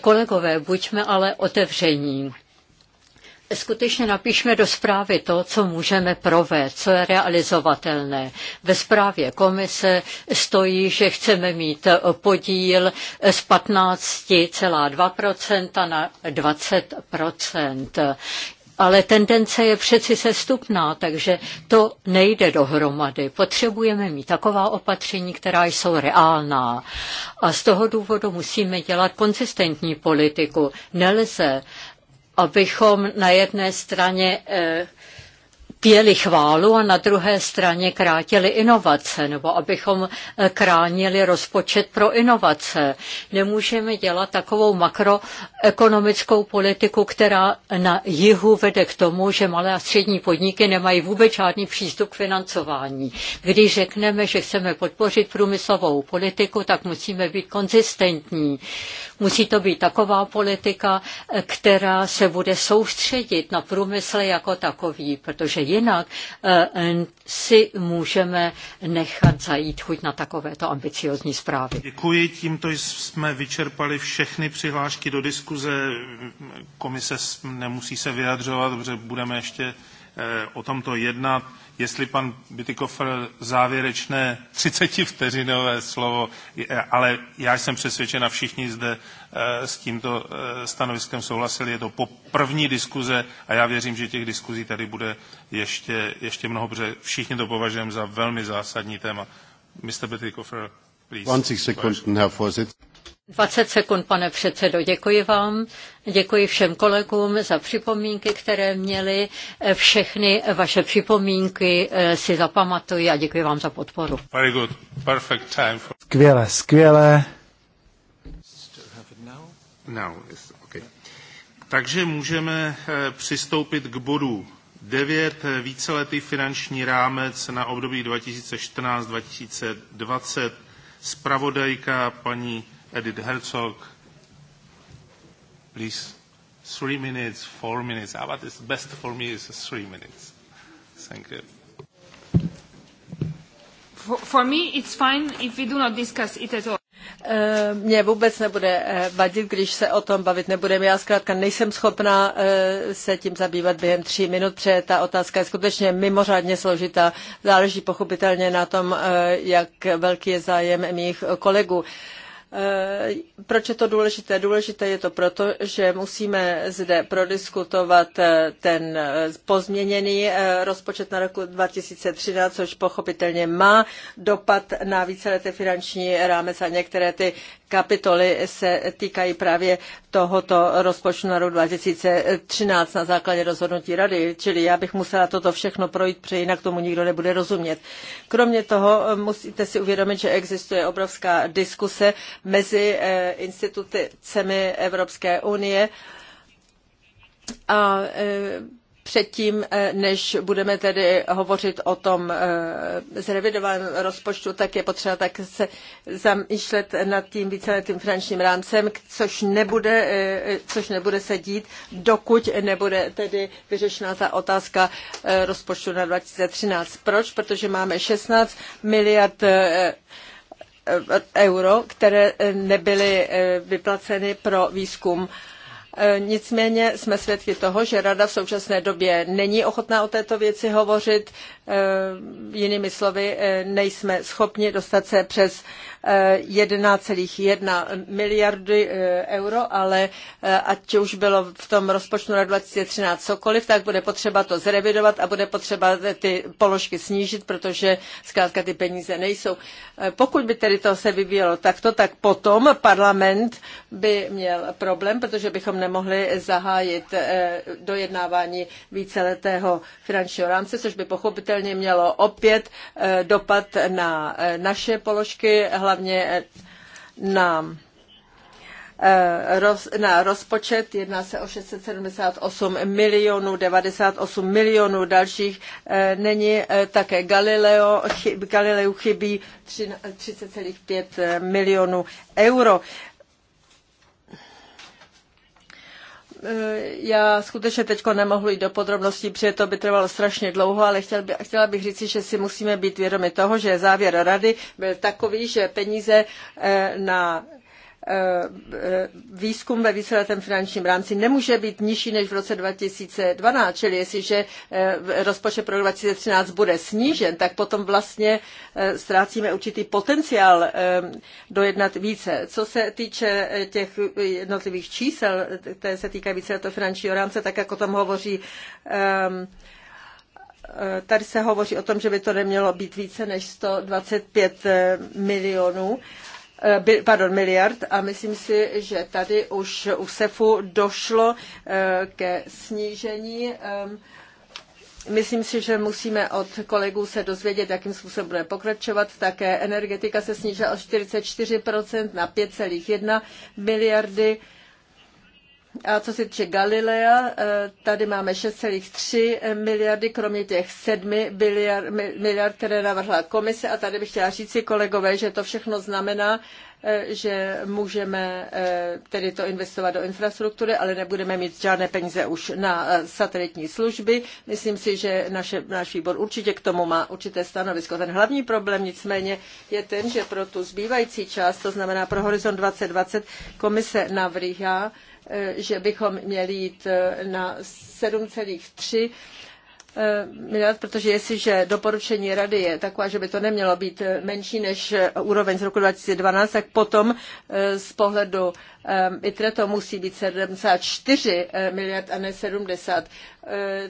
Kolegové, buďme ale otevření. Skutečně napišme do zprávy to, co můžeme provést, co je realizovatelné. Ve zprávě komise stojí, že chceme mít podíl z 15,2% na 20% ale tendence je přeci sestupná, takže to nejde dohromady. Potřebujeme mít taková opatření, která jsou reálná. A z toho důvodu musíme dělat konzistentní politiku. Nelze abychom na jedné straně eh, pěli chválu a na druhé straně krátili inovace, nebo abychom kránili eh, rozpočet pro inovace. Nemůžeme dělat takovou makroekonomickou politiku, která na jihu vede k tomu, že malé a střední podniky nemají vůbec žádný přístup k financování. Když řekneme, že chceme podpořit průmyslovou politiku, tak musíme být konzistentní. Musí to být taková politika, eh, která se bude soustředit na průmysl jako takový, protože jinak, eh, si můžeme nechat zajít chuť na takovéto ambiciozní zprávy. Děkuji, tímto jsme vyčerpali všechny přihlášky do diskuze. Komise nemusí se vyjadřovat, protože budeme ještě eh, o tomto jednat jestli pan Bytykofer závěrečné 30 vteřinové slovo, ale já jsem přesvědčen, a všichni zde eh, s tímto eh, stanoviskem souhlasili. Je to po první diskuze a já věřím, že těch diskuzí tady bude ještě, ještě mnoho, protože všichni to považujeme za velmi zásadní téma. Mr. Bytykofer, please. 20 sekund, Herr Vorsitz. 20 sekund, pane předsedo, děkuji vám. Děkuji všem kolegům za připomínky, které měli. Všechny vaše připomínky eh, si zapamatuji a děkuji vám za podporu. Very good. Perfect time for... Skvěle, skvěle. Takže můžeme eh, přistoupit k bodu 9. Eh, víceletý finanční rámec na období 2014-2020. Spravodajka paní Edith Herzog, please, three minutes, four minutes. Ah, what is best for me is three minutes. Thank you. For, me, it's fine if we do not discuss it at all. Eh, Mě vůbec nebude eh, vadit, když se o tom bavit nebudeme. Já zkrátka nejsem schopná eh, se tím zabývat během tří minut, protože ta otázka je skutečně mimořádně složitá. Záleží pochopitelně na tom, jak velký je zájem mých kolegů. Proč je to důležité? Důležité je to proto, že musíme zde prodiskutovat eh, ten eh, pozměněný eh, rozpočet na roku 2013, což pochopitelně má dopad na víceleté finanční rámec a některé ty kapitoly se týkají právě tohoto rozpočtu na rok 2013 na základě rozhodnutí rady, čili já bych musela toto všechno projít, protože jinak tomu nikdo nebude rozumět. Kromě toho eh, musíte si uvědomit, že existuje obrovská diskuse mezi eh, institucemi Evropské unie, a eh, předtím, eh, než budeme tedy hovořit o tom eh, zrevidovaném rozpočtu, tak je potřeba tak se zamýšlet nad tím víceletým finančním rámcem, což nebude, eh, což nebude se dít, dokud nebude tedy vyřešena ta otázka rozpočtu na 2013. Proč? Protože máme 16 miliard euro, které nebyly vyplaceny pro výzkum E, nicméně jsme svědky toho, že rada v současné době není ochotná o této věci hovořit. E, jinými slovy, e, nejsme schopni dostat se přes 1,1 miliardy eh, euro, ale eh, ať už bylo v tom rozpočtu na 2013 cokoliv, tak bude potřeba to zrevidovat a bude potřeba ty položky snížit, protože zkrátka ty peníze nejsou. Eh, pokud by tedy to se vyvíjelo takto, tak potom parlament by měl problém, protože bychom nemohli zahájit dojednávání víceletého finančního rámce, což by pochopitelně mělo opět dopad na naše položky, hlavně hlavně eh, na eh, na rozpočet. Jedná se o 678 milionů, 98 milionů dalších. Eh, není také Galileo, Galileu chybí 30,5 milionů euro. Eh, já skutečně teď nemohu jít do podrobností, protože to by trvalo strašně dlouho, ale chtěl by, chtěla bych říci, že si musíme být vědomi toho, že závěr rady byl takový, že peníze eh, na Eh, výzkum ve víceletém finančním rámci nemůže být nižší než v roce 2012, čili jestliže eh, rozpočet pro 2013 bude snížen, tak potom vlastně eh, ztrácíme určitý potenciál dojednat více. Co se týče těch jednotlivých čísel, které se týkají víceletého finančního rámce, tak jako tam hovoří ehm, tady se hovoří o tom, že by to nemělo být více než 125 milionů. Eh, pardon, miliard a myslím si, že tady už u SEFu došlo eh, ke snížení ehm, Myslím si, že musíme od kolegů se dozvědět, jakým způsobem bude pokračovat. Také energetika se snížila o 44% na 5,1 miliardy. A co se týče Galilea, eh, tady máme 6,3 miliardy, kromě těch 7 miliard, miliard, které navrhla komise. A tady bych chtěla říct si kolegové, že to všechno znamená, eh, že můžeme eh, tedy to investovat do infrastruktury, ale nebudeme mít žádné peníze už na satelitní služby. Myslím si, že naše, náš výbor určitě k tomu má určité stanovisko. Ten hlavní problém nicméně je ten, že pro tu zbývající část, to znamená pro Horizon 2020, komise navrhá Eh, že bychom měli jít eh, na 7,3 eh, miliard, protože jestliže doporučení rady je taková, že by to nemělo být menší než úroveň z roku 2012, tak potom z pohledu ITRE to musí být 74 miliard a ne 70.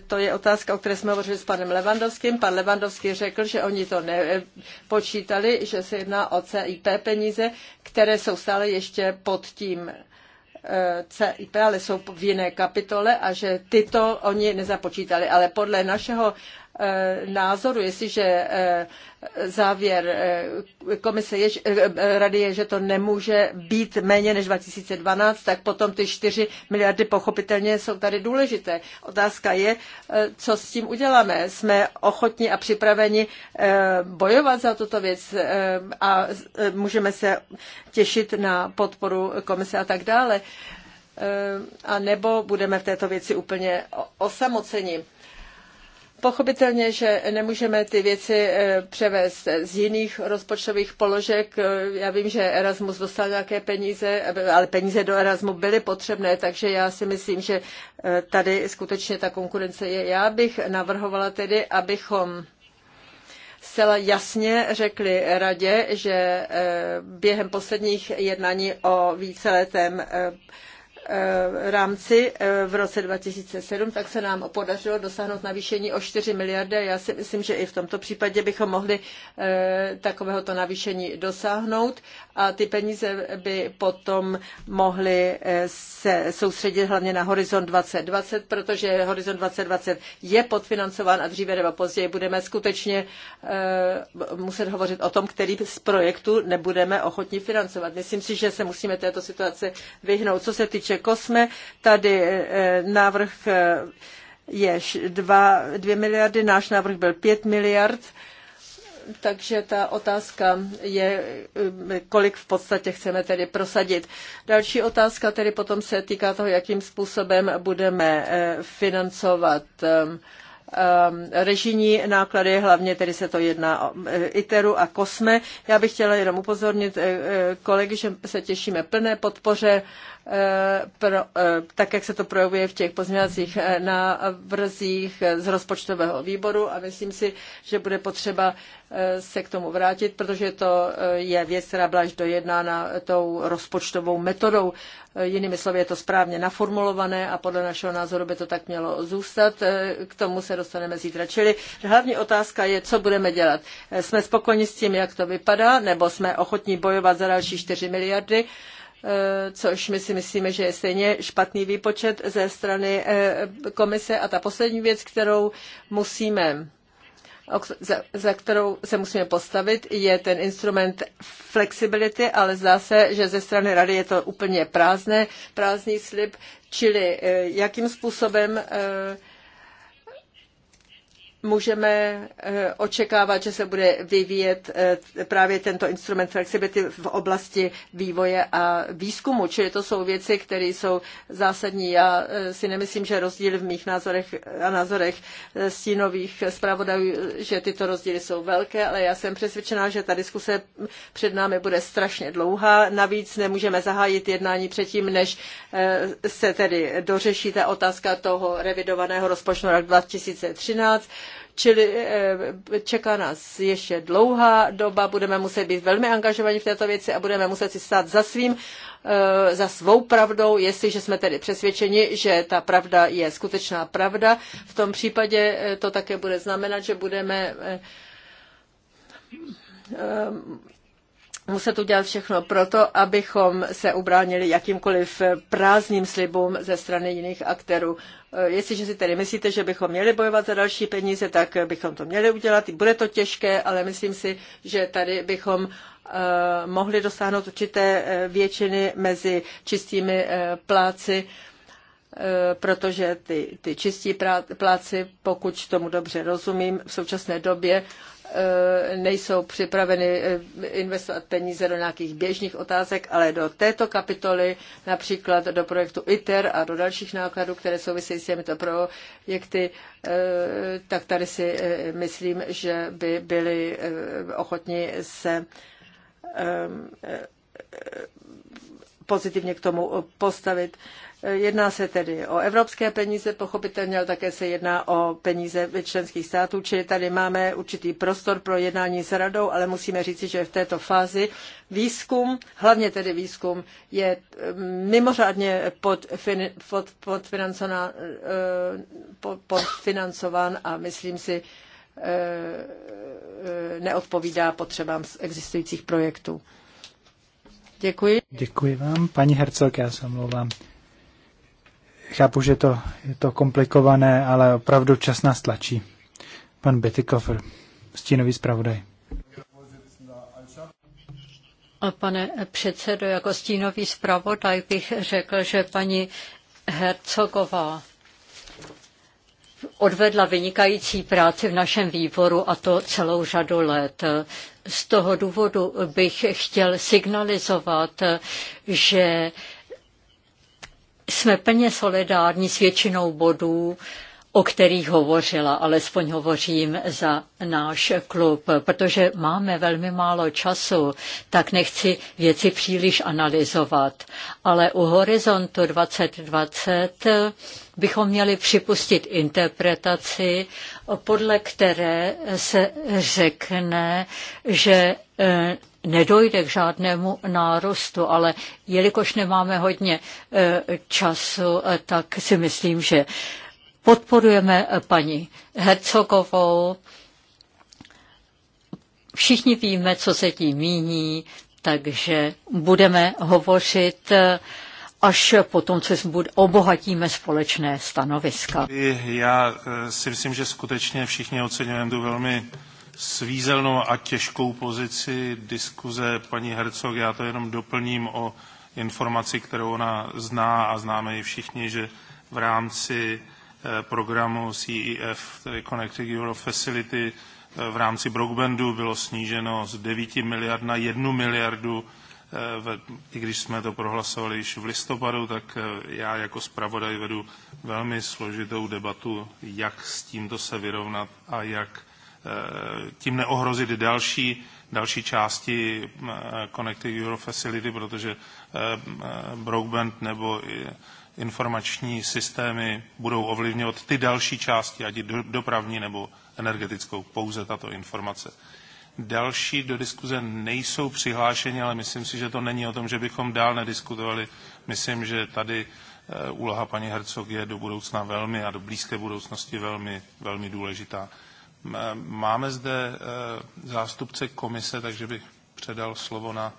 To je otázka, o které jsme hovořili s panem Levandovským. Pan Levandovský řekl, že oni to nepočítali, že se jedná o CIP peníze, které jsou stále ještě pod tím CIP, ale jsou v jiné kapitole a že tyto oni nezapočítali. Ale podle našeho Eh, názoru, jestliže eh, závěr eh, komise je, rady je, že to nemůže být méně než 2012, tak potom ty 4 miliardy pochopitelně jsou tady důležité. Otázka je, co s tím uděláme. Jsme ochotní a připraveni bojovat za tuto věc a můžeme se těšit na podporu komise a tak dále. A nebo budeme v této věci úplně osamoceni pochopitelně, že nemůžeme ty věci eh, převést z jiných rozpočtových položek. Eh, já vím, že Erasmus dostal nějaké peníze, ale peníze do Erasmu byly potřebné, takže já si myslím, že eh, tady skutečně ta konkurence je. Já bych navrhovala tedy, abychom zcela jasně řekli radě, že během posledních jednání o víceletém Eh, rámci eh, v roce 2007, tak se nám podařilo dosáhnout navýšení o 4 miliardy. Já si myslím, že i v tomto případě bychom mohli eh, takovéhoto navýšení dosáhnout a ty peníze by potom mohly eh, se soustředit hlavně na horizont 2020, protože horizont 2020 je podfinancován a dříve nebo později budeme skutečně eh, muset hovořit o tom, který z projektu nebudeme ochotni financovat. Myslím si, že se musíme této situace vyhnout. Co se týče Kosme, tady eh, návrh je 2, miliardy, náš návrh byl 5 miliard takže ta otázka je, eh, kolik v podstatě chceme tedy prosadit. Další otázka tedy potom se týká toho, jakým způsobem budeme eh, financovat eh, režijní náklady, hlavně tedy se to jedná o ITERu a KOSME. Já bych chtěla jenom upozornit kolegy, že se těšíme plné podpoře Eh, pro, eh, tak, jak se to projevuje v těch pozměňovacích eh, návrzích z rozpočtového výboru a myslím si, že bude potřeba se k tomu vrátit, protože to je věc, která byla až dojednána tou rozpočtovou metodou. Jinými slovy je to správně naformulované a podle našeho názoru by to tak mělo zůstat. K tomu se dostaneme zítra. Čili hlavní otázka je, co budeme dělat. Jsme spokojeni s tím, jak to vypadá, nebo jsme ochotní bojovat za další 4 miliardy? což my si myslíme, že je stejně špatný výpočet ze strany eh, komise. A ta poslední věc, kterou musíme za, za kterou se musíme postavit, je ten instrument flexibility, ale zdá se, že ze strany rady je to úplně prázdné, prázdný slib, čili eh, jakým způsobem eh, můžeme eh, očekávat, že se bude vyvíjet eh, právě tento instrument flexibility v oblasti vývoje a výzkumu. Čili to jsou věci, které jsou zásadní. Já eh, si nemyslím, že rozdíl v mých názorech a názorech stínových zpravodajů, že tyto rozdíly jsou velké, ale já jsem přesvědčená, že ta diskuse před námi bude strašně dlouhá. Navíc nemůžeme zahájit jednání předtím, než se tedy dořeší ta otázka toho revidovaného rozpočtu rok 2013. 2013. Čili eh, čeká nás ještě dlouhá doba, budeme muset být velmi angažovaní v této věci a budeme muset si stát za svým, eh, za svou pravdou, jestliže jsme tedy přesvědčeni, že ta pravda je skutečná pravda. V tom případě eh, to také bude znamenat, že budeme muset udělat všechno proto, abychom se ubránili jakýmkoliv prázdným slibům ze strany jiných aktérů. Jestliže si tedy myslíte, že bychom měli bojovat za další peníze, tak bychom to měli udělat. Bude to těžké, ale myslím si, že tady bychom eh, mohli dosáhnout určité eh, většiny mezi čistými eh, pláci, protože ty, ty čistí pláci, pokud tomu dobře rozumím, v současné době Eh, nejsou připraveny eh, investovat peníze do nějakých běžných otázek, ale do této kapitoly, například do projektu ITER a do dalších nákladů, které souvisí s těmito projekty, eh, tak tady si myslím, že by byli ochotni se pozitivně k tomu eh, postavit. Eh, jedná se tedy o evropské peníze, pochopitelně, ale také se jedná o peníze členských států, čili tady máme určitý prostor pro jednání s radou, ale musíme říci, že v této fázi výzkum, hlavně tedy výzkum, je eh, mimořádně podfinancován a myslím si, neodpovídá potřebám existujících projektů. Děkuji. Děkuji vám. Paní Hercelka, já se omlouvám. Chápu, že to, je to komplikované, ale opravdu čas nás tlačí. Pan Betikofer, stínový zpravodaj. Pane předsedo, jako stínový zpravodaj bych řekl, že paní Hercogová odvedla vynikající práci v našem výboru a to celou řadu let. Z toho důvodu bych chtěl signalizovat, že jsme plně solidární s většinou bodů, o kterých hovořila, alespoň hovořím za náš klub, protože máme velmi málo času, tak nechci věci příliš analyzovat. Ale u Horizontu 2020 bychom měli připustit interpretaci, podle které se řekne, že e, nedojde k žádnému nárostu, ale jelikož nemáme hodně e, času, e, tak si myslím, že Podporujeme eh, paní Hercogovou. Všichni víme, co se tím míní, takže budeme hovořit eh, až po tom, co obohatíme společné stanoviska. Já eh, si myslím, že skutečně všichni oceňujeme tu velmi svízelnou a těžkou pozici diskuze paní Hercog. Já to jenom doplním o informaci, kterou ona zná a známe ji všichni, že v rámci Eh, programu CEF, tedy Connecting Europe Facility, eh, v rámci Broadbandu bylo sníženo z 9 miliard na 1 miliardu. Eh, I když jsme to prohlasovali již v listopadu, tak já jako zpravodaj vedu velmi složitou debatu, jak s tímto se vyrovnat a jak tím neohrozit další, další části Connected Euro Facility, protože broadband nebo informační systémy budou ovlivňovat ty další části, ať dopravní nebo energetickou, pouze tato informace. Další do diskuze nejsou přihlášeni, ale myslím si, že to není o tom, že bychom dál nediskutovali. Myslím, že tady eh, úloha paní Hercog je do budoucna velmi a do blízké budoucnosti velmi, velmi důležitá. Máme zde eh, zástupce komise, takže bych předal slovo na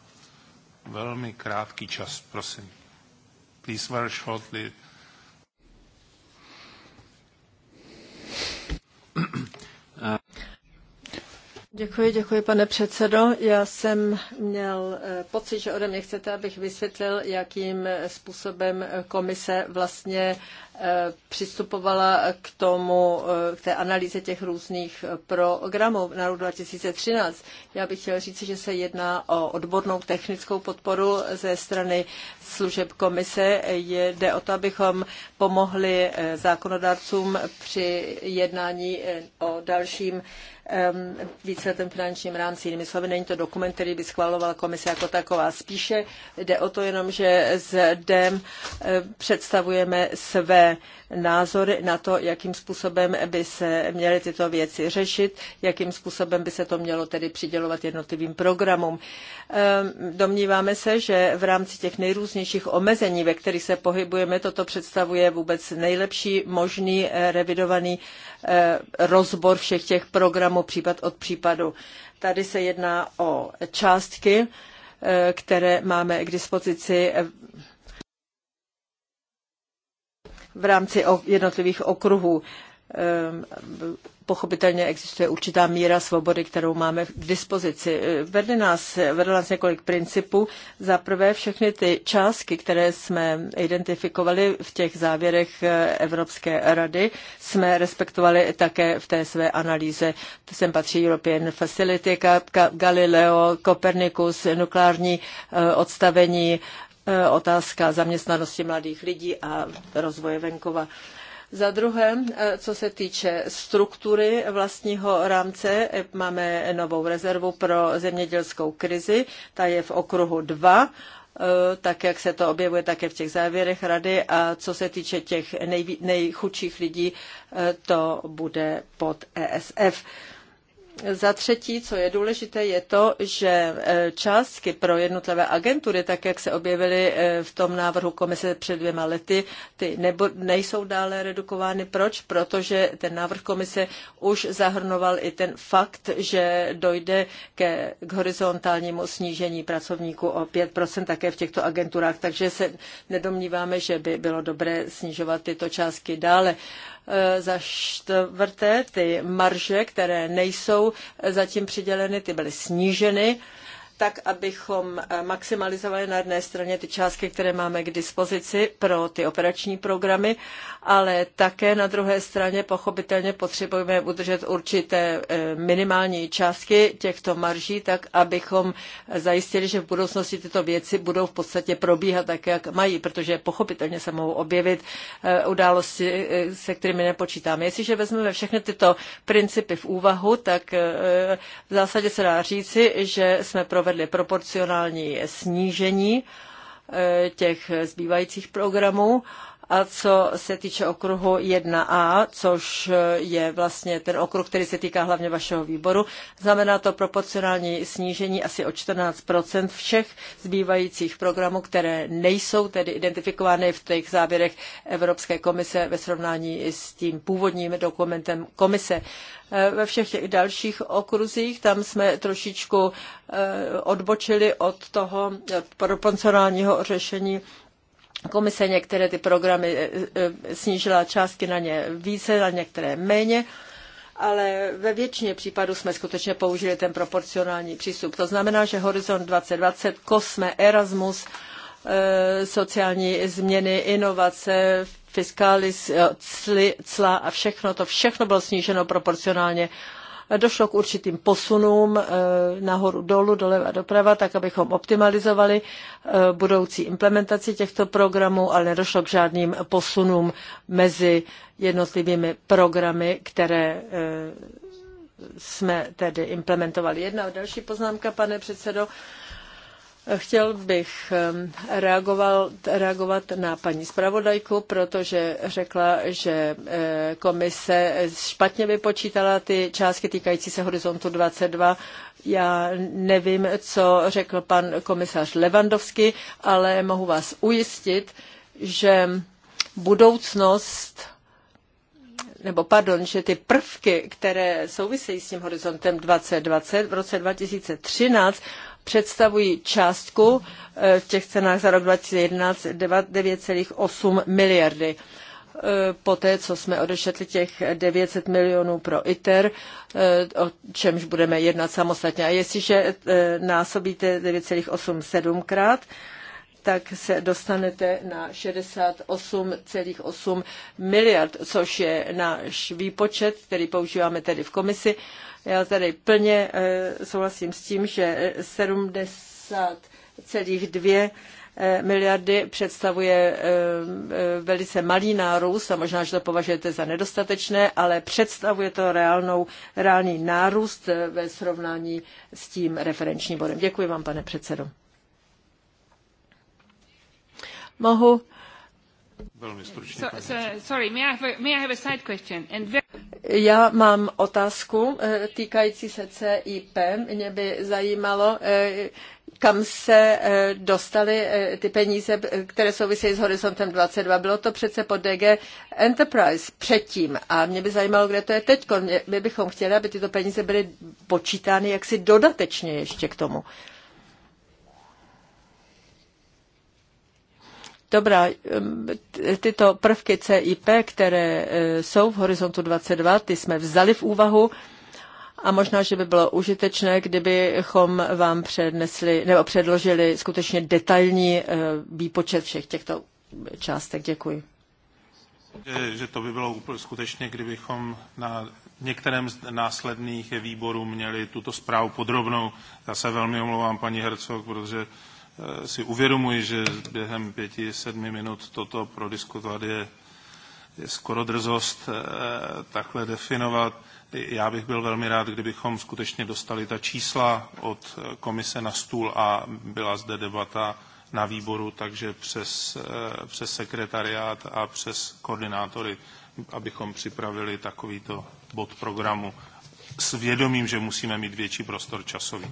velmi krátký čas. Prosím please, very shortly. Uh, Děkuji, děkuji, pane předsedo. Já jsem měl eh, pocit, že ode mě chcete, abych vysvětlil, jakým eh, způsobem komise vlastně eh, přistupovala k tomu, k té analýze těch různých programů na rok 2013. Já bych chtěl říct, že se jedná o odbornou technickou podporu ze strany služeb komise. Jde o to, abychom pomohli zákonodárcům při jednání o dalším víceletém finančním rámci. Jinými slovy, není to dokument, který by schvalovala komise jako taková. Spíše jde o to jenom, že zde eh, představujeme své názory na to, jakým způsobem by se měly tyto věci řešit, jakým způsobem by se to mělo tedy přidělovat jednotlivým programům. Ehm, domníváme se, že v rámci těch nejrůznějších omezení, ve kterých se pohybujeme, toto představuje vůbec nejlepší možný eh, revidovaný eh, rozbor všech těch programů případ od případu. Tady se jedná o částky, eh, které máme k dispozici v rámci jednotlivých okruhů. Ehm, pochopitelně existuje určitá míra svobody, kterou máme k dispozici. Eh, Vedli nás, vedlo nás několik principů. Za prvé všechny ty částky, které jsme identifikovali v těch závěrech eh, Evropské rady, jsme respektovali také v té své analýze. Sem patří European Facility, Galileo, Copernicus, nukleární eh, odstavení, Eh, otázka zaměstnanosti mladých lidí a rozvoje venkova. Za druhé, eh, co se týče struktury vlastního rámce, eh, máme novou rezervu pro zemědělskou krizi, ta je v okruhu 2 tak jak se to objevuje také v těch závěrech rady a co se týče těch nejví, nejchudších lidí, to bude pod ESF. Za třetí, co je důležité, je to, že e, částky pro jednotlivé agentury, tak jak se objevily e, v tom návrhu komise před dvěma lety, ty nebo, nejsou dále redukovány. Proč? Protože ten návrh komise už zahrnoval i ten fakt, že dojde ke, k horizontálnímu snížení pracovníků o 5% také v těchto agenturách, takže se nedomníváme, že by bylo dobré snižovat tyto částky dále. Eh, za čtvrté, ty marže, které nejsou zatím přiděleny, ty byly sníženy tak abychom eh, maximalizovali na jedné straně ty částky, které máme k dispozici pro ty operační programy, ale také na druhé straně pochopitelně potřebujeme udržet určité eh, minimální částky těchto marží, tak abychom zajistili, že v budoucnosti tyto věci budou v podstatě probíhat tak, jak mají, protože pochopitelně se mohou objevit eh, události, se kterými nepočítáme. Jestliže vezmeme všechny tyto principy v úvahu, tak v zásadě se dá říci, že jsme pro provedli proporcionální snížení eh, těch zbývajících programů a co se týče okruhu 1A, což je vlastně ten okruh, který se týká hlavně vašeho výboru, znamená to proporcionální snížení asi o 14 všech zbývajících programů, které nejsou tedy identifikovány v těch závěrech Evropské komise ve srovnání s tím původním dokumentem komise. E, ve všech těch dalších okruzích tam jsme trošičku e, odbočili od toho e, proporcionálního řešení Komise některé ty programy eh, eh, snížila částky na ně více, na některé méně ale ve většině případů jsme skutečně použili ten proporcionální přístup. To znamená, že Horizont 2020, Kosme, Erasmus, eh, sociální změny, inovace, fiskály, cla a všechno, to všechno bylo sníženo proporcionálně došlo k určitým posunům eh, nahoru dolů, doleva doprava, tak abychom optimalizovali eh, budoucí implementaci těchto programů, ale nedošlo k žádným posunům mezi jednotlivými programy, které eh, jsme tedy implementovali. Jedna další poznámka, pane předsedo. Chtěl bych ehm, reagovat na paní zpravodajku, protože řekla, že eh, komise špatně vypočítala ty částky týkající se horizontu 22. Já nevím, co řekl pan komisař Levandovský, ale mohu vás ujistit, že budoucnost nebo pardon, že ty prvky, které souvisejí s tím horizontem 2020 v roce 2013 představují částku eh, v těch cenách za rok 2011 9,8 miliardy. Eh, poté, co jsme odešetli těch 900 milionů pro ITER, eh, o čemž budeme jednat samostatně. A jestliže násobíte 9,87 krát, tak se dostanete na 68,8 miliard, což je náš výpočet, který používáme tedy v komisi. Já tady plně eh, souhlasím s tím, že 70,2 eh, miliardy představuje eh, velice malý nárůst a možná, že to považujete za nedostatečné, ale představuje to reálnou, reálný nárůst ve srovnání s tím referenčním bodem. Děkuji vám, pane předsedo. Mohu já mám otázku eh, týkající se CIP. Mě by zajímalo, eh, kam se eh, dostaly ty peníze, které souvisejí s Horizontem 22. Bylo to přece pod DG Enterprise předtím a mě by zajímalo, kde to je teď. My bychom chtěli, aby tyto peníze byly počítány jaksi dodatečně ještě k tomu. Dobrá, tyto prvky CIP, které e, jsou v horizontu 22, ty jsme vzali v úvahu a možná, že by bylo užitečné, kdybychom vám přednesli nebo předložili skutečně detailní e, výpočet všech těchto částek. Děkuji. Že, že to by bylo úplně skutečně, kdybychom na některém z následných výborů měli tuto zprávu podrobnou. Já se velmi omlouvám paní Hercog, protože Eh, si uvědomuji, že během pěti, sedmi minut toto prodiskutovat je, je skoro drzost eh, takhle definovat. Já bych byl velmi rád, kdybychom skutečně dostali ta čísla od eh, komise na stůl a byla zde debata na výboru, takže přes, přes sekretariát a přes koordinátory, abychom připravili takovýto bod programu s vědomím, že musíme mít větší prostor časový.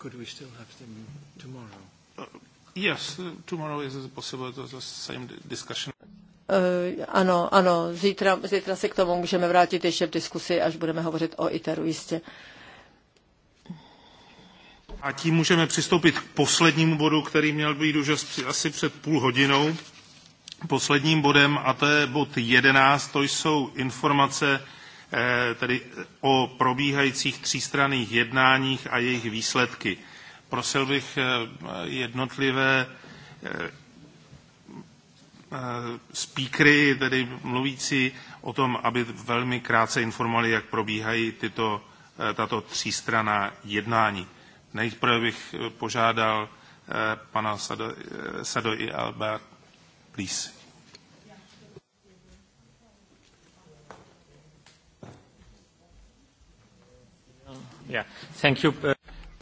Could we still have them tomorrow? Uh, eh, ano, ano, zítra, zítra se k tomu můžeme vrátit ještě v diskusi, až budeme hovořit o ITERu jistě. A tím můžeme přistoupit k poslednímu bodu, který měl být už asi před půl hodinou. Posledním bodem, a to je bod 11, to jsou informace eh, tedy o probíhajících třístranných jednáních a jejich výsledky. Prosil bych eh, jednotlivé eh, eh, speakery, tedy mluvící o tom, aby velmi krátce informovali, jak probíhají tyto, tato třístraná jednání. Nejprve bych požádal pana Sado, Sado i Albert, please. Yeah. Thank you.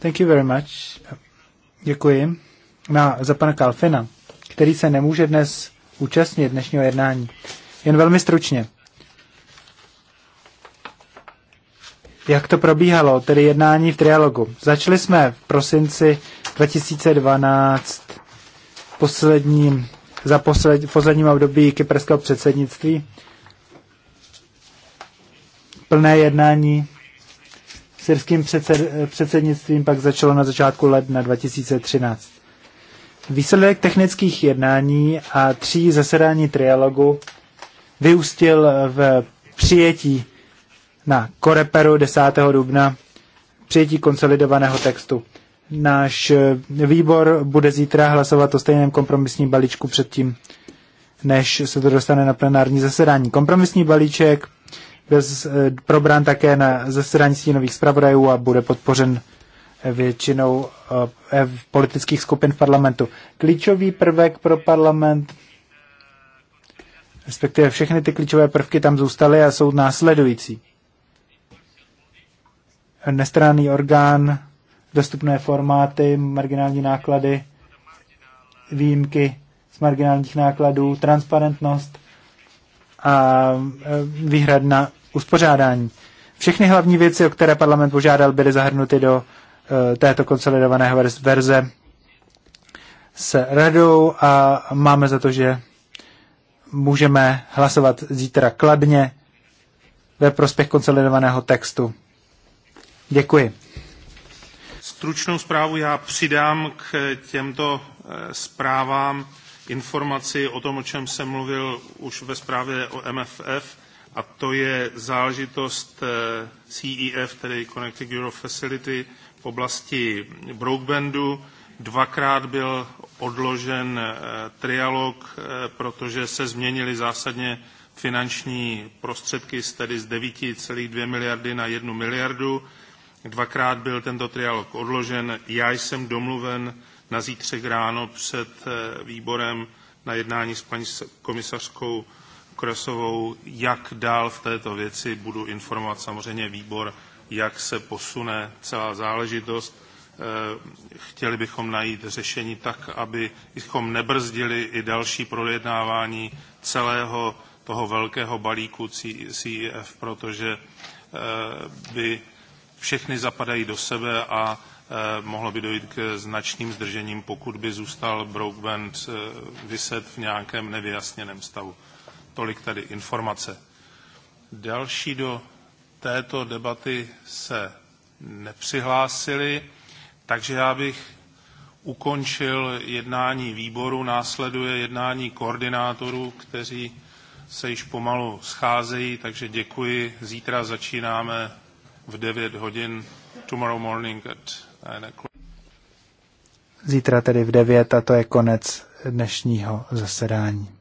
Thank you very much. Děkuji. Na, no za pana Kalfina, který se nemůže dnes účastnit dnešního jednání. Jen velmi stručně. Jak to probíhalo, tedy jednání v trialogu? Začali jsme v prosinci 2012 posledním, za posled, v posledním období kyperského předsednictví. Plné jednání syrským předsed, předsednictvím pak začalo na začátku ledna 2013. Výsledek technických jednání a tří zasedání trialogu vyústil v přijetí na Koreperu 10. dubna přijetí konsolidovaného textu. Náš eh, výbor bude zítra hlasovat o stejném kompromisním balíčku předtím, než se to dostane na plenární zasedání. Kompromisní balíček byl eh, probrán také na zasedání stínových zpravodajů a bude podpořen eh, většinou v eh, politických skupin v parlamentu. Klíčový prvek pro parlament, respektive všechny ty klíčové prvky tam zůstaly a jsou následující. Nestranný orgán, dostupné formáty, marginální náklady, výjimky z marginálních nákladů, transparentnost a výhradná uspořádání. Všechny hlavní věci, o které parlament požádal, byly zahrnuty do eh, této konsolidované verze s radou a máme za to, že můžeme hlasovat zítra kladně ve prospěch konsolidovaného textu. Děkuji. Stručnou zprávu já přidám k těmto eh, zprávám informaci o tom, o čem jsem mluvil už ve zprávě o MFF a to je záležitost eh, CEF, tedy Connected Euro Facility, v oblasti broadbandu. Dvakrát byl odložen eh, trialog, eh, protože se změnily zásadně finanční prostředky z tedy z 9,2 miliardy na 1 miliardu. Dvakrát byl tento trialog odložen. Já jsem domluven na zítřek ráno před výborem na jednání s paní komisařkou Kresovou, jak dál v této věci. Budu informovat samozřejmě výbor, jak se posune celá záležitost. Eh, chtěli bychom najít řešení tak, abychom nebrzdili i další projednávání celého toho velkého balíku CEF, protože eh, by všechny zapadají do sebe a eh, mohlo by dojít k značným zdržením, pokud by zůstal Brokeband vyset v nějakém nevyjasněném stavu. Tolik tedy informace. Další do této debaty se nepřihlásili, takže já bych ukončil jednání výboru, následuje jednání koordinátorů, kteří se již pomalu scházejí, takže děkuji. Zítra začínáme v 9 hodin, tomorrow morning at 9 Zítra tedy v 9 a to je konec dnešního zasedání.